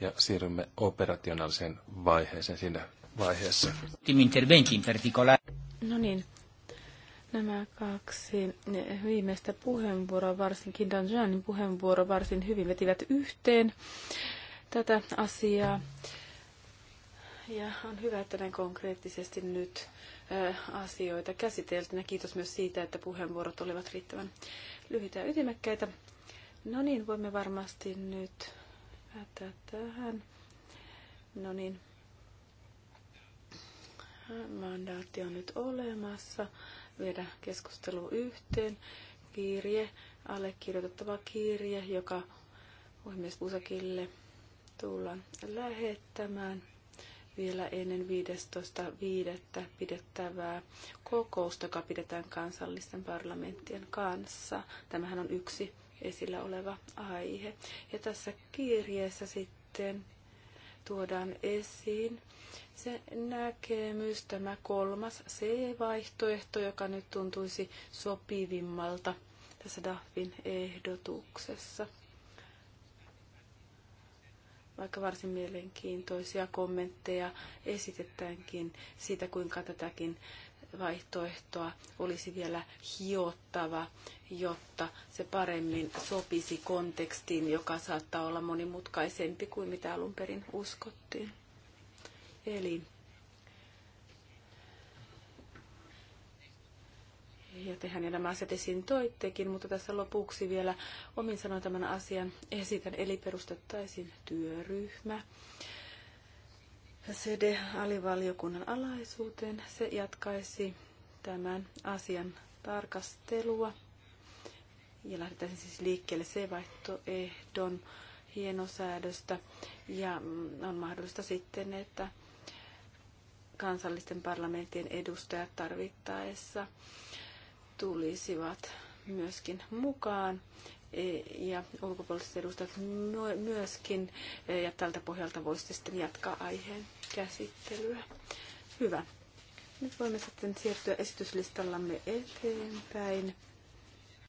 Speaker 4: Ja siirrymme operationaaliseen
Speaker 1: vaiheeseen siinä vaiheessa.
Speaker 2: No niin, Nämä kaksi viimeistä puheenvuoroa, varsinkin Danjanin puheenvuoro, varsin hyvin vetivät yhteen tätä asiaa ja on hyvä, että näin konkreettisesti nyt asioita käsiteltiin. Kiitos myös siitä, että puheenvuorot olivat riittävän lyhyitä ja ytimekkäitä. No niin, voimme varmasti nyt päättää tähän. No niin, mandaatti on nyt olemassa. Viedä keskustelu yhteen. Kirje, allekirjoitettava kirje, joka puhemies Busakille tullaan lähettämään vielä ennen 15.5. pidettävää kokousta, joka pidetään kansallisten parlamenttien kanssa. Tämähän on yksi esillä oleva aihe. Ja tässä kirjeessä sitten tuodaan esiin se näkemys, tämä kolmas C-vaihtoehto, joka nyt tuntuisi sopivimmalta tässä DAFin ehdotuksessa vaikka varsin mielenkiintoisia kommentteja esitetäänkin siitä, kuinka tätäkin vaihtoehtoa olisi vielä hiottava, jotta se paremmin sopisi kontekstiin, joka saattaa olla monimutkaisempi kuin mitä alun perin uskottiin. Eli ja tehän ja nämä asiat esiin toittekin, mutta tässä lopuksi vielä omin sanoin tämän asian esitän, eli perustettaisiin työryhmä. CD-alivaliokunnan alaisuuteen se jatkaisi tämän asian tarkastelua ja lähdetään siis liikkeelle se vaihtoehdon hienosäädöstä ja on mahdollista sitten, että kansallisten parlamenttien edustajat tarvittaessa tulisivat myöskin mukaan e, ja ulkopuoliset edustajat myöskin, e, ja tältä pohjalta voisi sitten jatkaa aiheen käsittelyä. Hyvä. Nyt voimme sitten siirtyä esityslistallamme eteenpäin.